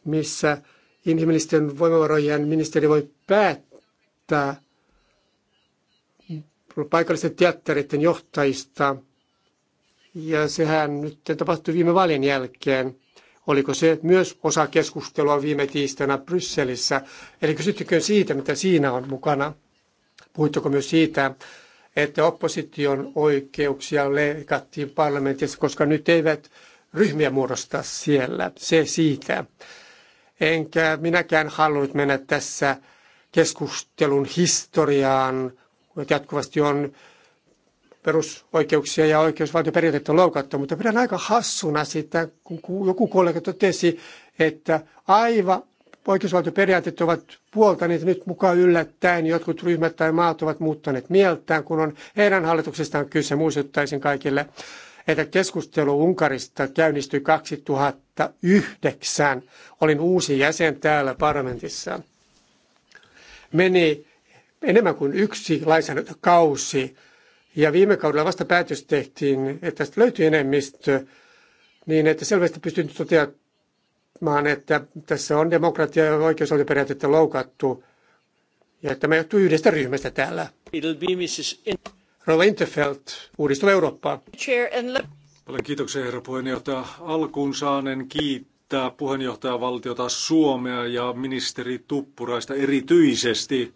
missä inhimillisten voimavarojen ministeri voi päättää paikallisten teattereiden johtajista. Ja sehän nyt tapahtui viime vaalien jälkeen. Oliko se myös osa keskustelua viime tiistaina Brysselissä? Eli kysyttekö siitä, mitä siinä on mukana? Puhuitteko myös siitä, että opposition oikeuksia leikattiin parlamentissa, koska nyt eivät ryhmiä muodosta siellä. Se siitä. Enkä minäkään halunnut mennä tässä keskustelun historiaan kun jatkuvasti on perusoikeuksia ja on loukattu, mutta pidän aika hassuna sitä, kun joku kollega totesi, että aivan oikeusvaltioperiaatteet ovat puoltaneet nyt mukaan yllättäen. Jotkut ryhmät tai maat ovat muuttaneet mieltään, kun on heidän hallituksestaan kyse. Muistuttaisin kaikille, että keskustelu Unkarista käynnistyi 2009. Olin uusi jäsen täällä parlamentissa. Meni enemmän kuin yksi lainsäädäntökausi. Ja viime kaudella vasta päätös tehtiin, että tästä löytyi enemmistö, niin että selvästi pystyn toteamaan, että tässä on demokratia- ja oikeusoliperiaatteita loukattu, ja että me johtuu yhdestä ryhmästä täällä. Rova Interfeld, Uudistuva Eurooppaa. Chair Paljon kiitoksia herra puheenjohtaja. Alkuun saanen kiittää puheenjohtajavaltiota Suomea ja ministeri Tuppuraista erityisesti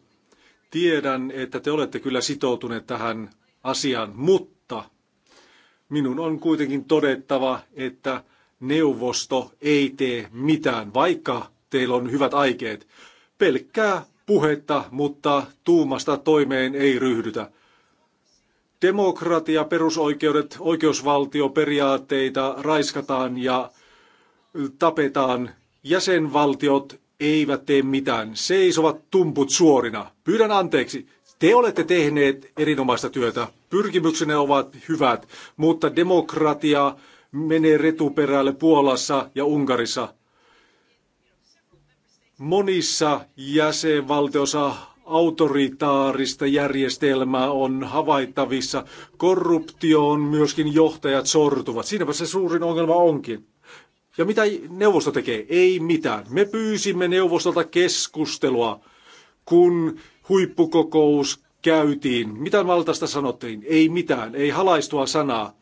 Tiedän, että te olette kyllä sitoutuneet tähän asiaan, mutta minun on kuitenkin todettava, että neuvosto ei tee mitään, vaikka teillä on hyvät aikeet. Pelkkää puhetta, mutta tuumasta toimeen ei ryhdytä. Demokratia, perusoikeudet, oikeusvaltioperiaatteita raiskataan ja tapetaan. Jäsenvaltiot eivät tee mitään, seisovat tumput suorina. Pyydän anteeksi, te olette tehneet erinomaista työtä, pyrkimyksenne ovat hyvät, mutta demokratia menee retuperälle Puolassa ja Unkarissa. Monissa jäsenvaltioissa autoritaarista järjestelmää on havaittavissa. Korruptioon myöskin johtajat sortuvat. Siinäpä se suurin ongelma onkin. Ja mitä neuvosto tekee? Ei mitään. Me pyysimme neuvostolta keskustelua, kun huippukokous käytiin. Mitä valtaista sanottiin? Ei mitään, ei halaistua sanaa.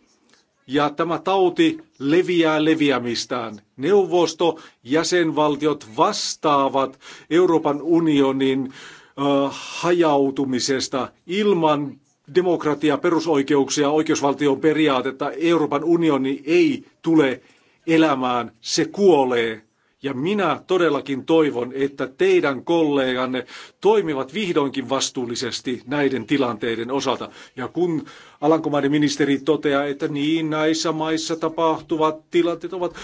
Ja tämä tauti leviää leviämistään. Neuvosto, jäsenvaltiot vastaavat Euroopan unionin ö, hajautumisesta ilman demokratia, perusoikeuksia, oikeusvaltion periaatetta. Euroopan unioni ei tule elämään, se kuolee. Ja minä todellakin toivon, että teidän kolleganne toimivat vihdoinkin vastuullisesti näiden tilanteiden osalta. Ja kun Alankomaiden ministeri toteaa, että niin näissä maissa tapahtuvat tilanteet ovat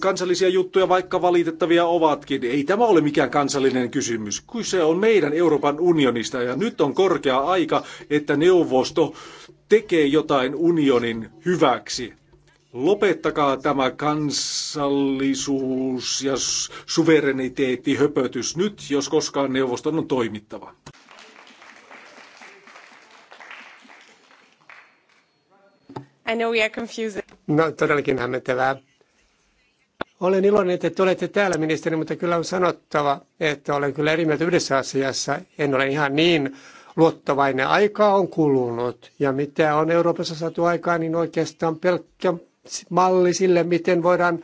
kansallisia juttuja, vaikka valitettavia ovatkin, ei tämä ole mikään kansallinen kysymys. Kyse on meidän Euroopan unionista ja nyt on korkea aika, että neuvosto tekee jotain unionin hyväksi. Lopettakaa tämä kansallisuus ja suvereniteetti höpötys nyt, jos koskaan neuvoston on toimittava. I know we are confused. No todellakin hämmentävää. Olen iloinen, että te olette täällä ministeri, mutta kyllä on sanottava, että olen kyllä eri mieltä yhdessä asiassa. En ole ihan niin luottavainen. Aikaa on kulunut ja mitä on Euroopassa saatu aikaa, niin oikeastaan pelkkä malli sille, miten voidaan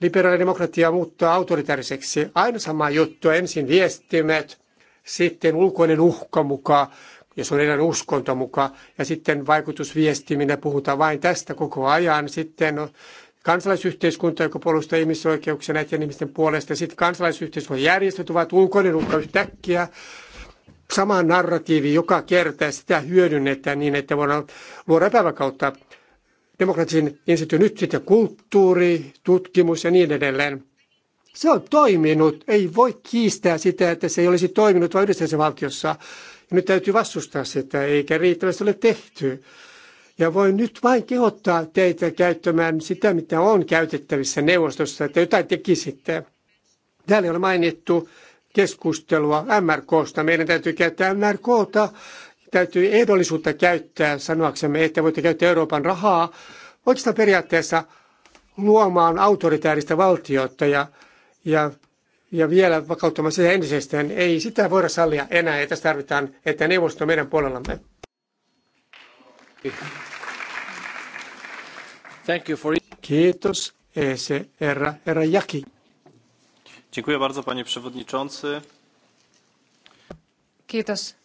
liberaali muuttaa autoritaariseksi. Aina sama juttu, ensin viestimet, sitten ulkoinen uhka mukaan, jos on enää uskonto mukaan, ja sitten vaikutusviestiminen, puhutaan vain tästä koko ajan, sitten on kansalaisyhteiskunta, joka puolustaa ihmisoikeuksia näiden ihmisten puolesta, ja sitten kansalaisyhteiskunnan järjestöt ovat ulkoinen uhka yhtäkkiä, sama narratiivi joka kerta ja sitä hyödynnetään niin, että voidaan luoda epävakautta demokratian nyt sitten kulttuuri, tutkimus ja niin edelleen. Se on toiminut. Ei voi kiistää sitä, että se ei olisi toiminut vain yhdessä valtiossa. Ja nyt täytyy vastustaa sitä, eikä riittävästi ole tehty. Ja voin nyt vain kehottaa teitä käyttämään sitä, mitä on käytettävissä neuvostossa, että jotain tekisitte. Täällä ei ole mainittu keskustelua MRKsta. Meidän täytyy käyttää MRKta täytyy ehdollisuutta käyttää sanoaksemme, että voitte käyttää Euroopan rahaa oikeastaan periaatteessa luomaan autoritääristä valtiota ja, ja, ja vielä vakauttamaan sitä entisestään. Ei sitä voida sallia enää, ja tässä tarvitaan, että neuvosto on meidän puolellamme. Thank you for... Kiitos, herra, herra Jaki. Dziękuję bardzo, panie przewodniczący. Kiitos,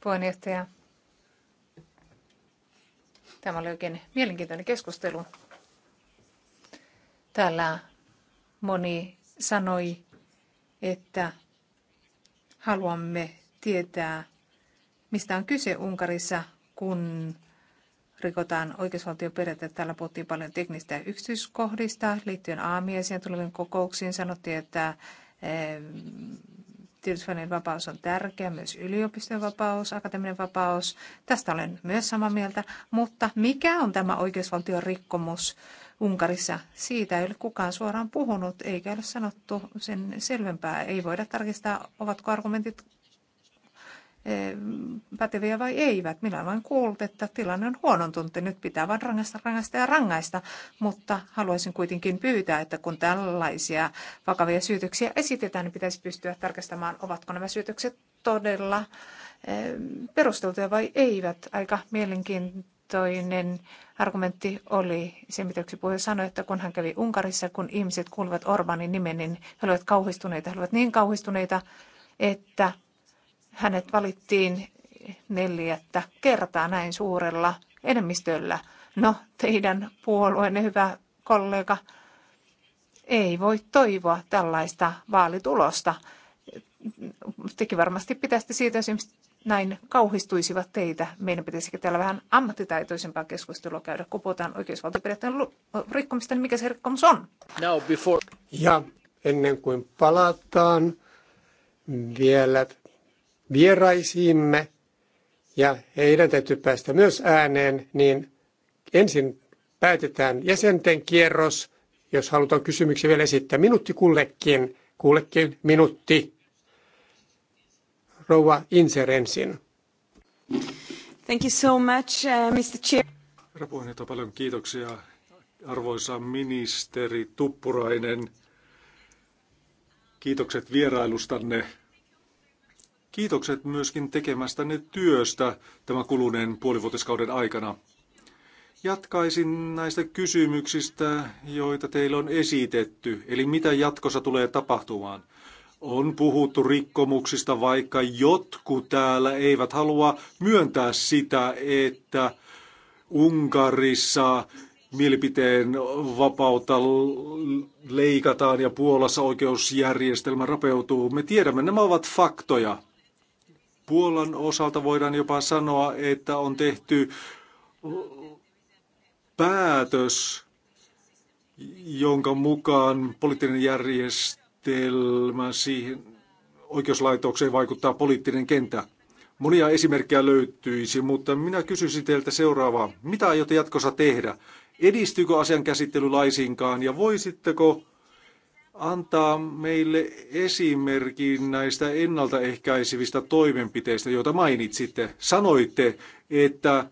puheenjohtaja. Tämä oli oikein mielenkiintoinen keskustelu. Täällä moni sanoi, että haluamme tietää, mistä on kyse Unkarissa, kun rikotaan oikeusvaltioperiaatteet. Täällä puhuttiin paljon teknistä yksityiskohdista liittyen aamiaiseen tuleviin kokouksiin. Sanottiin, että eh, Tiedotusvälineen vapaus on tärkeä, myös yliopistojen vapaus, akateeminen vapaus. Tästä olen myös samaa mieltä. Mutta mikä on tämä oikeusvaltion rikkomus Unkarissa? Siitä ei ole kukaan suoraan puhunut, eikä ole sanottu sen selvempää. Ei voida tarkistaa, ovatko argumentit Eh, päteviä vai eivät. Minä olen kuullut, että tilanne on huonontunut ja nyt pitää vain rangaista, rangaista ja rangaista, mutta haluaisin kuitenkin pyytää, että kun tällaisia vakavia syytöksiä esitetään, niin pitäisi pystyä tarkastamaan, ovatko nämä syytökset todella eh, perusteltuja vai eivät. Aika mielenkiintoinen argumentti oli se, mitä yksi puhuja sanoi, että kun hän kävi Unkarissa, kun ihmiset kuulivat Orbanin nimen, niin he olivat kauhistuneita. He olivat niin kauhistuneita, että hänet valittiin neljättä kertaa näin suurella enemmistöllä. No, teidän puolueenne hyvä kollega ei voi toivoa tällaista vaalitulosta. Teki varmasti pitäisi siitä, jos näin kauhistuisivat teitä. Meidän pitäisi täällä vähän ammattitaitoisempaa keskustelua käydä, kun puhutaan oikeusvaltioperiaatteen rikkomista, niin mikä se rikkomus on? Now before... Ja ennen kuin palataan vielä vieraisiimme ja heidän täytyy päästä myös ääneen, niin ensin päätetään jäsenten kierros, jos halutaan kysymyksiä vielä esittää, minuutti kullekin, kullekin minuutti. Rouva Inser ensin. Thank you so much, uh, Mr. Chair. Herra puheenjohtaja, paljon kiitoksia. Arvoisa ministeri Tuppurainen, kiitokset vierailustanne Kiitokset myöskin tekemästänne työstä tämän kuluneen puolivuotiskauden aikana. Jatkaisin näistä kysymyksistä, joita teille on esitetty, eli mitä jatkossa tulee tapahtumaan. On puhuttu rikkomuksista, vaikka jotkut täällä eivät halua myöntää sitä, että Unkarissa mielipiteen vapautta leikataan ja Puolassa oikeusjärjestelmä rapeutuu. Me tiedämme, nämä ovat faktoja. Puolan osalta voidaan jopa sanoa, että on tehty päätös, jonka mukaan poliittinen järjestelmä siihen oikeuslaitokseen vaikuttaa poliittinen kenttä. Monia esimerkkejä löytyisi, mutta minä kysyisin teiltä seuraavaa. Mitä aiotte jatkossa tehdä? Edistyykö asian käsittely laisinkaan ja voisitteko antaa meille esimerkin näistä ennaltaehkäisevistä toimenpiteistä, joita mainitsitte. Sanoitte, että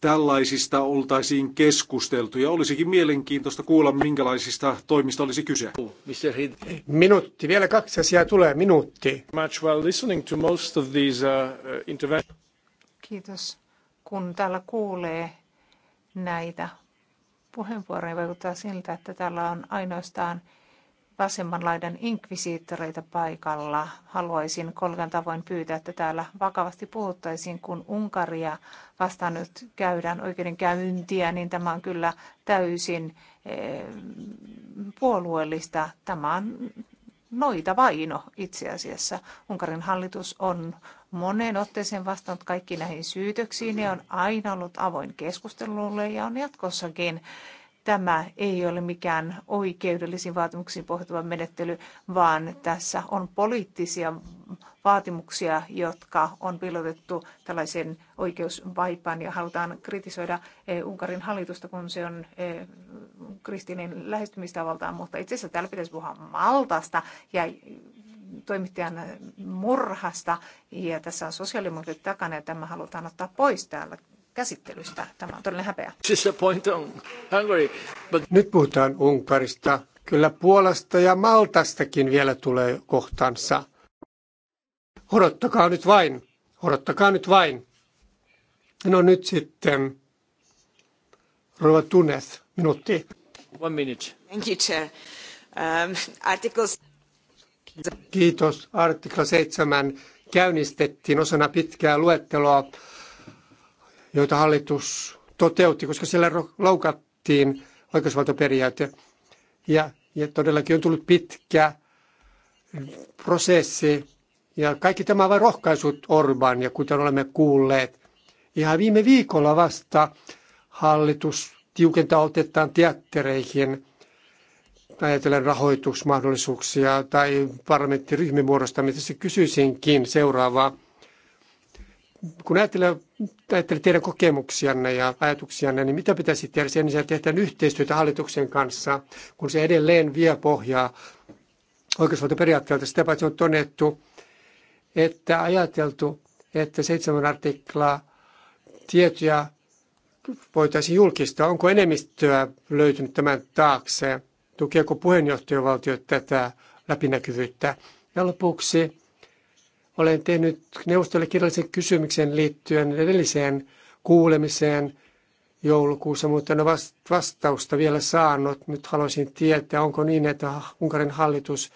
tällaisista oltaisiin keskusteltu ja olisikin mielenkiintoista kuulla, minkälaisista toimista olisi kyse. Minuutti, vielä kaksi asiaa tulee, minuutti. Uh, uh, Kiitos. Kun täällä kuulee näitä puheenvuoroja, vaikuttaa siltä, että täällä on ainoastaan vasemman laidan inkvisiittoreita paikalla. Haluaisin kollegan tavoin pyytää, että täällä vakavasti puhuttaisiin, kun Unkaria vastaan nyt käydään oikeudenkäyntiä, niin tämä on kyllä täysin eh, puolueellista. Tämä on noita vaino itse asiassa. Unkarin hallitus on moneen otteeseen vastannut kaikki näihin syytöksiin ja on aina ollut avoin keskustelulle ja on jatkossakin tämä ei ole mikään oikeudellisiin vaatimuksiin pohjautuva menettely, vaan tässä on poliittisia vaatimuksia, jotka on pilotettu tällaisen oikeusvaipaan ja halutaan kritisoida eh, Unkarin hallitusta, kun se on eh, kristinin lähestymistavaltaan, mutta itse asiassa täällä pitäisi puhua Maltasta ja toimittajan murhasta ja tässä on sosiaalimurrit takana ja tämä halutaan ottaa pois täällä käsittelystä. Tämä on todellinen häpeä. Nyt puhutaan Unkarista. Kyllä Puolasta ja Maltastakin vielä tulee kohtansa. Odottakaa nyt vain. Odottakaa nyt vain. No nyt sitten Rova Tunes, minuutti. One minute. Thank you, Chair. Um, articles... Kiitos. Artikla 7 käynnistettiin osana pitkää luetteloa joita hallitus toteutti, koska siellä loukattiin oikeusvaltoperiaate. Ja, ja todellakin on tullut pitkä prosessi. Ja kaikki tämä vain rohkaisut Orban, ja kuten olemme kuulleet, ihan viime viikolla vasta hallitus tiukentaa otetaan teattereihin, ajatellen rahoitusmahdollisuuksia tai parlamenttiryhmän se Kysyisinkin seuraavaa kun ajattelee, ajattelee teidän kokemuksianne ja ajatuksianne, niin mitä pitäisi tehdä sen että tehdään yhteistyötä hallituksen kanssa, kun se edelleen vie pohjaa oikeusvaltioperiaatteelta. Sitä paitsi on todettu, että ajateltu, että seitsemän artiklaa tietoja voitaisiin julkistaa. Onko enemmistöä löytynyt tämän taakse? Tukeeko puheenjohtajavaltio tätä läpinäkyvyyttä? Ja lopuksi olen tehnyt neuvostolle kirjallisen kysymyksen liittyen edelliseen kuulemiseen joulukuussa, mutta en ole vastausta vielä saanut. Nyt haluaisin tietää, onko niin, että Unkarin hallitus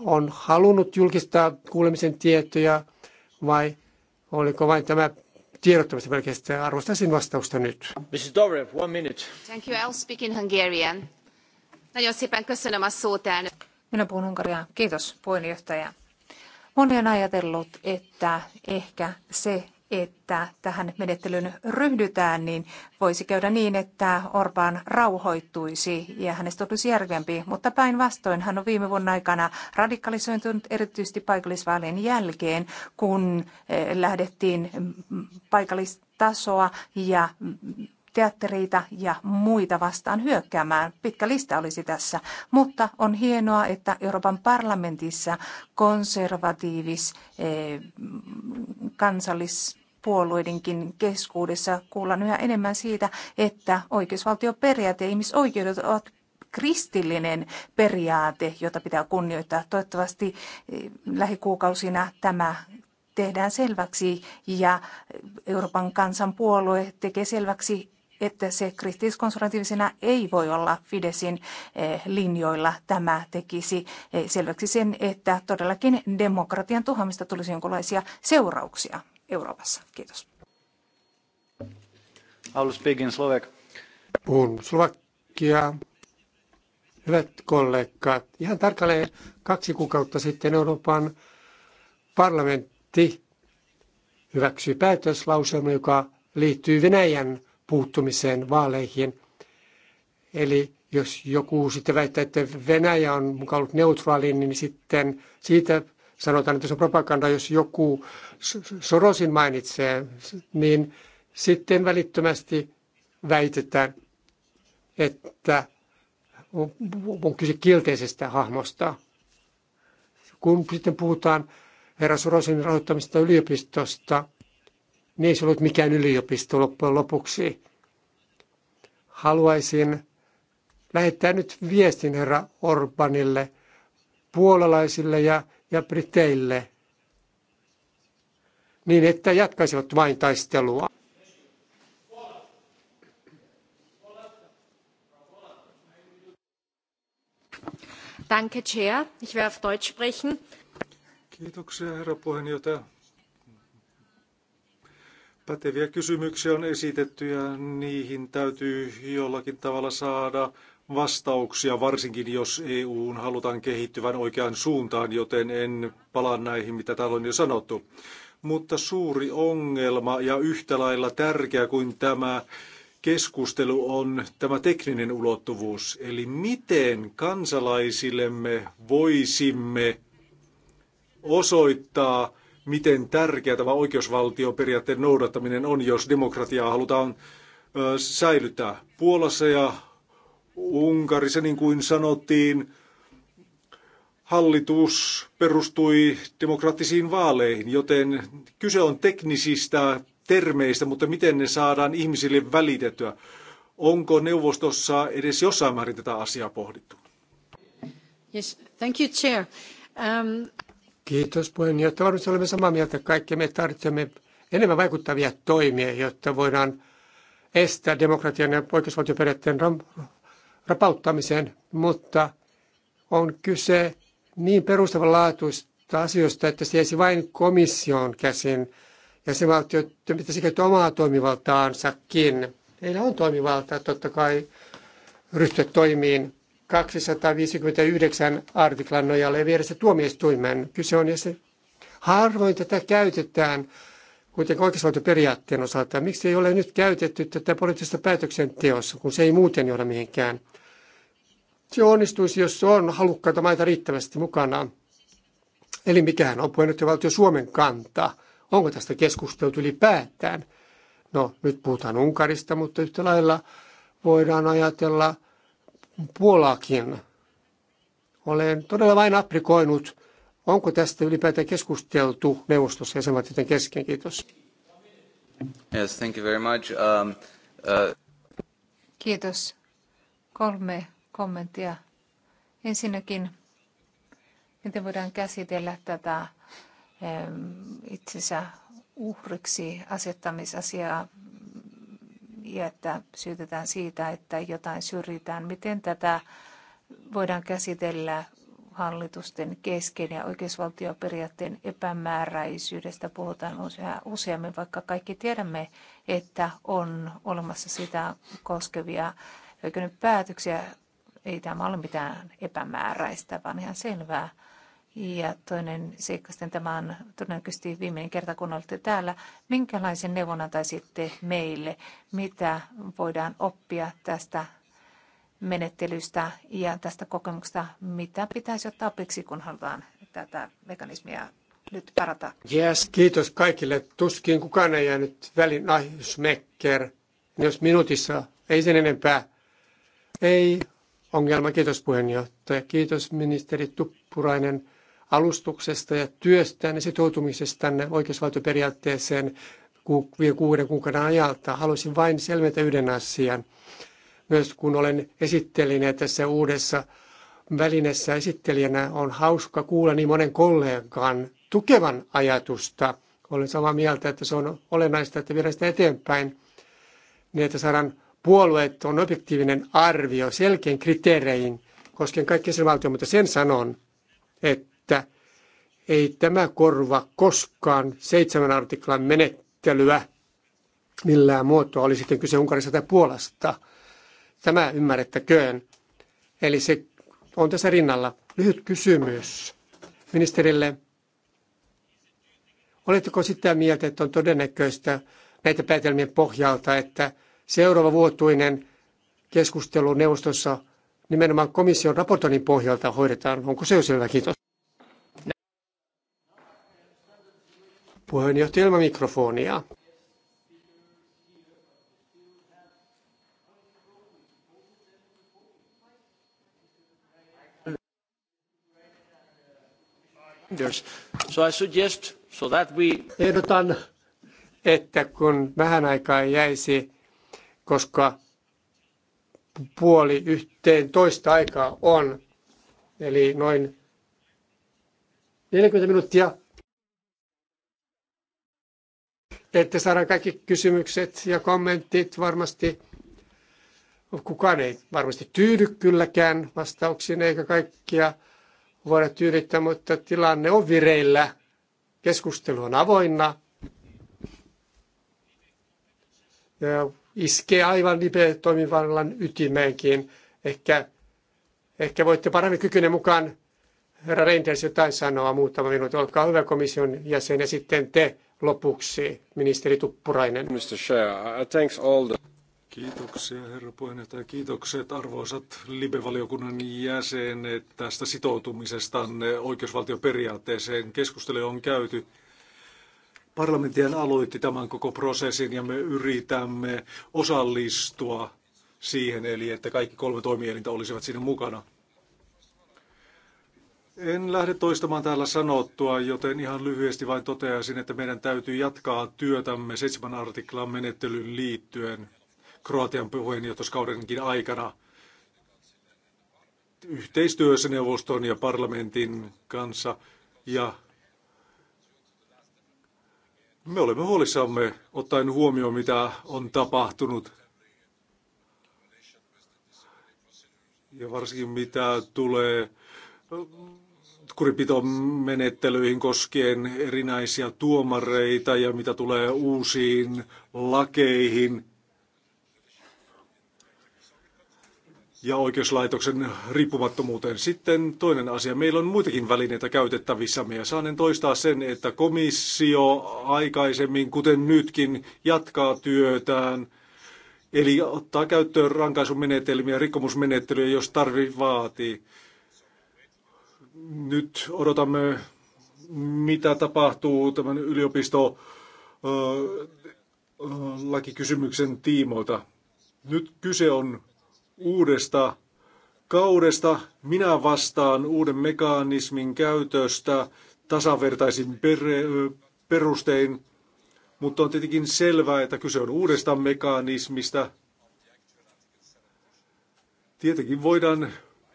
on halunnut julkistaa kuulemisen tietoja vai oliko vain tämä tiedottamista pelkästään. Arvostaisin vastausta nyt. Mrs. Dobrev, one minute. Thank you. I'll speak in Hungarian. Nagyon szépen köszönöm Minä puhun Unkaria. Kiitos, puheenjohtaja. Moni on ajatellut, että ehkä se, että tähän menettelyyn ryhdytään, niin voisi käydä niin, että Orbán rauhoittuisi ja hänestä tulisi järkempi, mutta päinvastoin hän on viime vuonna aikana radikalisoitunut erityisesti paikallisvaalien jälkeen, kun eh, lähdettiin mm, paikallistasoa ja mm, teattereita ja muita vastaan hyökkäämään. Pitkä lista olisi tässä, mutta on hienoa, että Euroopan parlamentissa konservatiivis eh, kansallis puolueidenkin keskuudessa kuullaan yhä enemmän siitä, että oikeusvaltioperiaate ja ihmisoikeudet ovat kristillinen periaate, jota pitää kunnioittaa. Toivottavasti eh, lähikuukausina tämä tehdään selväksi ja Euroopan kansanpuolue tekee selväksi että se kristilliskonservatiivisena ei voi olla Fidesin eh, linjoilla. Tämä tekisi eh, selväksi sen, että todellakin demokratian tuhamista tulisi jonkinlaisia seurauksia Euroopassa. Kiitos. Paulus Pigin, Slovak. Puhun Slovakia. Hyvät kollegat, ihan tarkalleen kaksi kuukautta sitten Euroopan parlamentti hyväksyi päätöslauselma, joka liittyy Venäjän puuttumiseen vaaleihin. Eli jos joku sitten väittää, että Venäjä on mukaan ollut neutraali, niin sitten siitä sanotaan, että se on propaganda. Jos joku Sorosin mainitsee, niin sitten välittömästi väitetään, että on kyse kielteisestä hahmosta. Kun sitten puhutaan herra Sorosin rahoittamista yliopistosta, niin ei se ollut mikään yliopisto loppujen lopuksi. Haluaisin lähettää nyt viestin herra Orbanille, puolalaisille ja, ja briteille, niin että jatkaisivat vain taistelua. Danke, Chair. Ich werde auf Deutsch sprechen. Kiitoksia, herra puheenjohtaja. Päteviä kysymyksiä on esitetty ja niihin täytyy jollakin tavalla saada vastauksia, varsinkin jos EUn halutaan kehittyvän oikeaan suuntaan, joten en palaa näihin, mitä täällä on jo sanottu. Mutta suuri ongelma ja yhtä lailla tärkeä kuin tämä keskustelu on tämä tekninen ulottuvuus, eli miten kansalaisillemme voisimme osoittaa, miten tärkeä tämä oikeusvaltioperiaatteen noudattaminen on, jos demokratiaa halutaan säilyttää. Puolassa ja Unkarissa, niin kuin sanottiin, hallitus perustui demokraattisiin vaaleihin, joten kyse on teknisistä termeistä, mutta miten ne saadaan ihmisille välitettyä? Onko neuvostossa edes jossain määrin tätä asiaa pohdittu? Yes, thank you, chair. Um... Kiitos puheenjohtaja. Varmasti olemme samaa mieltä kaikki. Me tarvitsemme enemmän vaikuttavia toimia, jotta voidaan estää demokratian ja oikeusvaltioperiaatteen rapauttamisen, mutta on kyse niin perustavanlaatuista asioista, että se jäisi vain komission käsin ja se valtio pitäisi käyttää omaa toimivaltaansakin. Heillä on toimivaltaa totta kai ryhtyä toimiin 259 artiklan nojalla ja viedä se tuomioistuimen. Kyse on, ja se harvoin tätä käytetään kuitenkin oikeusvaltioperiaatteen osalta. Miksi ei ole nyt käytetty tätä poliittisessa päätöksenteossa, kun se ei muuten johda mihinkään? Se onnistuisi, jos on halukkaita maita riittävästi mukana. Eli mikähän on valtio Suomen kanta? Onko tästä keskusteltu ylipäätään? No, nyt puhutaan Unkarista, mutta yhtä lailla voidaan ajatella – Puolaakin. Olen todella vain aprikoinut, onko tästä ylipäätään keskusteltu neuvostossa jäsenvaltioiden kesken. Kiitos. Yes, thank you very much. Um, uh... Kiitos. Kolme kommenttia. Ensinnäkin, miten voidaan käsitellä tätä itsensä uhriksi asettamisasiaa ja että syytetään siitä, että jotain syrjitään. Miten tätä voidaan käsitellä hallitusten kesken ja oikeusvaltioperiaatteen epämääräisyydestä puhutaan useammin, vaikka kaikki tiedämme, että on olemassa sitä koskevia oikeuden päätöksiä. Ei tämä ole mitään epämääräistä, vaan ihan selvää. Ja toinen seikka sitten tämä on todennäköisesti viimeinen kerta, kun olette täällä. Minkälaisen neuvon antaisitte meille? Mitä voidaan oppia tästä menettelystä ja tästä kokemuksesta? Mitä pitäisi ottaa opiksi, kun halutaan tätä mekanismia nyt parata? Yes, kiitos kaikille. Tuskin kukaan ei jäänyt välin ahjusmekker. Jos minuutissa, ei sen enempää. Ei ongelma. Kiitos puheenjohtaja. Kiitos ministeri Tuppurainen alustuksesta ja työstänne sitoutumisestanne oikeusvaltioperiaatteeseen kuuden kuukauden ajalta. Haluaisin vain selventää yhden asian. Myös kun olen esittelijänä tässä uudessa välineessä esittelijänä, on hauska kuulla niin monen kollegan tukevan ajatusta. Olen samaa mieltä, että se on olennaista, että viedään sitä eteenpäin, niin että saadaan puolueet on objektiivinen arvio selkein kriteerein koskien kaikkia sen mutta sen sanon, että ei tämä korva koskaan seitsemän artiklan menettelyä millään muotoa, oli sitten kyse Unkarista tai Puolasta. Tämä ymmärrettäköön. Eli se on tässä rinnalla. Lyhyt kysymys ministerille. Oletteko sitä mieltä, että on todennäköistä näitä päätelmien pohjalta, että seuraava vuotuinen keskustelu neuvostossa nimenomaan komission raportoinnin pohjalta hoidetaan? Onko se jo selvä? Kiitos. Puheenjohtaja ilman mikrofonia. So I suggest, so that we... Ehdotan, että kun vähän aikaa jäisi, koska puoli yhteen toista aikaa on, eli noin 40 minuuttia Teette saada kaikki kysymykset ja kommentit varmasti. Kukaan ei varmasti tyydy kylläkään vastauksiin eikä kaikkia voida tyydyttää, mutta tilanne on vireillä. Keskustelu on avoinna. Ja iskee aivan nipeä toimivallan ytimeenkin. Ehkä, ehkä voitte paremmin kykyne mukaan herra Reinders jotain sanoa muutama minuutti. Olkaa hyvä komission jäsen ja sitten te lopuksi ministeri Tuppurainen. Mr. Chair, uh, thanks all the... Kiitoksia herra puheenjohtaja. Kiitokset arvoisat Libe-valiokunnan jäsenet tästä sitoutumisestanne oikeusvaltioperiaatteeseen. Keskustelu on käyty. Parlamentin aloitti tämän koko prosessin ja me yritämme osallistua siihen, eli että kaikki kolme toimielintä olisivat siinä mukana. En lähde toistamaan täällä sanottua, joten ihan lyhyesti vain toteaisin, että meidän täytyy jatkaa työtämme seitsemän artiklan menettelyyn liittyen Kroatian puheenjohtoskaudenkin aikana yhteistyössä neuvoston ja parlamentin kanssa. Ja me olemme huolissamme ottaen huomioon, mitä on tapahtunut ja varsinkin mitä tulee kuripitomenettelyihin koskien erinäisiä tuomareita ja mitä tulee uusiin lakeihin ja oikeuslaitoksen riippumattomuuteen. Sitten toinen asia. Meillä on muitakin välineitä käytettävissä. Ja saanen toistaa sen, että komissio aikaisemmin, kuten nytkin, jatkaa työtään – Eli ottaa käyttöön rankaisumenetelmiä, rikkomusmenettelyjä, jos tarvi vaatii nyt odotamme, mitä tapahtuu tämän yliopisto lakikysymyksen tiimoilta. Nyt kyse on uudesta kaudesta. Minä vastaan uuden mekanismin käytöstä tasavertaisin perustein, mutta on tietenkin selvää, että kyse on uudesta mekanismista. Tietenkin voidaan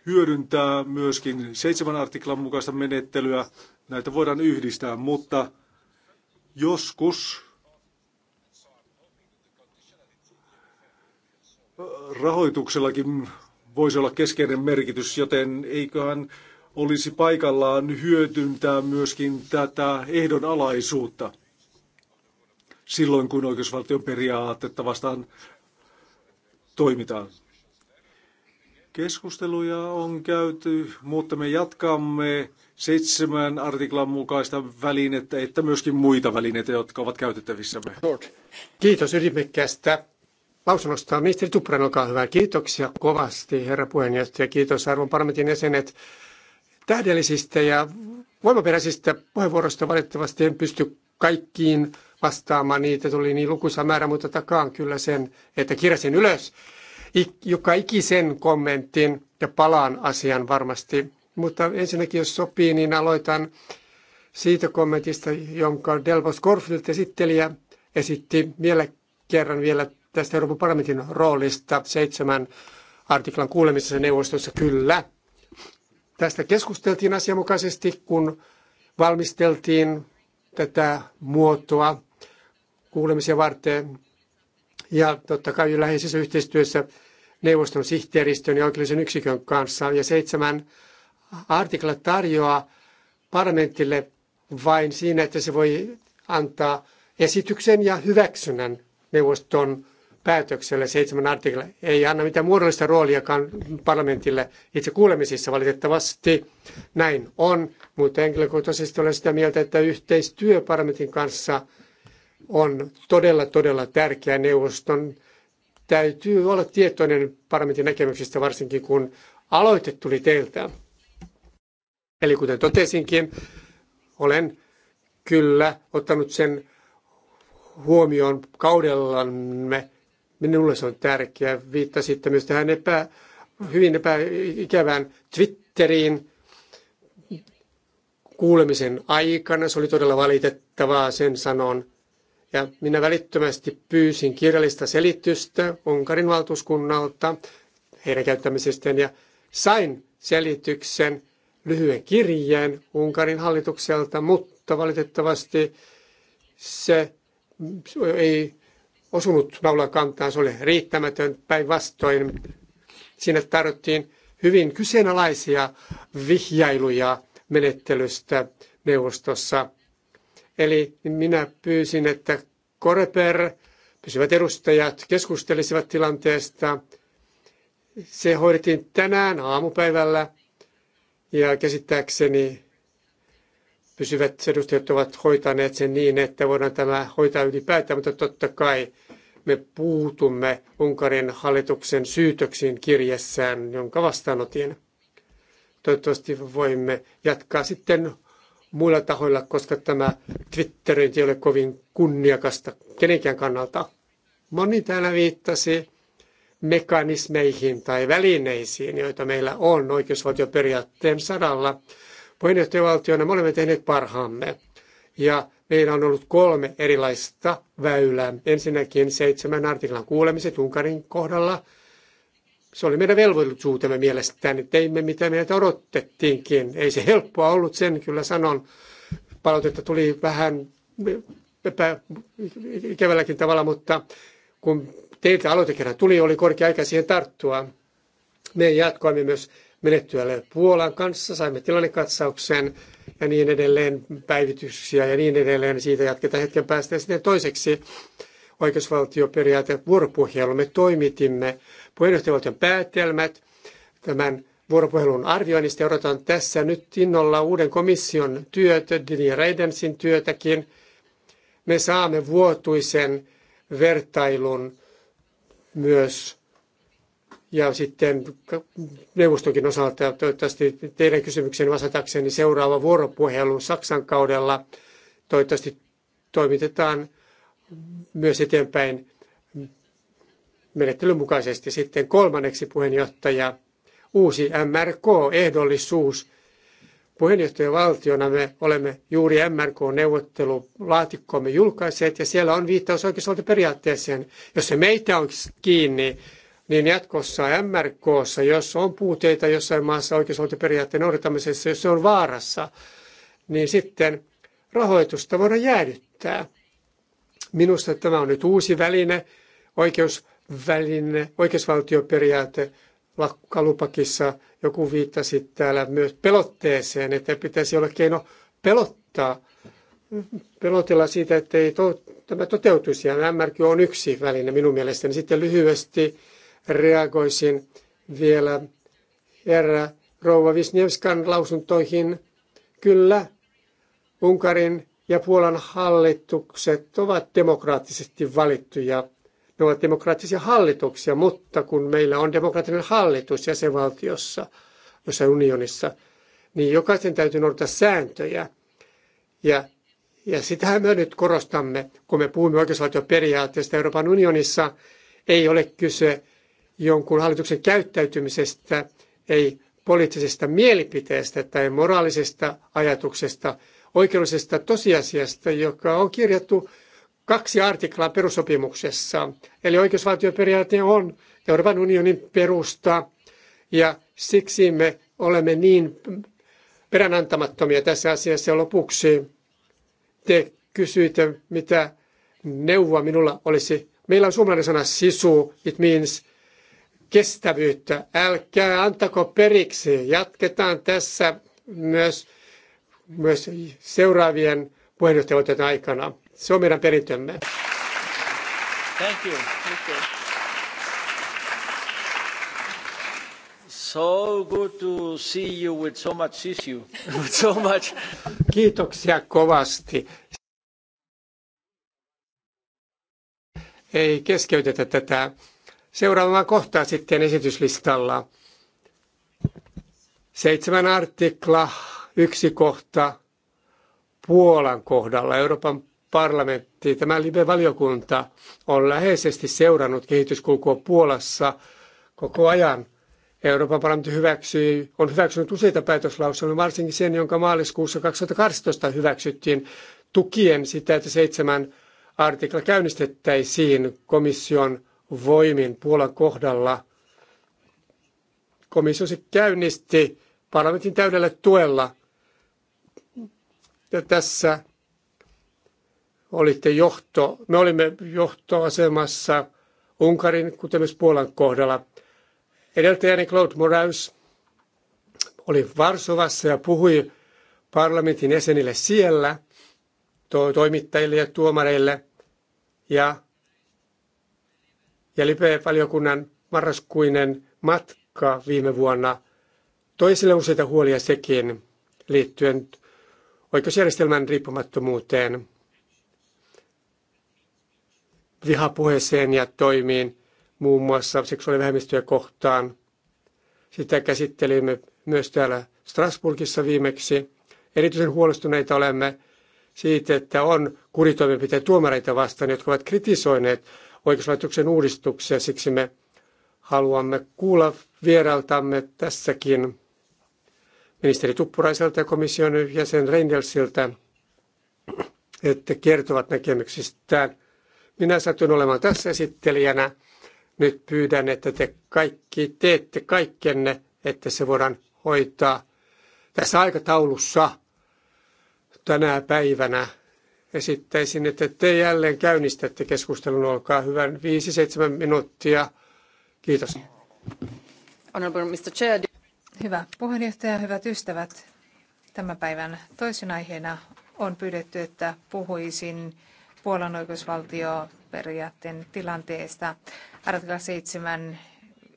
hyödyntää myöskin seitsemän artiklan mukaista menettelyä. Näitä voidaan yhdistää, mutta joskus rahoituksellakin voisi olla keskeinen merkitys, joten eiköhän olisi paikallaan hyödyntää myöskin tätä ehdonalaisuutta silloin, kun oikeusvaltion periaatetta vastaan toimitaan. Keskusteluja on käyty, mutta me jatkamme seitsemän artiklan mukaista välinettä, että myöskin muita välineitä, jotka ovat käytettävissämme. Kiitos yrimekkäästä lausunnosta. Ministeri Tupran, olkaa hyvä. Kiitoksia kovasti, herra puheenjohtaja. Kiitos arvon parlamentin jäsenet tähdellisistä ja voimaperäisistä puheenvuoroista. Valitettavasti en pysty kaikkiin vastaamaan. Niitä tuli niin lukuisa määrä, mutta takaan kyllä sen, että kirjasin ylös joka ikisen kommentin ja palaan asiaan varmasti. Mutta ensinnäkin, jos sopii, niin aloitan siitä kommentista, jonka Delvos Korfield esittelijä esitti vielä kerran vielä tästä Euroopan parlamentin roolista seitsemän artiklan kuulemisessa neuvostossa. Kyllä. Tästä keskusteltiin asianmukaisesti, kun valmisteltiin tätä muotoa kuulemisia varten ja totta kai läheisessä yhteistyössä neuvoston sihteeristön ja oikeudellisen yksikön kanssa. Ja seitsemän artikla tarjoaa parlamentille vain siinä, että se voi antaa esityksen ja hyväksynnän neuvoston päätökselle. Seitsemän artikla ei anna mitään muodollista rooliakaan parlamentille itse kuulemisissa valitettavasti. Näin on, mutta henkilökohtaisesti olen sitä mieltä, että yhteistyö parlamentin kanssa – on todella, todella tärkeä neuvoston. Täytyy olla tietoinen parlamentin näkemyksistä, varsinkin kun aloite tuli teiltä. Eli kuten totesinkin, olen kyllä ottanut sen huomioon kaudellamme. Minulle se on tärkeä. Viittasitte myös tähän epä, hyvin epäikävään Twitteriin kuulemisen aikana. Se oli todella valitettavaa, sen sanon. Ja minä välittömästi pyysin kirjallista selitystä Unkarin valtuuskunnalta heidän käyttämisestään ja sain selityksen lyhyen kirjeen Unkarin hallitukselta, mutta valitettavasti se ei osunut naulan kantaan, se oli riittämätön päinvastoin. Siinä tarvittiin hyvin kyseenalaisia vihjailuja menettelystä neuvostossa. Eli minä pyysin, että Koreper, pysyvät edustajat, keskustelisivat tilanteesta. Se hoidettiin tänään aamupäivällä ja käsittääkseni pysyvät edustajat ovat hoitaneet sen niin, että voidaan tämä hoitaa ylipäätään, mutta totta kai me puutumme Unkarin hallituksen syytöksiin kirjessään, jonka vastaanotin. Toivottavasti voimme jatkaa sitten muilla tahoilla, koska tämä Twitterinti ei ole kovin kunniakasta kenenkään kannalta. Moni täällä viittasi mekanismeihin tai välineisiin, joita meillä on oikeusvaltioperiaatteen saralla. Puheenjohtajavaltiona me olemme tehneet parhaamme. Ja meillä on ollut kolme erilaista väylää. Ensinnäkin seitsemän artiklan kuulemiset Unkarin kohdalla – se oli meidän velvollisuutemme mielestäni. Teimme mitä meiltä odotettiinkin. Ei se helppoa ollut, sen kyllä sanon. Palautetta tuli vähän epä, ikävälläkin tavalla, mutta kun teiltä aloite kerran tuli, oli korkea aika siihen tarttua. Me jatkoimme myös menettyälle Puolan kanssa, saimme tilannekatsauksen ja niin edelleen, päivityksiä ja niin edelleen. Siitä jatketaan hetken päästä ja sitten toiseksi oikeusvaltioperiaate vuoropuhelu. Me toimitimme puheenjohtajavaltion päätelmät tämän vuoropuhelun arvioinnista. Odotan tässä nyt innolla uuden komission työtä, Dini Reidensin työtäkin. Me saamme vuotuisen vertailun myös ja sitten neuvostokin osalta toivottavasti teidän kysymykseen vastatakseni seuraava vuoropuhelu Saksan kaudella toivottavasti toimitetaan myös eteenpäin menettelyn mukaisesti. Sitten kolmanneksi puheenjohtaja, uusi MRK-ehdollisuus. Puheenjohtajavaltiona me olemme juuri MRK-neuvottelulaatikkoamme julkaiseet ja siellä on viittaus oikeusvaltioperiaatteeseen. Jos se meitä on kiinni, niin jatkossa MRKssa, jos on puutteita jossain maassa oikeusvaltioperiaatteen noudattamisessa, jos se on vaarassa, niin sitten rahoitusta voidaan jäädyttää. Minusta tämä on nyt uusi väline, oikeusväline, oikeusvaltioperiaate lakkalupakissa. Joku viittasi täällä myös pelotteeseen, että pitäisi olla keino pelottaa, pelotella siitä, että ei to, tämä toteutuisi. Ja MRK on yksi väline minun mielestäni. Sitten lyhyesti reagoisin vielä herra Rouva Wisniewskan lausuntoihin. Kyllä, Unkarin ja Puolan hallitukset ovat demokraattisesti valittuja. Ne ovat demokraattisia hallituksia, mutta kun meillä on demokraattinen hallitus jäsenvaltiossa, jossa unionissa, niin jokaisen täytyy noudattaa sääntöjä. Ja, ja sitähän me nyt korostamme, kun me puhumme oikeusvaltioperiaatteesta Euroopan unionissa, ei ole kyse jonkun hallituksen käyttäytymisestä, ei poliittisesta mielipiteestä tai moraalisesta ajatuksesta, oikeudellisesta tosiasiasta, joka on kirjattu kaksi artiklaa perusopimuksessa. Eli oikeusvaltioperiaate on Euroopan unionin perusta ja siksi me olemme niin peränantamattomia tässä asiassa. Lopuksi te kysyitte, mitä neuvoa minulla olisi. Meillä on suomalainen sana sisu, it means kestävyyttä. Älkää antako periksi, jatketaan tässä myös myös seuraavien puheenjohtajavuotien aikana. Se on meidän perintömme. Thank you. Thank you. So good to see you with so much issue. With so much. Kiitoksia kovasti. Ei keskeytetä tätä. Seuraavaan kohtaa sitten esityslistalla. Seitsemän artikla yksi kohta Puolan kohdalla. Euroopan parlamentti, tämä live-valiokunta on läheisesti seurannut kehityskulkua Puolassa koko ajan. Euroopan parlamentti hyväksyi, on hyväksynyt useita päätöslauselmia, varsinkin sen, jonka maaliskuussa 2018 hyväksyttiin tukien sitä, että seitsemän artikla käynnistettäisiin komission voimin Puolan kohdalla. Komissio se käynnisti parlamentin täydellä tuella ja tässä olitte johto, me olimme johtoasemassa Unkarin, kuten myös Puolan kohdalla. Edeltäjäni Claude Moraes oli Varsovassa ja puhui parlamentin jäsenille siellä, to- toimittajille ja tuomareille. Ja, ja Lipe-valiokunnan marraskuinen matka viime vuonna toisille useita huolia sekin liittyen oikeusjärjestelmän riippumattomuuteen, vihapuheeseen ja toimiin muun muassa seksuaalivähemmistöjä kohtaan. Sitä käsittelimme myös täällä Strasbourgissa viimeksi. Erityisen huolestuneita olemme siitä, että on kuritoimenpiteen tuomareita vastaan, jotka ovat kritisoineet oikeuslaitoksen uudistuksia. Siksi me haluamme kuulla vierailtamme tässäkin ministeri Tuppuraiselta ja komission jäsen Reindelsiltä, että kertovat näkemyksistään. Minä satun olemaan tässä esittelijänä. Nyt pyydän, että te kaikki teette kaikkenne, että se voidaan hoitaa tässä aikataulussa tänä päivänä. Esittäisin, että te jälleen käynnistätte keskustelun. Olkaa hyvän 5-7 minuuttia. Kiitos. Honorable Mr. Chair, Hyvä puheenjohtaja, hyvät ystävät. Tämän päivän toisen aiheena on pyydetty, että puhuisin Puolan oikeusvaltioperiaatteen tilanteesta artikla 7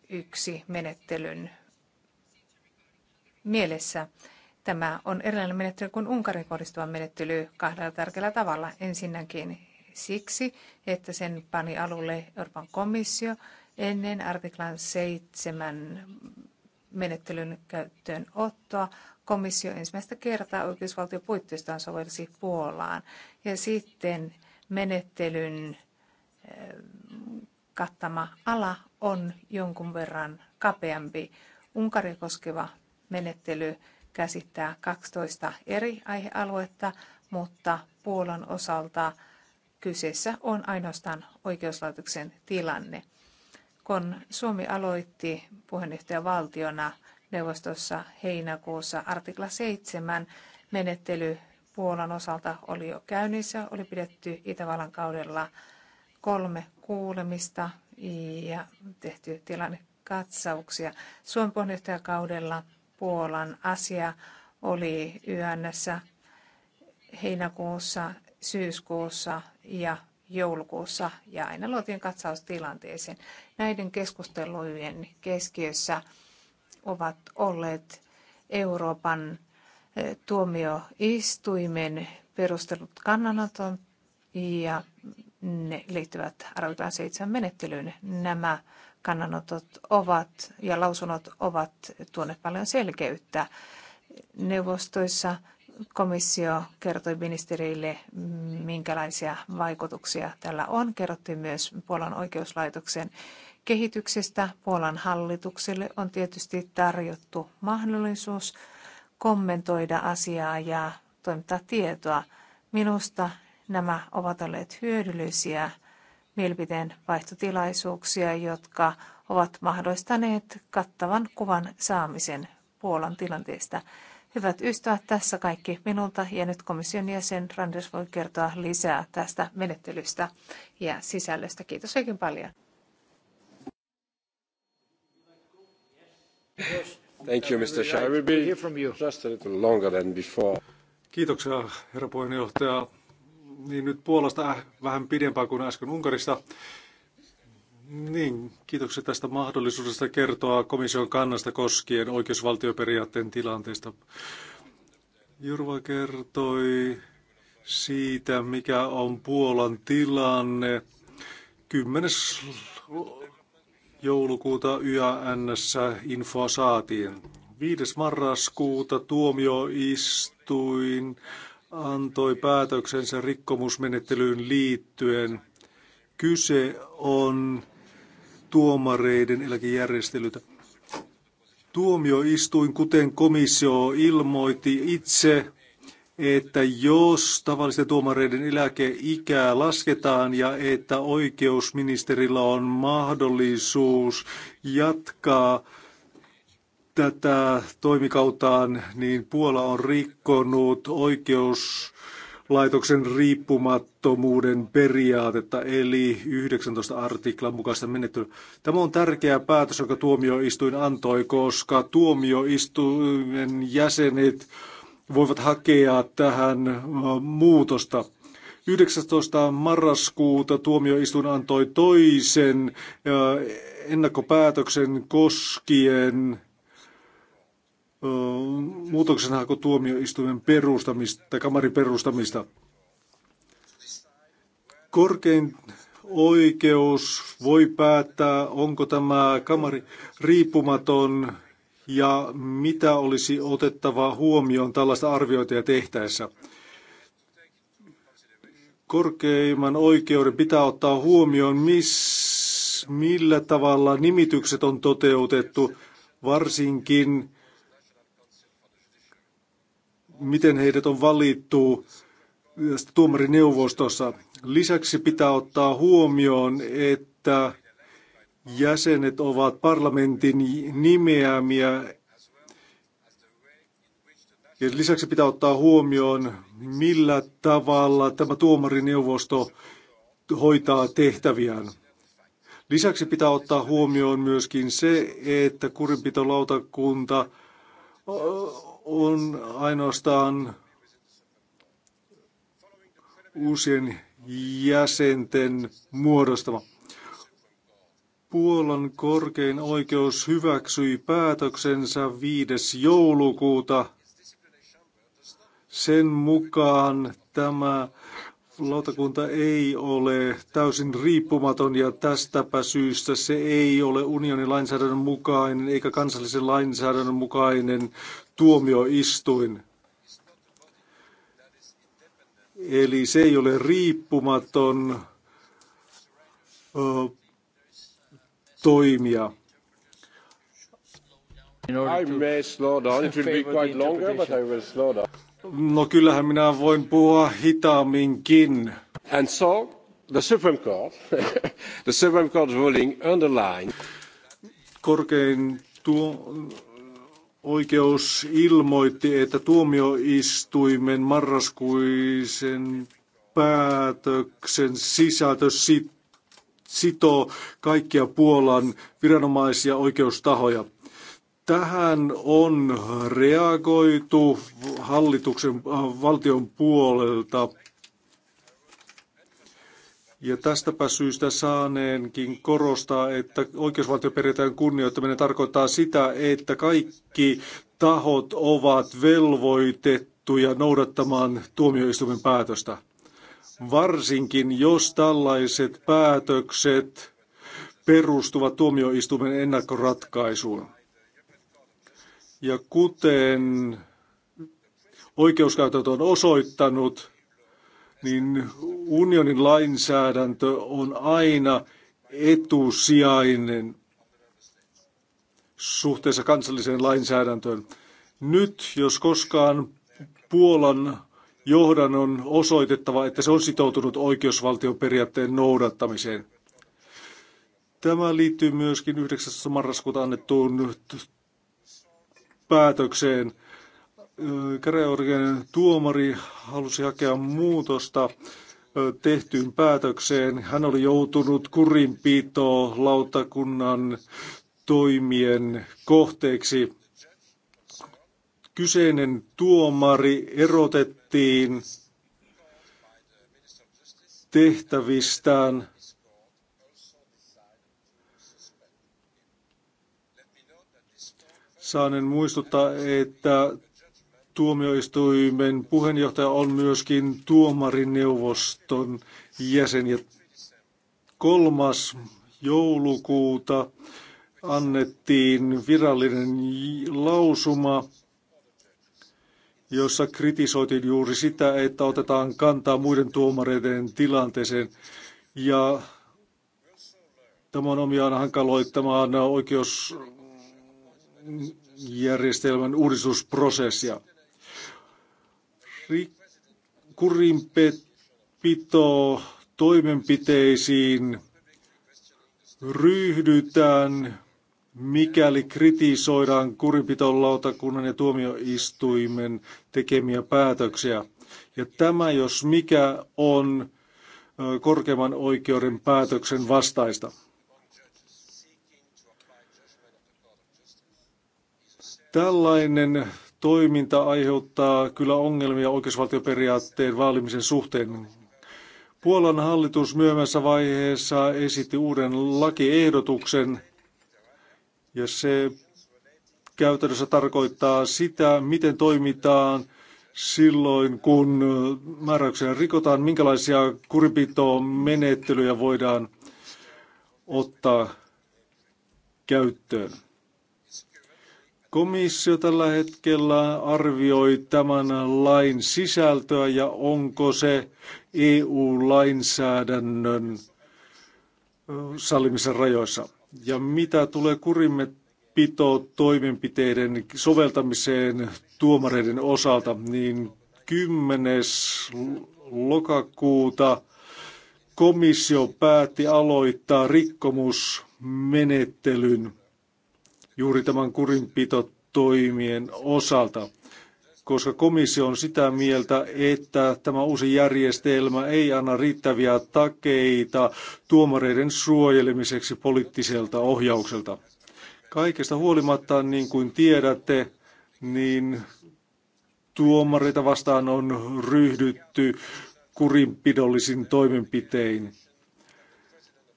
yksi menettelyn mielessä. Tämä on erilainen menettely kuin Unkarin kohdistuva menettely kahdella tärkeällä tavalla. Ensinnäkin siksi, että sen pani alulle Euroopan komissio ennen artiklan 7 menettelyn käyttöönottoa. Komissio ensimmäistä kertaa puitteistaan sovelsi Puolaan. Ja sitten menettelyn eh, kattama ala on jonkun verran kapeampi. Unkaria koskeva menettely käsittää 12 eri aihealuetta, mutta Puolan osalta kyseessä on ainoastaan oikeuslaitoksen tilanne. Kun Suomi aloitti puheenjohtajavaltiona neuvostossa heinäkuussa artikla 7 menettely Puolan osalta oli jo käynnissä, oli pidetty Itävallan kaudella kolme kuulemista ja tehty tilannekatsauksia. Suomen puheenjohtajakaudella Puolan asia oli YNssä heinäkuussa, syyskuussa ja joulukuussa ja aina luotiin katsaustilanteeseen. Näiden keskustelujen keskiössä ovat olleet Euroopan eh, tuomioistuimen perustelut kannanoton ja ne liittyvät arvitaan seitsemän menettelyyn. Nämä kannanotot ovat ja lausunnot ovat tuoneet paljon selkeyttä neuvostoissa komissio kertoi ministerille, minkälaisia vaikutuksia tällä on. Kerrottiin myös Puolan oikeuslaitoksen kehityksestä. Puolan hallitukselle on tietysti tarjottu mahdollisuus kommentoida asiaa ja toimittaa tietoa. Minusta nämä ovat olleet hyödyllisiä mielipiteen vaihtotilaisuuksia, jotka ovat mahdollistaneet kattavan kuvan saamisen Puolan tilanteesta. Hyvät ystävät, tässä kaikki minulta ja nyt komission jäsen Randers voi kertoa lisää tästä menettelystä ja sisällöstä. Kiitos oikein paljon. Thank you, Mr. Shah. be just a little longer than before. Kiitoksia, herra puheenjohtaja. Niin nyt Puolasta vähän pidempään kuin äsken Unkarista. Niin, kiitokset tästä mahdollisuudesta kertoa komission kannasta koskien oikeusvaltioperiaatteen tilanteesta. Jurva kertoi siitä, mikä on Puolan tilanne. 10. joulukuuta YANS infoa saatiin. 5. marraskuuta tuomioistuin antoi päätöksensä rikkomusmenettelyyn liittyen. Kyse on tuomareiden eläkejärjestelytä. Tuomioistuin, kuten komissio ilmoitti itse, että jos tavallisten tuomareiden eläkeikää lasketaan ja että oikeusministerillä on mahdollisuus jatkaa tätä toimikautaan, niin Puola on rikkonut oikeus laitoksen riippumattomuuden periaatetta, eli 19 artiklan mukaista menettelyä. Tämä on tärkeä päätös, joka tuomioistuin antoi, koska tuomioistuimen jäsenet voivat hakea tähän muutosta. 19. marraskuuta tuomioistuin antoi toisen ennakkopäätöksen koskien muutoksenhaku tuomioistuimen perustamista, kamarin perustamista. Korkein oikeus voi päättää, onko tämä kamari riippumaton ja mitä olisi otettava huomioon tällaista arviointia tehtäessä. Korkeimman oikeuden pitää ottaa huomioon, miss, millä tavalla nimitykset on toteutettu, varsinkin miten heidät on valittu tuomarineuvostossa. Lisäksi pitää ottaa huomioon, että jäsenet ovat parlamentin nimeämiä. Ja lisäksi pitää ottaa huomioon, millä tavalla tämä tuomarineuvosto hoitaa tehtäviään. Lisäksi pitää ottaa huomioon myöskin se, että kurinpitolautakunta on ainoastaan uusien jäsenten muodostama. Puolan korkein oikeus hyväksyi päätöksensä 5. joulukuuta. Sen mukaan tämä lautakunta ei ole täysin riippumaton ja tästäpä syystä se ei ole unionin lainsäädännön mukainen eikä kansallisen lainsäädännön mukainen tuomioistuin. Eli se ei ole riippumaton toimija. No kyllähän minä voin puhua hitaamminkin. And so the Supreme Court, the Supreme Court ruling underlined. Korkein tuo, oikeus ilmoitti, että tuomioistuimen marraskuisen päätöksen sisältö sitoo kaikkia Puolan viranomaisia oikeustahoja. Tähän on reagoitu hallituksen äh, valtion puolelta ja tästäpä syystä saaneenkin korostaa, että oikeusvaltioperiaatteen kunnioittaminen tarkoittaa sitä, että kaikki tahot ovat velvoitettuja noudattamaan tuomioistuimen päätöstä. Varsinkin jos tällaiset päätökset perustuvat tuomioistuimen ennakkoratkaisuun. Ja kuten oikeuskäytäntö on osoittanut, niin unionin lainsäädäntö on aina etusijainen suhteessa kansalliseen lainsäädäntöön. Nyt, jos koskaan Puolan johdan on osoitettava, että se on sitoutunut oikeusvaltioperiaatteen noudattamiseen. Tämä liittyy myöskin 9. marraskuuta annettuun päätökseen – käräjäoikeuden tuomari halusi hakea muutosta tehtyyn päätökseen. Hän oli joutunut kurinpitoon lautakunnan toimien kohteeksi. Kyseinen tuomari erotettiin tehtävistään Saanen muistuttaa, että Tuomioistuimen puheenjohtaja on myöskin tuomarineuvoston jäsen ja kolmas joulukuuta annettiin virallinen lausuma, jossa kritisoitiin juuri sitä, että otetaan kantaa muiden tuomareiden tilanteeseen. Ja tämä on omiaan hankaloittamaan oikeusjärjestelmän uudistusprosessia kurinpito toimenpiteisiin ryhdytään, mikäli kritisoidaan lautakunnan ja tuomioistuimen tekemiä päätöksiä. Ja tämä, jos mikä, on korkeimman oikeuden päätöksen vastaista. Tällainen toiminta aiheuttaa kyllä ongelmia oikeusvaltioperiaatteen vaalimisen suhteen. Puolan hallitus myöhemmässä vaiheessa esitti uuden lakiehdotuksen ja se käytännössä tarkoittaa sitä, miten toimitaan silloin, kun määräyksiä rikotaan, minkälaisia kuripitomenettelyjä voidaan ottaa käyttöön. Komissio tällä hetkellä arvioi tämän lain sisältöä ja onko se EU-lainsäädännön sallimissa rajoissa. Ja mitä tulee kurimme pito toimenpiteiden soveltamiseen tuomareiden osalta, niin 10. lokakuuta komissio päätti aloittaa rikkomusmenettelyn juuri tämän kurinpitotoimien osalta, koska komissio on sitä mieltä, että tämä uusi järjestelmä ei anna riittäviä takeita tuomareiden suojelemiseksi poliittiselta ohjaukselta. Kaikesta huolimatta, niin kuin tiedätte, niin tuomareita vastaan on ryhdytty kurinpidollisin toimenpitein.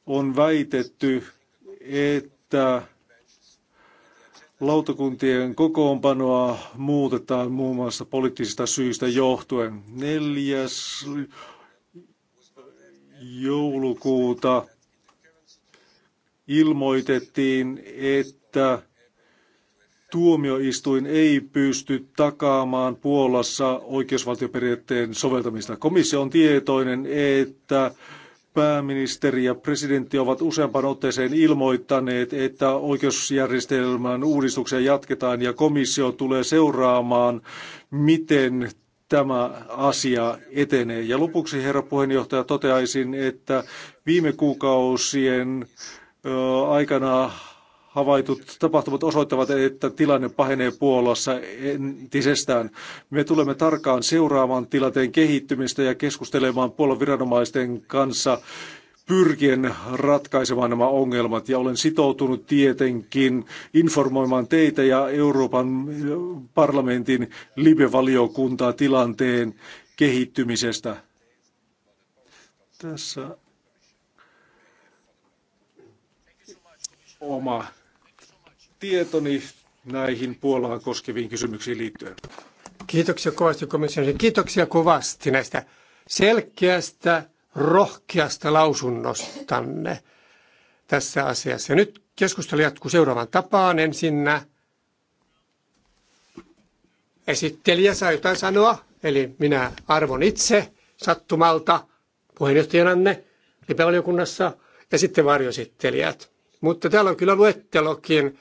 On väitetty, että lautakuntien kokoonpanoa muutetaan muun muassa poliittisista syistä johtuen. Neljäs joulukuuta ilmoitettiin, että tuomioistuin ei pysty takaamaan Puolassa oikeusvaltioperiaatteen soveltamista. Komissio on tietoinen, että Pääministeri ja presidentti ovat useampaan otteeseen ilmoittaneet, että oikeusjärjestelmän uudistuksia jatketaan ja komissio tulee seuraamaan, miten tämä asia etenee. Ja lopuksi, herra puheenjohtaja, toteaisin, että viime kuukausien aikana havaitut tapahtumat osoittavat, että tilanne pahenee Puolassa entisestään. Me tulemme tarkkaan seuraamaan tilanteen kehittymistä ja keskustelemaan Puolan viranomaisten kanssa pyrkien ratkaisemaan nämä ongelmat ja olen sitoutunut tietenkin informoimaan teitä ja Euroopan parlamentin libevaliokuntaa tilanteen kehittymisestä. Tässä oma tietoni näihin Puolaan koskeviin kysymyksiin liittyen. Kiitoksia kovasti komissaari. Kiitoksia kovasti näistä selkeästä, rohkeasta lausunnostanne tässä asiassa. Ja nyt keskustelu jatkuu seuraavan tapaan. Ensinnä esittelijä saa jotain sanoa, eli minä arvon itse sattumalta puheenjohtajananne lipevaliokunnassa ja sitten varjoesittelijät. Mutta täällä on kyllä luettelokin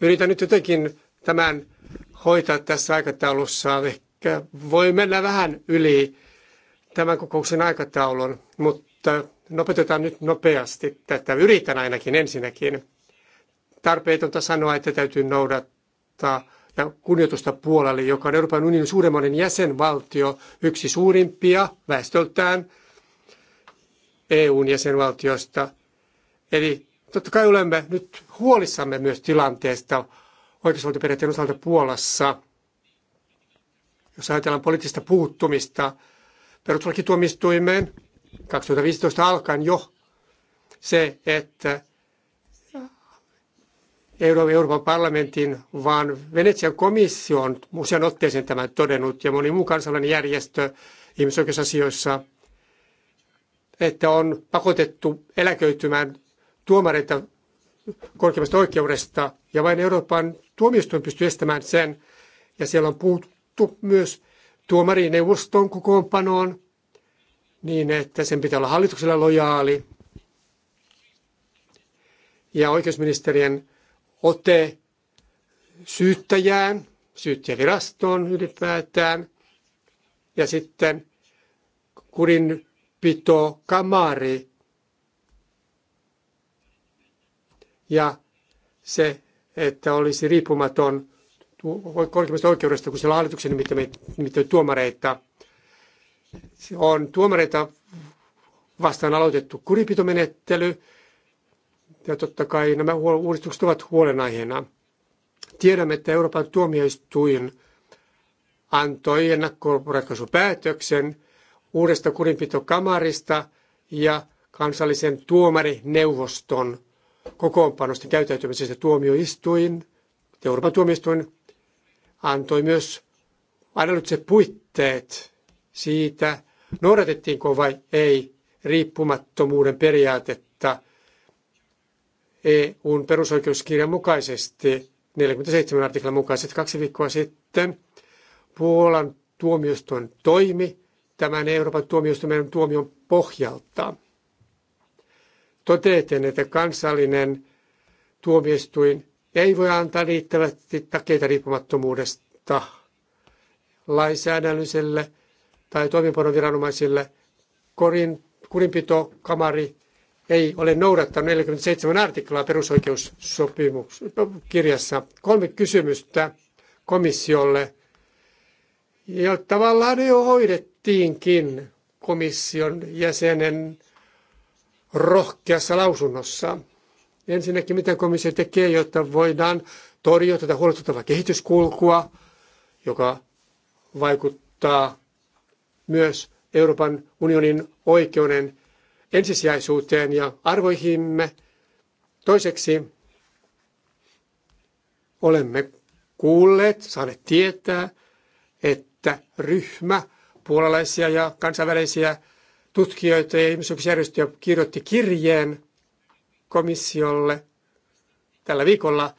Yritän nyt jotenkin tämän hoitaa tässä aikataulussa. Ehkä voi mennä vähän yli tämän kokouksen aikataulun, mutta nopeutetaan nyt nopeasti tätä. Yritän ainakin ensinnäkin. Tarpeetonta sanoa, että täytyy noudattaa ja kunnioitusta Puolalle, joka on Euroopan unionin suuremmainen jäsenvaltio, yksi suurimpia väestöltään EUn jäsenvaltiosta. Eli Totta kai olemme nyt huolissamme myös tilanteesta oikeusvaltioperiaatteen osalta Puolassa. Jos ajatellaan poliittista puuttumista perustuslakituomistuimeen 2015 alkaen jo se, että Euroopan parlamentin, vaan Venetsian komissio on usean otteeseen tämän todennut ja moni muu kansallinen järjestö ihmisoikeusasioissa, että on pakotettu eläköitymään tuomareita korkeimmasta oikeudesta, ja vain Euroopan tuomioistuin pystyy estämään sen, ja siellä on puhuttu myös tuomarineuvoston kokoonpanoon, niin että sen pitää olla hallituksella lojaali, ja oikeusministerien ote syyttäjään, syyttäjävirastoon ylipäätään, ja sitten kurinpito kamari ja se, että olisi riippumaton korkeimmasta oikeudesta, kun siellä on hallituksen nimittäin tuomareita. On tuomareita vastaan aloitettu kuripitomenettely, ja totta kai nämä uudistukset ovat huolenaiheena. Tiedämme, että Euroopan tuomioistuin antoi ennakkoratkaisupäätöksen uudesta kurinpitokamarista ja kansallisen tuomarineuvoston kokoonpanosta käyttäytymisestä tuomioistuin, Euroopan tuomioistuin antoi myös analyyttiset puitteet siitä, noudatettiinko vai ei riippumattomuuden periaatetta EUn perusoikeuskirjan mukaisesti 47 artiklan mukaisesti kaksi viikkoa sitten. Puolan tuomioistuin toimi tämän Euroopan tuomioistuimen tuomion pohjalta toteten, että kansallinen tuomioistuin ei voi antaa riittävästi takeita riippumattomuudesta lainsäädännölliselle tai viranomaisille. Korin, kurinpito, kamari ei ole noudattanut 47 artiklaa perusoikeuskirjassa. Kolme kysymystä komissiolle, Ja tavallaan jo hoidettiinkin komission jäsenen rohkeassa lausunnossa. Ensinnäkin, mitä komissio tekee, jotta voidaan torjua tätä huolestuttavaa kehityskulkua, joka vaikuttaa myös Euroopan unionin oikeuden ensisijaisuuteen ja arvoihimme. Toiseksi olemme kuulleet, saaneet tietää, että ryhmä puolalaisia ja kansainvälisiä tutkijoita ja ihmisoikeusjärjestöjä kirjoitti kirjeen komissiolle tällä viikolla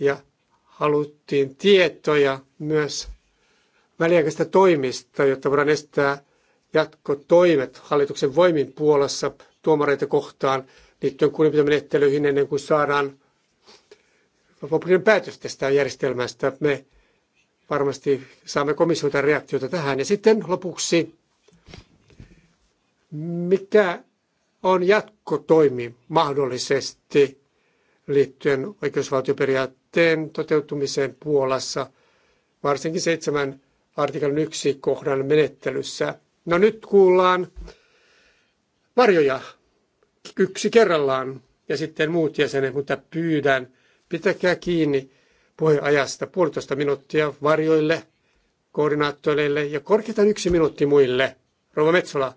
ja haluttiin tietoja myös väliaikaisista toimista, jotta voidaan estää jatkotoimet hallituksen voimin Puolassa tuomareita kohtaan liittyen kunnioitusmenettelyihin ennen kuin saadaan lopullinen päätös tästä järjestelmästä. Me varmasti saamme komissiolta reaktiota tähän. Ja sitten lopuksi mikä on jatkotoimi mahdollisesti liittyen oikeusvaltioperiaatteen toteutumiseen Puolassa, varsinkin seitsemän artiklan yksi kohdan menettelyssä? No nyt kuullaan varjoja yksi kerrallaan ja sitten muut jäsenet, mutta pyydän, pitäkää kiinni puheajasta puolitoista minuuttia varjoille, koordinaattoreille ja korkeintaan yksi minuutti muille. Rova Metsola.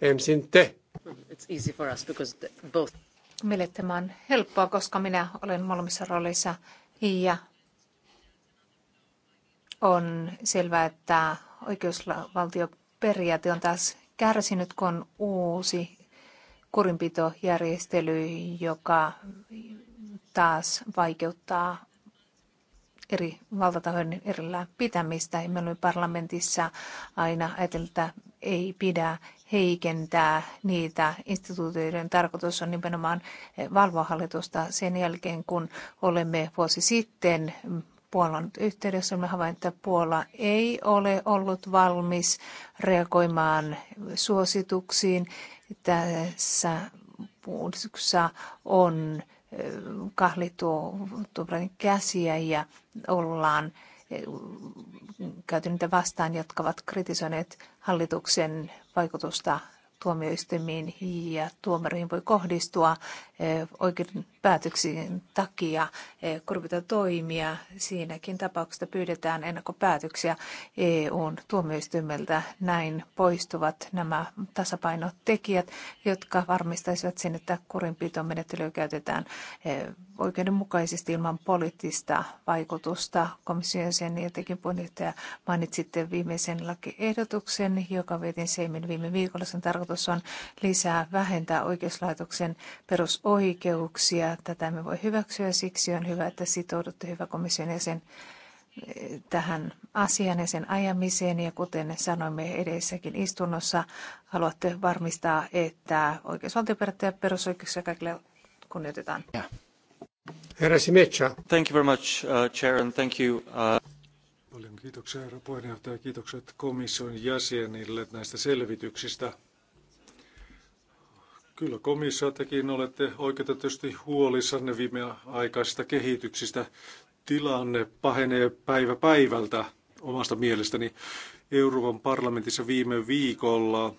Ensin te. It's easy for us because both... Meille tämä on helppoa, koska minä olen molemmissa rooleissa ja on selvää, että oikeusvaltioperiaate on taas kärsinyt, kun on uusi kurinpitojärjestely, joka taas vaikeuttaa eri valtatahojen erillään pitämistä. Meillä parlamentissa aina ajateltu, että ei pidä heikentää niitä. Instituutioiden tarkoitus on nimenomaan eh, valvoa hallitusta sen jälkeen, kun olemme vuosi sitten Puolan yhteydessä me havainneet, että Puola ei ole ollut valmis reagoimaan suosituksiin. Tässä uudistuksessa on eh, kahlittu käsiä ja ollaan käyty niitä vastaan, jotka ovat kritisoineet hallituksen vaikutusta tuomioistuimiin ja tuomareihin voi kohdistua oikeuden päätöksiin takia eh, korvita toimia. Siinäkin tapauksessa pyydetään ennakkopäätöksiä EUn tuomioistuimelta. Näin poistuvat nämä tasapainotekijät, jotka varmistaisivat sen, että menettelyä käytetään eh, oikeudenmukaisesti ilman poliittista vaikutusta. Komission sen jotenkin puheenjohtaja mainitsitte viimeisen lakiehdotuksen, joka vietiin Seimin viime viikolla. Sen tarkoitus on lisää vähentää oikeuslaitoksen perusoikeuksia tätä me voi hyväksyä. Siksi on hyvä, että sitoudutte hyvä komission jäsen tähän asian ja sen ajamiseen. Ja kuten sanoimme edessäkin istunnossa, haluatte varmistaa, että oikeusvaltioperiaatteet ja perusoikeuksia kaikille kunnioitetaan. Herra Simecha. Thank you very much, uh, Chair, and thank you. Uh... Paljon kiitoksia, herra puheenjohtaja. Kiitokset komission jäsenille näistä selvityksistä. Kyllä komissio tekin no olette oikeutetusti huolissanne viimeaikaisista kehityksistä. Tilanne pahenee päivä päivältä omasta mielestäni. Euroopan parlamentissa viime viikolla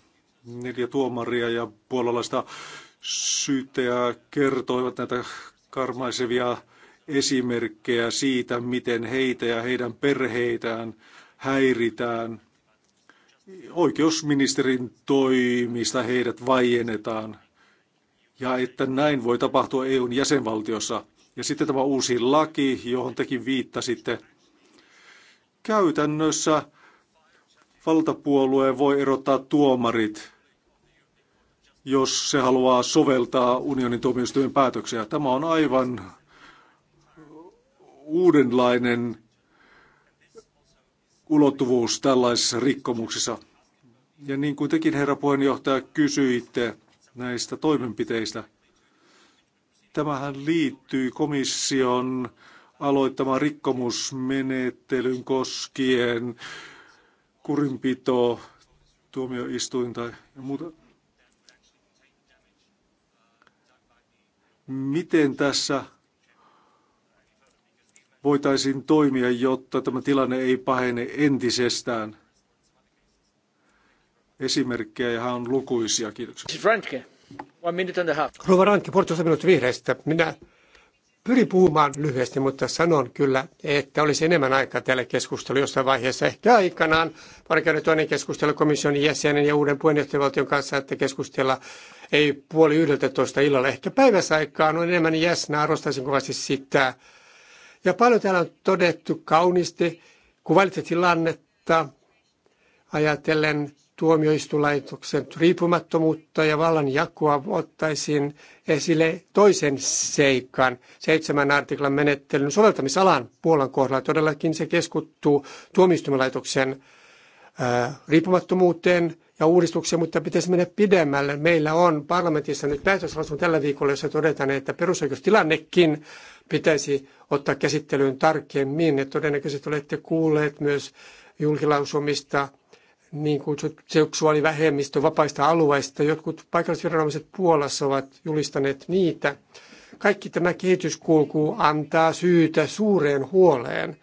neljä tuomaria ja puolalaista syyttäjää kertoivat näitä karmaisevia esimerkkejä siitä, miten heitä ja heidän perheitään häiritään. Oikeusministerin toimista heidät vaiennetaan ja että näin voi tapahtua EUn jäsenvaltiossa. Ja sitten tämä uusi laki, johon tekin viittasitte. Käytännössä valtapuolue voi erottaa tuomarit, jos se haluaa soveltaa unionin tuomioistuimen päätöksiä. Tämä on aivan uudenlainen ulottuvuus tällaisissa rikkomuksissa. Ja niin kuin tekin, herra puheenjohtaja, kysyitte, näistä toimenpiteistä. Tämähän liittyy komission aloittamaan rikkomusmenettelyn koskien kurinpito, tuomioistuinta ja muuta. Miten tässä voitaisiin toimia, jotta tämä tilanne ei pahene entisestään? esimerkkejä ja hän on lukuisia. Kiitoksia. Ranke, one minute and a half. Rova Ranke, Portugalista minut vihreistä. Minä pyrin puhumaan lyhyesti, mutta sanon kyllä, että olisi enemmän aikaa tälle keskustelulle jossain vaiheessa. Ehkä aikanaan varkeuden toinen keskustelu komission jäsenen ja uuden puheenjohtajavaltion kanssa, että keskustella ei puoli yhdeltä toista illalla. Ehkä päivässä on enemmän jäsnä, arvostaisin kovasti sitä. Ja paljon täällä on todettu kauniisti, kuvailitte tilannetta ajatellen tuomioistulaitoksen riippumattomuutta ja jakoa ottaisin esille toisen seikan, seitsemän artiklan menettelyn soveltamisalan Puolan kohdalla. Todellakin se keskuttuu tuomioistuinlaitoksen riippumattomuuteen ja uudistukseen, mutta pitäisi mennä pidemmälle. Meillä on parlamentissa nyt päätöslausun tällä viikolla, jossa todetaan, että perusoikeustilannekin pitäisi ottaa käsittelyyn tarkemmin. Ja todennäköisesti olette kuulleet myös julkilausumista niin kutsut seksuaalivähemmistö vapaista alueista. Jotkut paikallisviranomaiset Puolassa ovat julistaneet niitä. Kaikki tämä kehityskulku antaa syytä suureen huoleen.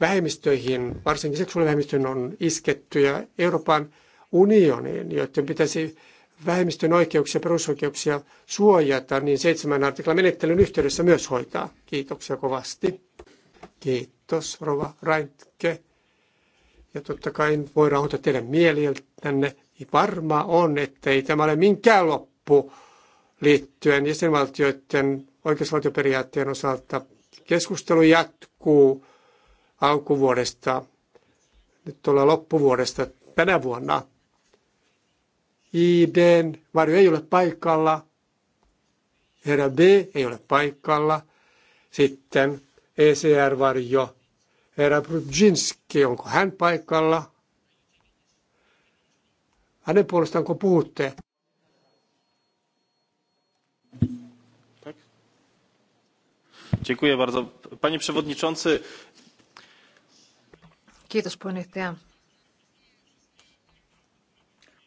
Vähemmistöihin, varsinkin seksuaalivähemmistöön on isketty ja Euroopan unioniin, joiden pitäisi vähemmistön oikeuksia ja perusoikeuksia suojata, niin seitsemän artiklan menettelyn yhteydessä myös hoitaa. Kiitoksia kovasti. Kiitos, Rova Raintke. Ja totta kai voi rauhoittaa teidän mieliltänne. Varma on, että ei tämä ole minkään loppu liittyen jäsenvaltioiden oikeusvaltioperiaatteen osalta. Keskustelu jatkuu alkuvuodesta, nyt ollaan loppuvuodesta tänä vuonna. Iden varjo ei ole paikalla, herra B ei ole paikalla, sitten ECR-varjo Herra Brudzinski, onko hän paikalla? Hänen puolestaan, kun puhutte? Dziękuję bardzo. Panie Przewodniczący. Kiitos puheenjohtaja.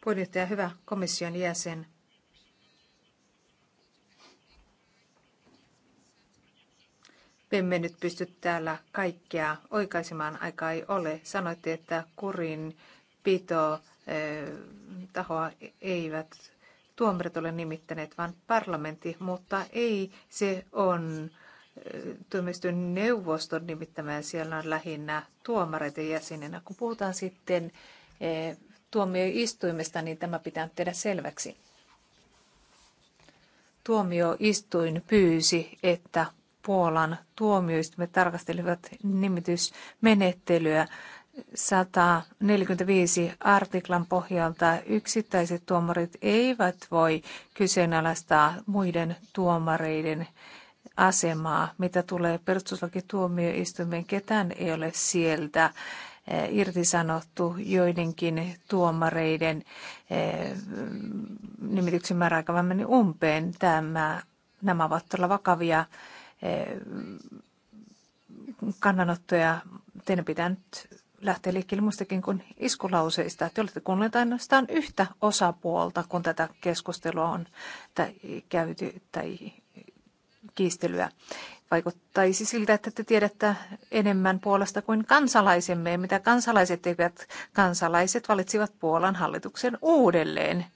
Puheenjohtaja, hyvä komission jäsen. Me emme nyt pysty täällä kaikkea oikaisemaan, aikaa ei ole. Sanoitte, että kurin pito tahoa eivät tuomarit ole nimittäneet, vaan parlamentti, mutta ei se on tuomioistuin neuvoston nimittämään siellä on lähinnä tuomareiden jäsenenä. Kun puhutaan sitten tuomioistuimesta, niin tämä pitää tehdä selväksi. Tuomioistuin pyysi, että Puolan tuomioistuimet tarkastelivat nimitysmenettelyä 145 artiklan pohjalta yksittäiset tuomarit eivät voi kyseenalaistaa muiden tuomareiden asemaa, mitä tulee perustuslakituomioistuimeen. Ketään ei ole sieltä eh, irtisanottu joidenkin tuomareiden eh, nimityksen määräaika meni umpeen. Tämä, nämä ovat todella vakavia Eh, kannanottoja. Teidän pitää nyt lähteä liikkeelle muistakin kuin iskulauseista. Te olette kuunnelleet ainoastaan yhtä osapuolta, kun tätä keskustelua on tai käyty tai kiistelyä. Vaikuttaisi siltä, että te tiedätte enemmän Puolasta kuin kansalaisemme, mitä kansalaiset tekevät. Kansalaiset valitsivat Puolan hallituksen uudelleen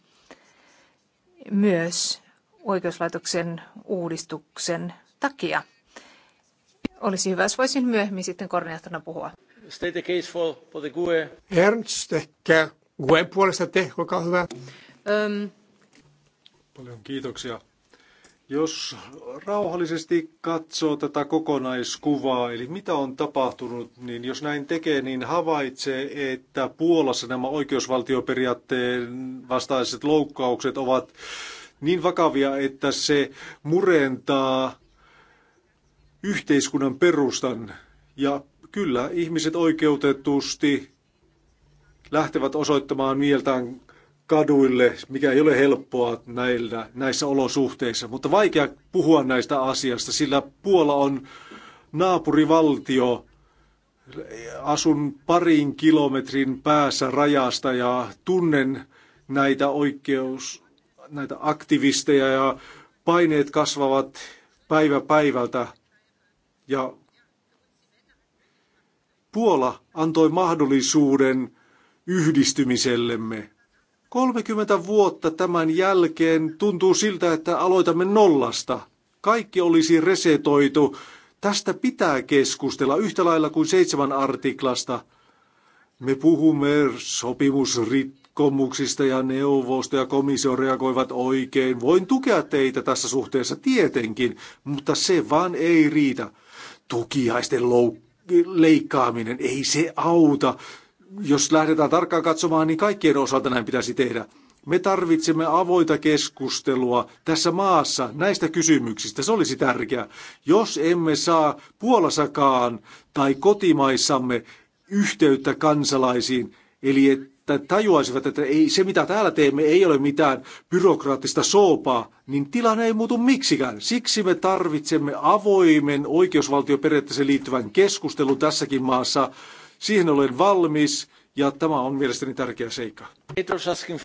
myös oikeuslaitoksen uudistuksen takia. Olisi hyvä, jos voisin myöhemmin sitten koordinaattorina puhua. State the case for, for the GUE. Ernst, ehkä GUEn puolesta te, olkaa hyvä. Öm. Ähm. Paljon kiitoksia. Jos rauhallisesti katsoo tätä kokonaiskuvaa, eli mitä on tapahtunut, niin jos näin tekee, niin havaitsee, että Puolassa nämä oikeusvaltioperiaatteen vastaiset loukkaukset ovat niin vakavia, että se murentaa yhteiskunnan perustan. Ja kyllä ihmiset oikeutetusti lähtevät osoittamaan mieltään kaduille, mikä ei ole helppoa näillä, näissä olosuhteissa. Mutta vaikea puhua näistä asiasta, sillä Puola on naapurivaltio. Asun parin kilometrin päässä rajasta ja tunnen näitä oikeus, näitä aktivisteja ja paineet kasvavat päivä päivältä ja Puola antoi mahdollisuuden yhdistymisellemme. 30 vuotta tämän jälkeen tuntuu siltä, että aloitamme nollasta. Kaikki olisi resetoitu. Tästä pitää keskustella yhtä lailla kuin seitsemän artiklasta. Me puhumme sopimusrikkomuksista ja neuvosto ja komissio reagoivat oikein. Voin tukea teitä tässä suhteessa tietenkin, mutta se vaan ei riitä tukihaisten leikkaaminen, ei se auta. Jos lähdetään tarkkaan katsomaan, niin kaikkien osalta näin pitäisi tehdä. Me tarvitsemme avoita keskustelua tässä maassa näistä kysymyksistä. Se olisi tärkeää. Jos emme saa Puolassakaan tai kotimaissamme yhteyttä kansalaisiin, eli että tajuaisivat, että ei, se mitä täällä teemme ei ole mitään byrokraattista soopaa, niin tilanne ei muutu miksikään. Siksi me tarvitsemme avoimen oikeusvaltioperiaatteeseen liittyvän keskustelun tässäkin maassa. Siihen olen valmis ja tämä on mielestäni tärkeä seikka.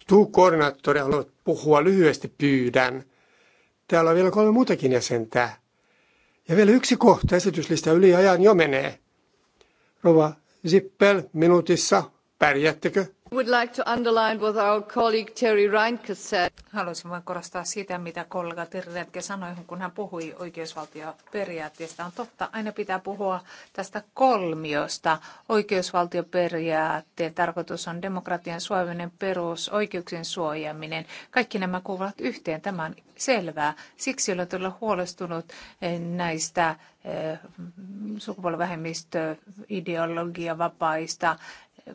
Tuu koordinaattori haluat puhua lyhyesti pyydän. Täällä on vielä kolme muutakin jäsentä. Ja vielä yksi kohta esityslista yli ajan jo menee. Rova Zippel minuutissa, pärjättekö? Haluaisin vain korostaa sitä, mitä kollega Terry sanoi, kun hän puhui oikeusvaltioperiaatteesta. On totta, aina pitää puhua tästä kolmiosta. Oikeusvaltioperiaatteen tarkoitus on demokratian perus, perusoikeuksien suojaaminen. Kaikki nämä kuuluvat yhteen, tämä on selvää. Siksi olen todella huolestunut eh, näistä eh, sukupuolivähemmistö, ideologia vapaista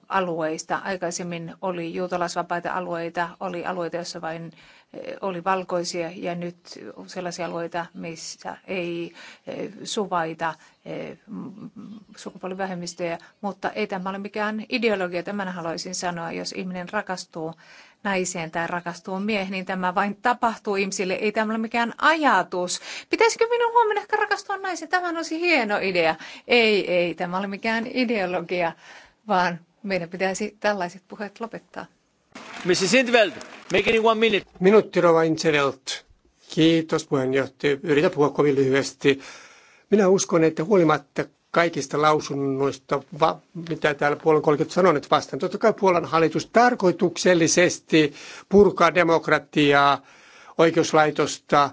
alueista. Aikaisemmin oli juutalaisvapaita alueita, oli alueita, joissa vain eh, oli valkoisia ja nyt sellaisia alueita, missä ei eh, suvaita eh, sukupuolivähemmistöjä, mutta ei tämä ole mikään ideologia, tämän haluaisin sanoa, jos ihminen rakastuu naiseen tai rakastuu miehen, niin tämä vain tapahtuu ihmisille, ei tämä ole mikään ajatus. Pitäisikö minun huomenna ehkä rakastua naisen? Tämä on olisi hieno idea. Ei, ei, tämä ole mikään ideologia, vaan meidän pitäisi tällaiset puheet lopettaa. Mrs. Intveld, make it in one minute. Minuutti Rova Intveld. Kiitos puheenjohtaja. Yritän puhua kovin lyhyesti. Minä uskon, että huolimatta kaikista lausunnoista, va, mitä täällä puolen 30 nyt vastaan. Totta kai Puolan hallitus tarkoituksellisesti purkaa demokratiaa, oikeuslaitosta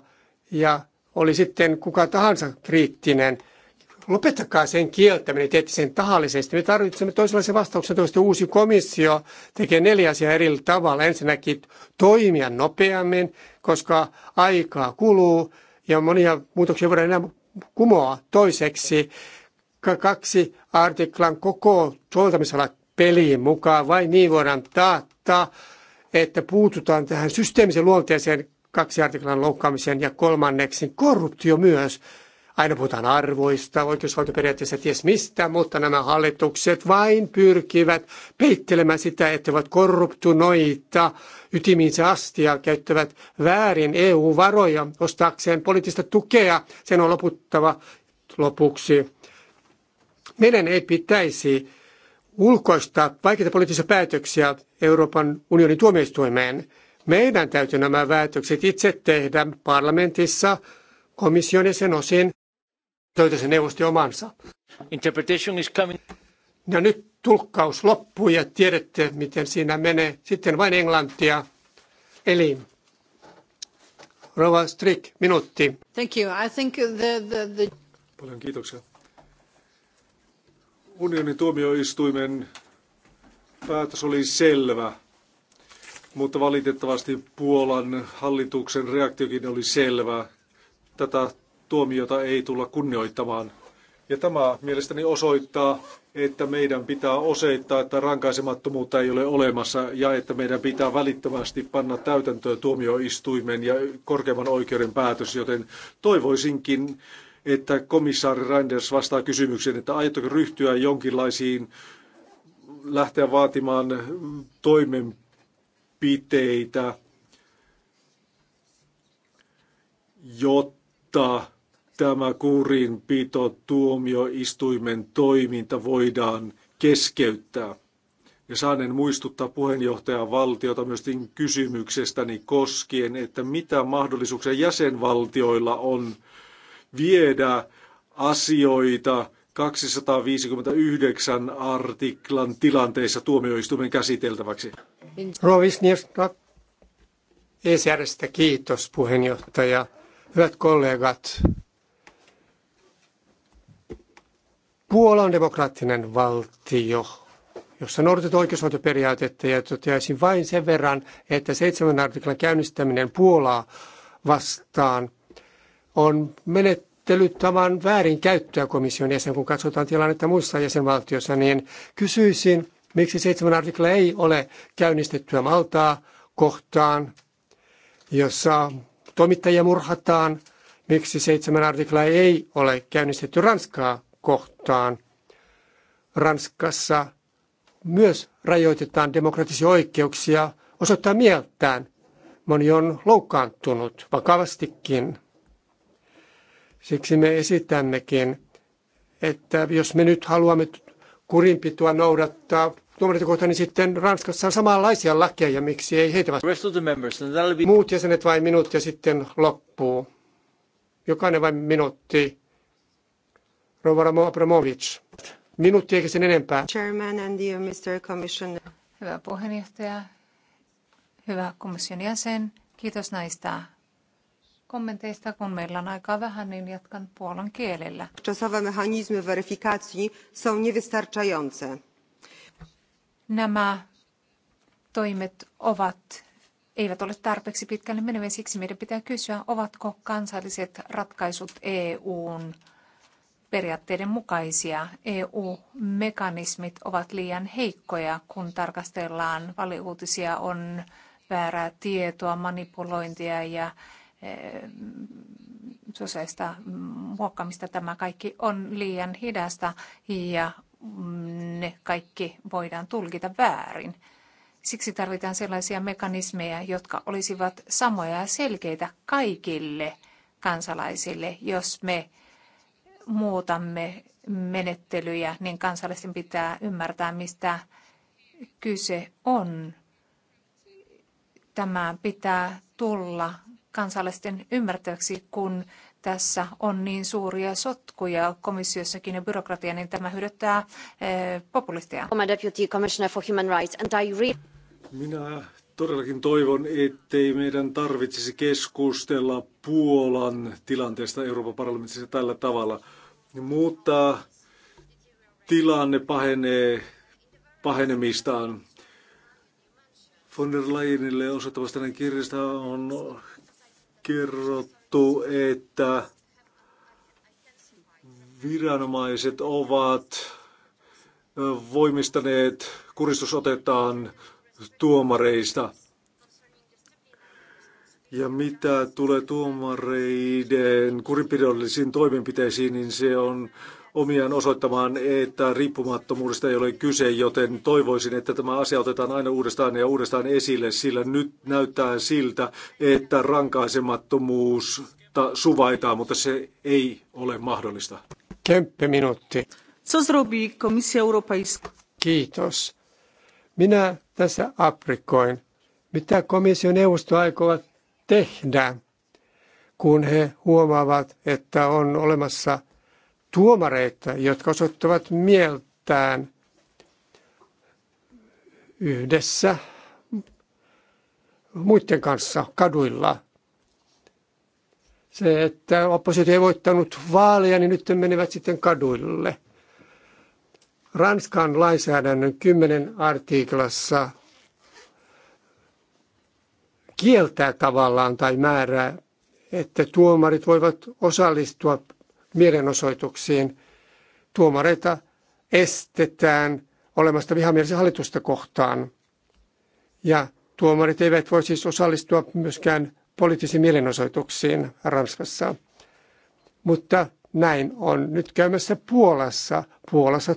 ja oli sitten kuka tahansa kriittinen – lopettakaa sen kieltäminen, teette sen tahallisesti. Me tarvitsemme toisenlaisen vastauksen. Toista uusi komissio tekee neljä asiaa eri tavalla. Ensinnäkin toimia nopeammin, koska aikaa kuluu ja monia muutoksia voidaan enää kumoa. Toiseksi kaksi artiklan koko soveltamisala peliin mukaan. vai niin voidaan taata, että puututaan tähän systeemisen luonteeseen kaksi artiklan loukkaamiseen ja kolmanneksi korruptio myös Aina puhutaan arvoista, oikeusvaltioperiaatteessa ties mistä, mutta nämä hallitukset vain pyrkivät peittelemään sitä, että ovat korruptunoita ytimiinsä asti ja käyttävät väärin EU-varoja ostaakseen poliittista tukea. Sen on loputtava lopuksi. Meidän ei pitäisi ulkoistaa vaikeita poliittisia päätöksiä Euroopan unionin tuomioistuimeen. Meidän täytyy nämä päätökset itse tehdä parlamentissa, komission ja sen osin se neuvosti omansa. Interpretation is coming. Ja nyt tulkkaus loppuu ja tiedätte, miten siinä menee. Sitten vain englantia. Eli Rova Strick, minuutti. Thank you. I think the, the, the... Paljon kiitoksia. Unionin tuomioistuimen päätös oli selvä, mutta valitettavasti Puolan hallituksen reaktiokin oli selvä. Tätä tuomiota ei tulla kunnioittamaan. Ja tämä mielestäni osoittaa, että meidän pitää osoittaa, että rankaisemattomuutta ei ole olemassa ja että meidän pitää välittömästi panna täytäntöön tuomioistuimen ja korkeimman oikeuden päätös, joten toivoisinkin, että komissaari Reinders vastaa kysymykseen, että aiotteko ryhtyä jonkinlaisiin, lähteä vaatimaan toimenpiteitä, jotta tämä kurinpito tuomioistuimen toiminta voidaan keskeyttää. Ja saanen muistuttaa puheenjohtajan valtiota myös kysymyksestäni koskien, että mitä mahdollisuuksia jäsenvaltioilla on viedä asioita 259 artiklan tilanteessa tuomioistuimen käsiteltäväksi. Rovisnievska, ECRstä kiitos puheenjohtaja. Hyvät kollegat, Puola on demokraattinen valtio, jossa noudatetaan oikeusvaltioperiaatetta ja toteaisin vain sen verran, että seitsemän artiklan käynnistäminen Puolaa vastaan on menettelytavan väärinkäyttöä komission jäsen, kun katsotaan tilannetta muissa jäsenvaltioissa, niin kysyisin, miksi seitsemän artikla ei ole käynnistettyä Maltaa kohtaan, jossa toimittajia murhataan, miksi seitsemän artikla ei ole käynnistetty Ranskaa kohtaan. Ranskassa myös rajoitetaan demokratisia oikeuksia osoittaa mieltään. Moni on loukkaantunut vakavastikin. Siksi me esitämmekin, että jos me nyt haluamme kurinpitoa noudattaa tuomareita kohtaan, niin sitten Ranskassa on samanlaisia lakeja, miksi ei heitä vastaan. Muut jäsenet vain minuutti ja sitten loppuu. Jokainen vain minuutti. Rova Abramovic. Minuutti eikä sen enempää. Chairman and Mr. Commissioner. Hyvä puheenjohtaja, hyvä komission jäsen. Kiitos näistä kommenteista. Kun meillä on aikaa vähän, niin jatkan puolan kielellä. Czasowe mechanizmy weryfikacji są niewystarczające. Nämä toimet ovat eivät ole tarpeeksi pitkälle meneviä. Siksi meidän pitää kysyä, ovatko kansalliset ratkaisut EUn periaatteiden mukaisia. EU-mekanismit ovat liian heikkoja, kun tarkastellaan valiuutisia, on väärää tietoa, manipulointia ja e, sosiaalista muokkaamista. Tämä kaikki on liian hidasta ja ne kaikki voidaan tulkita väärin. Siksi tarvitaan sellaisia mekanismeja, jotka olisivat samoja ja selkeitä kaikille kansalaisille, jos me muutamme menettelyjä, niin kansallisten pitää ymmärtää, mistä kyse on. Tämä pitää tulla kansalaisten ymmärtäväksi, kun tässä on niin suuria sotkuja komissiossakin ja byrokratia, niin tämä hyödyttää eh, populisteja. Minä Todellakin toivon, ettei meidän tarvitsisi keskustella Puolan tilanteesta Euroopan parlamentissa tällä tavalla, mutta tilanne pahenee pahenemistaan. Von der Leyenille osoittavasta hänen kirjasta on kerrottu, että viranomaiset ovat voimistaneet kuristusotetaan tuomareista. Ja mitä tulee tuomareiden kurinpidollisiin toimenpiteisiin, niin se on omiaan osoittamaan, että riippumattomuudesta ei ole kyse, joten toivoisin, että tämä asia otetaan aina uudestaan ja uudestaan esille, sillä nyt näyttää siltä, että rankaisemattomuus suvaitaan, mutta se ei ole mahdollista. Kempe minuutti. Kiitos. Minä tässä aprikoin. Mitä komission neuvosto aikovat tehdä, kun he huomaavat, että on olemassa tuomareita, jotka osoittavat mieltään yhdessä muiden kanssa kaduilla. Se, että oppositio ei voittanut vaaleja, niin nyt menevät sitten kaduille. Ranskan lainsäädännön 10 artiklassa kieltää tavallaan tai määrää, että tuomarit voivat osallistua mielenosoituksiin. Tuomareita estetään olemasta vihamielisen hallitusta kohtaan. Ja tuomarit eivät voi siis osallistua myöskään poliittisiin mielenosoituksiin Ranskassa. Mutta näin on nyt käymässä Puolassa. Puolassa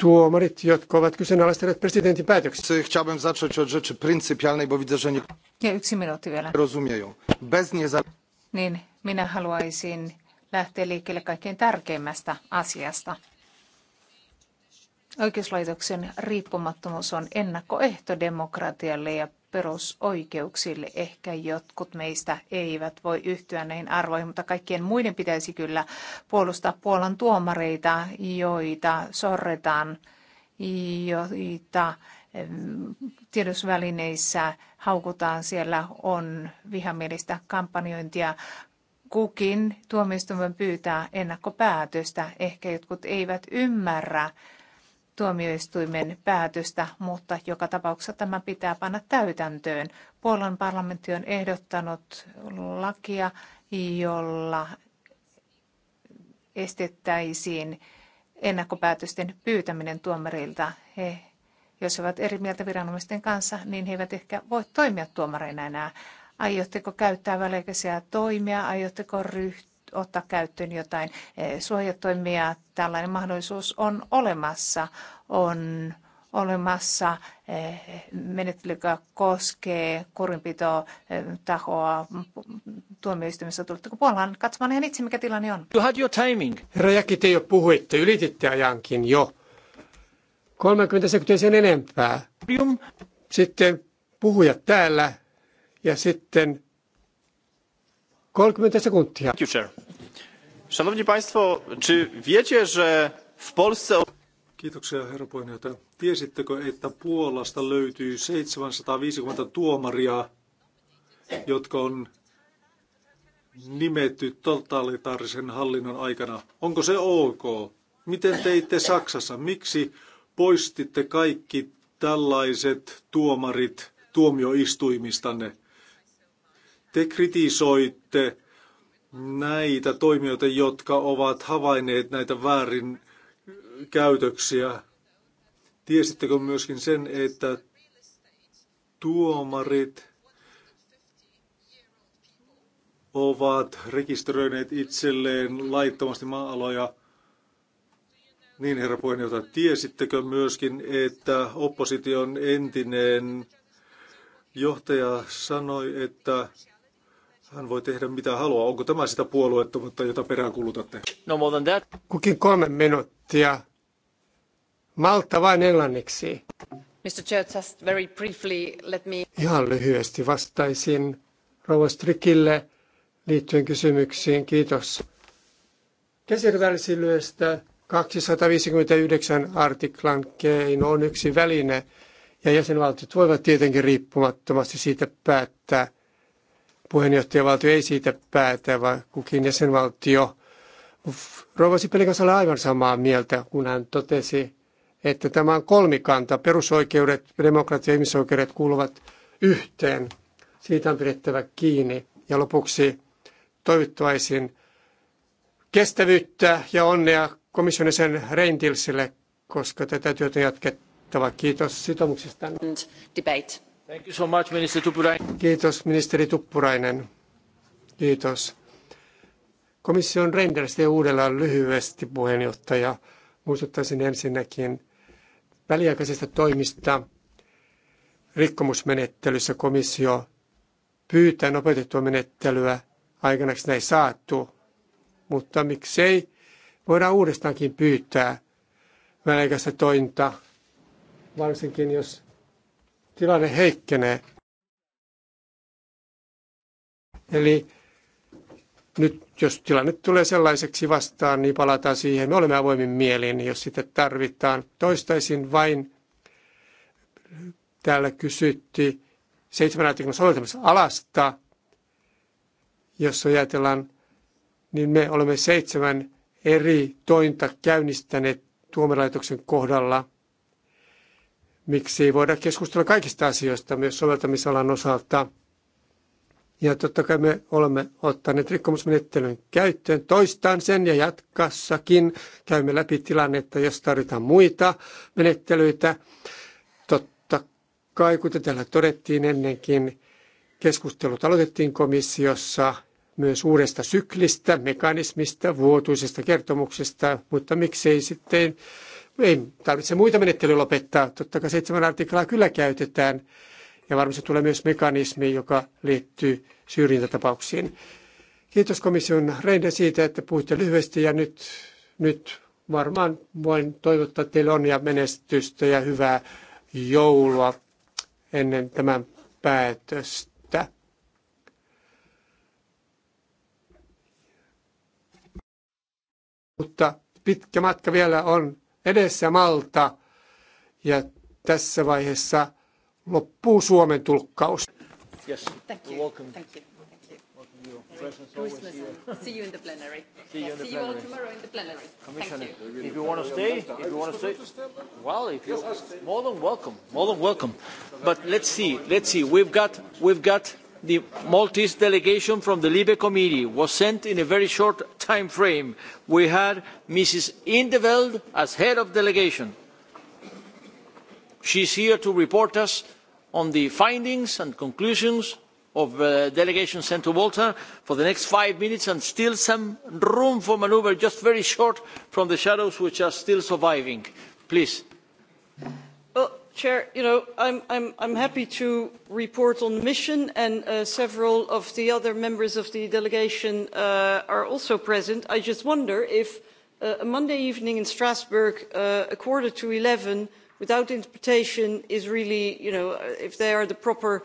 tuomarit, jotka ovat kyseenalaistaneet presidentin päätöksiä. Chciałbym zacząć od rzeczy pryncypialnej, bo widzę, że nie... Ja yksi minuutti vielä. Rozumieją. Bez nieza... Niin, minä haluaisin lähteä liikkeelle kaikkein tärkeimmästä asiasta. Oikeuslaitoksen riippumattomuus on ennakkoehto demokratialle ja perusoikeuksille. Ehkä jotkut meistä eivät voi yhtyä näihin arvoihin, mutta kaikkien muiden pitäisi kyllä puolustaa Puolan tuomareita, joita sorretaan, joita tiedosvälineissä haukutaan. Siellä on vihamielistä kampanjointia. Kukin tuomioistuimen pyytää ennakkopäätöstä. Ehkä jotkut eivät ymmärrä, tuomioistuimen päätöstä, mutta joka tapauksessa tämä pitää panna täytäntöön. Puolan parlamentti on ehdottanut lakia, jolla estettäisiin ennakkopäätösten pyytäminen tuomareilta. He, jos he ovat eri mieltä viranomaisten kanssa, niin he eivät ehkä voi toimia tuomareina enää. Aiotteko käyttää väliaikaisia toimia? Aiotteko ryhtyä? ottaa käyttöön jotain e, suojatoimia. Tällainen mahdollisuus on olemassa. On olemassa e, menettely, joka koskee kurinpitotahoa e, tahoa tuomioistuimessa. Tuletteko Puolaan katsomaan ihan niin itse, mikä tilanne on? You had your timing. Herra Jäki, te jo puhuitte, ylititte ajankin jo. 30 sekuntia sen enempää. Sitten puhujat täällä ja sitten 30 sekuntia. Szanowni Państwo, czy wiecie, że w Polsce... Kiitoksia herra puheenjohtaja. Tiesittekö, että Puolasta löytyy 750 tuomaria, jotka on nimetty totalitaarisen hallinnon aikana? Onko se ok? Miten teitte Saksassa? Miksi poistitte kaikki tällaiset tuomarit tuomioistuimistanne? te kritisoitte näitä toimijoita, jotka ovat havainneet näitä väärin käytöksiä. Tiesittekö myöskin sen, että tuomarit ovat rekisteröineet itselleen laittomasti maaloja? Niin, herra puheenjohtaja, tiesittekö myöskin, että opposition entinen johtaja sanoi, että hän voi tehdä mitä haluaa. Onko tämä sitä puolueettomuutta, jota peräänkulutatte? No more than that. Kukin kolme minuuttia. Malta vain englanniksi. Mr. Chair, just very briefly, let me... Ihan lyhyesti vastaisin rouva Strikille liittyen kysymyksiin. Kiitos. Käsirvälsilyöstä 259 artiklan keino on yksi väline, ja jäsenvaltiot voivat tietenkin riippumattomasti siitä päättää, Puheenjohtajavaltio ei siitä päätä, vaan kukin jäsenvaltio. Rouva Sipelin kanssa olen aivan samaa mieltä, kun hän totesi, että tämä on kolmikanta. Perusoikeudet, demokratia ja ihmisoikeudet kuuluvat yhteen. Siitä on pidettävä kiinni. Ja lopuksi toivottaisin kestävyyttä ja onnea komission sen Reintilsille, koska tätä työtä jatkettava. Kiitos sitoumuksesta. Debate. Thank ministeri Tuppurainen. Kiitos, ministeri Tuppurainen. Kiitos. Komission Reinders uudellaan lyhyesti puheenjohtaja. Muistuttaisin ensinnäkin väliaikaisista toimista rikkomusmenettelyssä komissio pyytää nopeutettua menettelyä. sitä ei saatu, mutta miksei voidaan uudestaankin pyytää väliaikaista tointa, varsinkin jos tilanne heikkenee. Eli nyt jos tilanne tulee sellaiseksi vastaan, niin palataan siihen. Me olemme avoimin mielin, jos sitä tarvitaan. Toistaisin vain, täällä kysytti seitsemän artiklan alasta, jos ajatellaan, niin me olemme seitsemän eri tointa käynnistäneet tuomelaitoksen kohdalla – miksi ei voida keskustella kaikista asioista myös soveltamisalan osalta. Ja totta kai me olemme ottaneet rikkomusmenettelyn käyttöön. Toistan sen ja jatkassakin käymme läpi tilannetta, jos tarvitaan muita menettelyitä. Totta kai, kuten täällä todettiin ennenkin, keskustelut aloitettiin komissiossa myös uudesta syklistä, mekanismista, vuotuisesta kertomuksesta, mutta miksei sitten ei tarvitse muita menettelyjä lopettaa. Totta kai seitsemän artiklaa kyllä käytetään. Ja varmasti tulee myös mekanismi, joka liittyy syrjintätapauksiin. Kiitos komission Reinde siitä, että puhutte lyhyesti ja nyt, nyt varmaan voin toivottaa teille onnea menestystä ja hyvää joulua ennen tämän päätöstä. Mutta pitkä matka vielä on edessä Malta ja tässä vaiheessa loppuu Suomen tulkkaus. Yes. Thank you. Welcome. Thank you. See you in the plenary. See you, in the See plenary. all tomorrow in the plenary. Commissioner, you. if you want to stay, if you want to stay, well, if you more than welcome, more than welcome. But let's see, let's see. We've got, we've got the Maltese delegation from the Libe Committee was sent in a very short time frame. We had ms in 't veld as head of delegation. She is here to report to us on the findings and conclusions of the uh, delegation sent to Malta for the next five minutes and still some room for manoeuvre, just very short from the shadows which are still surviving. Please. Chair, you know, I'm, happy to report on the mission, and uh, several of the other members of the delegation uh, are also present. I just wonder if uh, a Monday evening in Strasbourg, at a quarter to eleven without interpretation, is really, you know, if there are the proper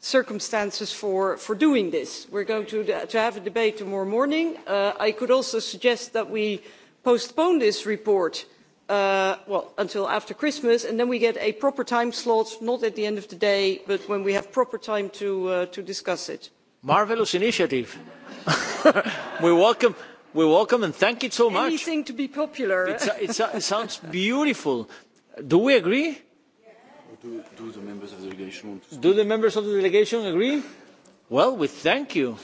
circumstances for, doing this. We're going to, have a debate tomorrow morning. I could also suggest that we postpone this report uh, Uh, well, until after Christmas, and then we get a proper time slot, not at the end of the day, but when we have proper time to, uh, to discuss it. Marvellous initiative. we welcome we welcome and thank you so much. Anything to be popular. it sounds beautiful. Do we agree? Do the members of the delegation agree? Well, we thank you.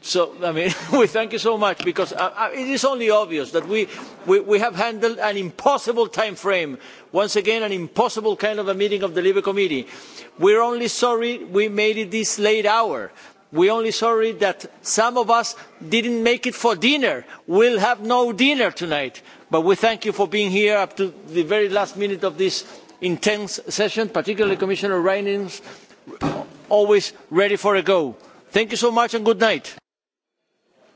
So, I mean, we thank you so much because uh, uh, it is only obvious that we, we, we have handled an impossible time frame. Once again, an impossible kind of a meeting of the LIBE Committee. We're only sorry we made it this late hour. We're only sorry that some of us didn't make it for dinner. We'll have no dinner tonight. But we thank you for being here up to the very last minute of this intense session, particularly Commissioner Reinings, always ready for a go Thank you so much and good night.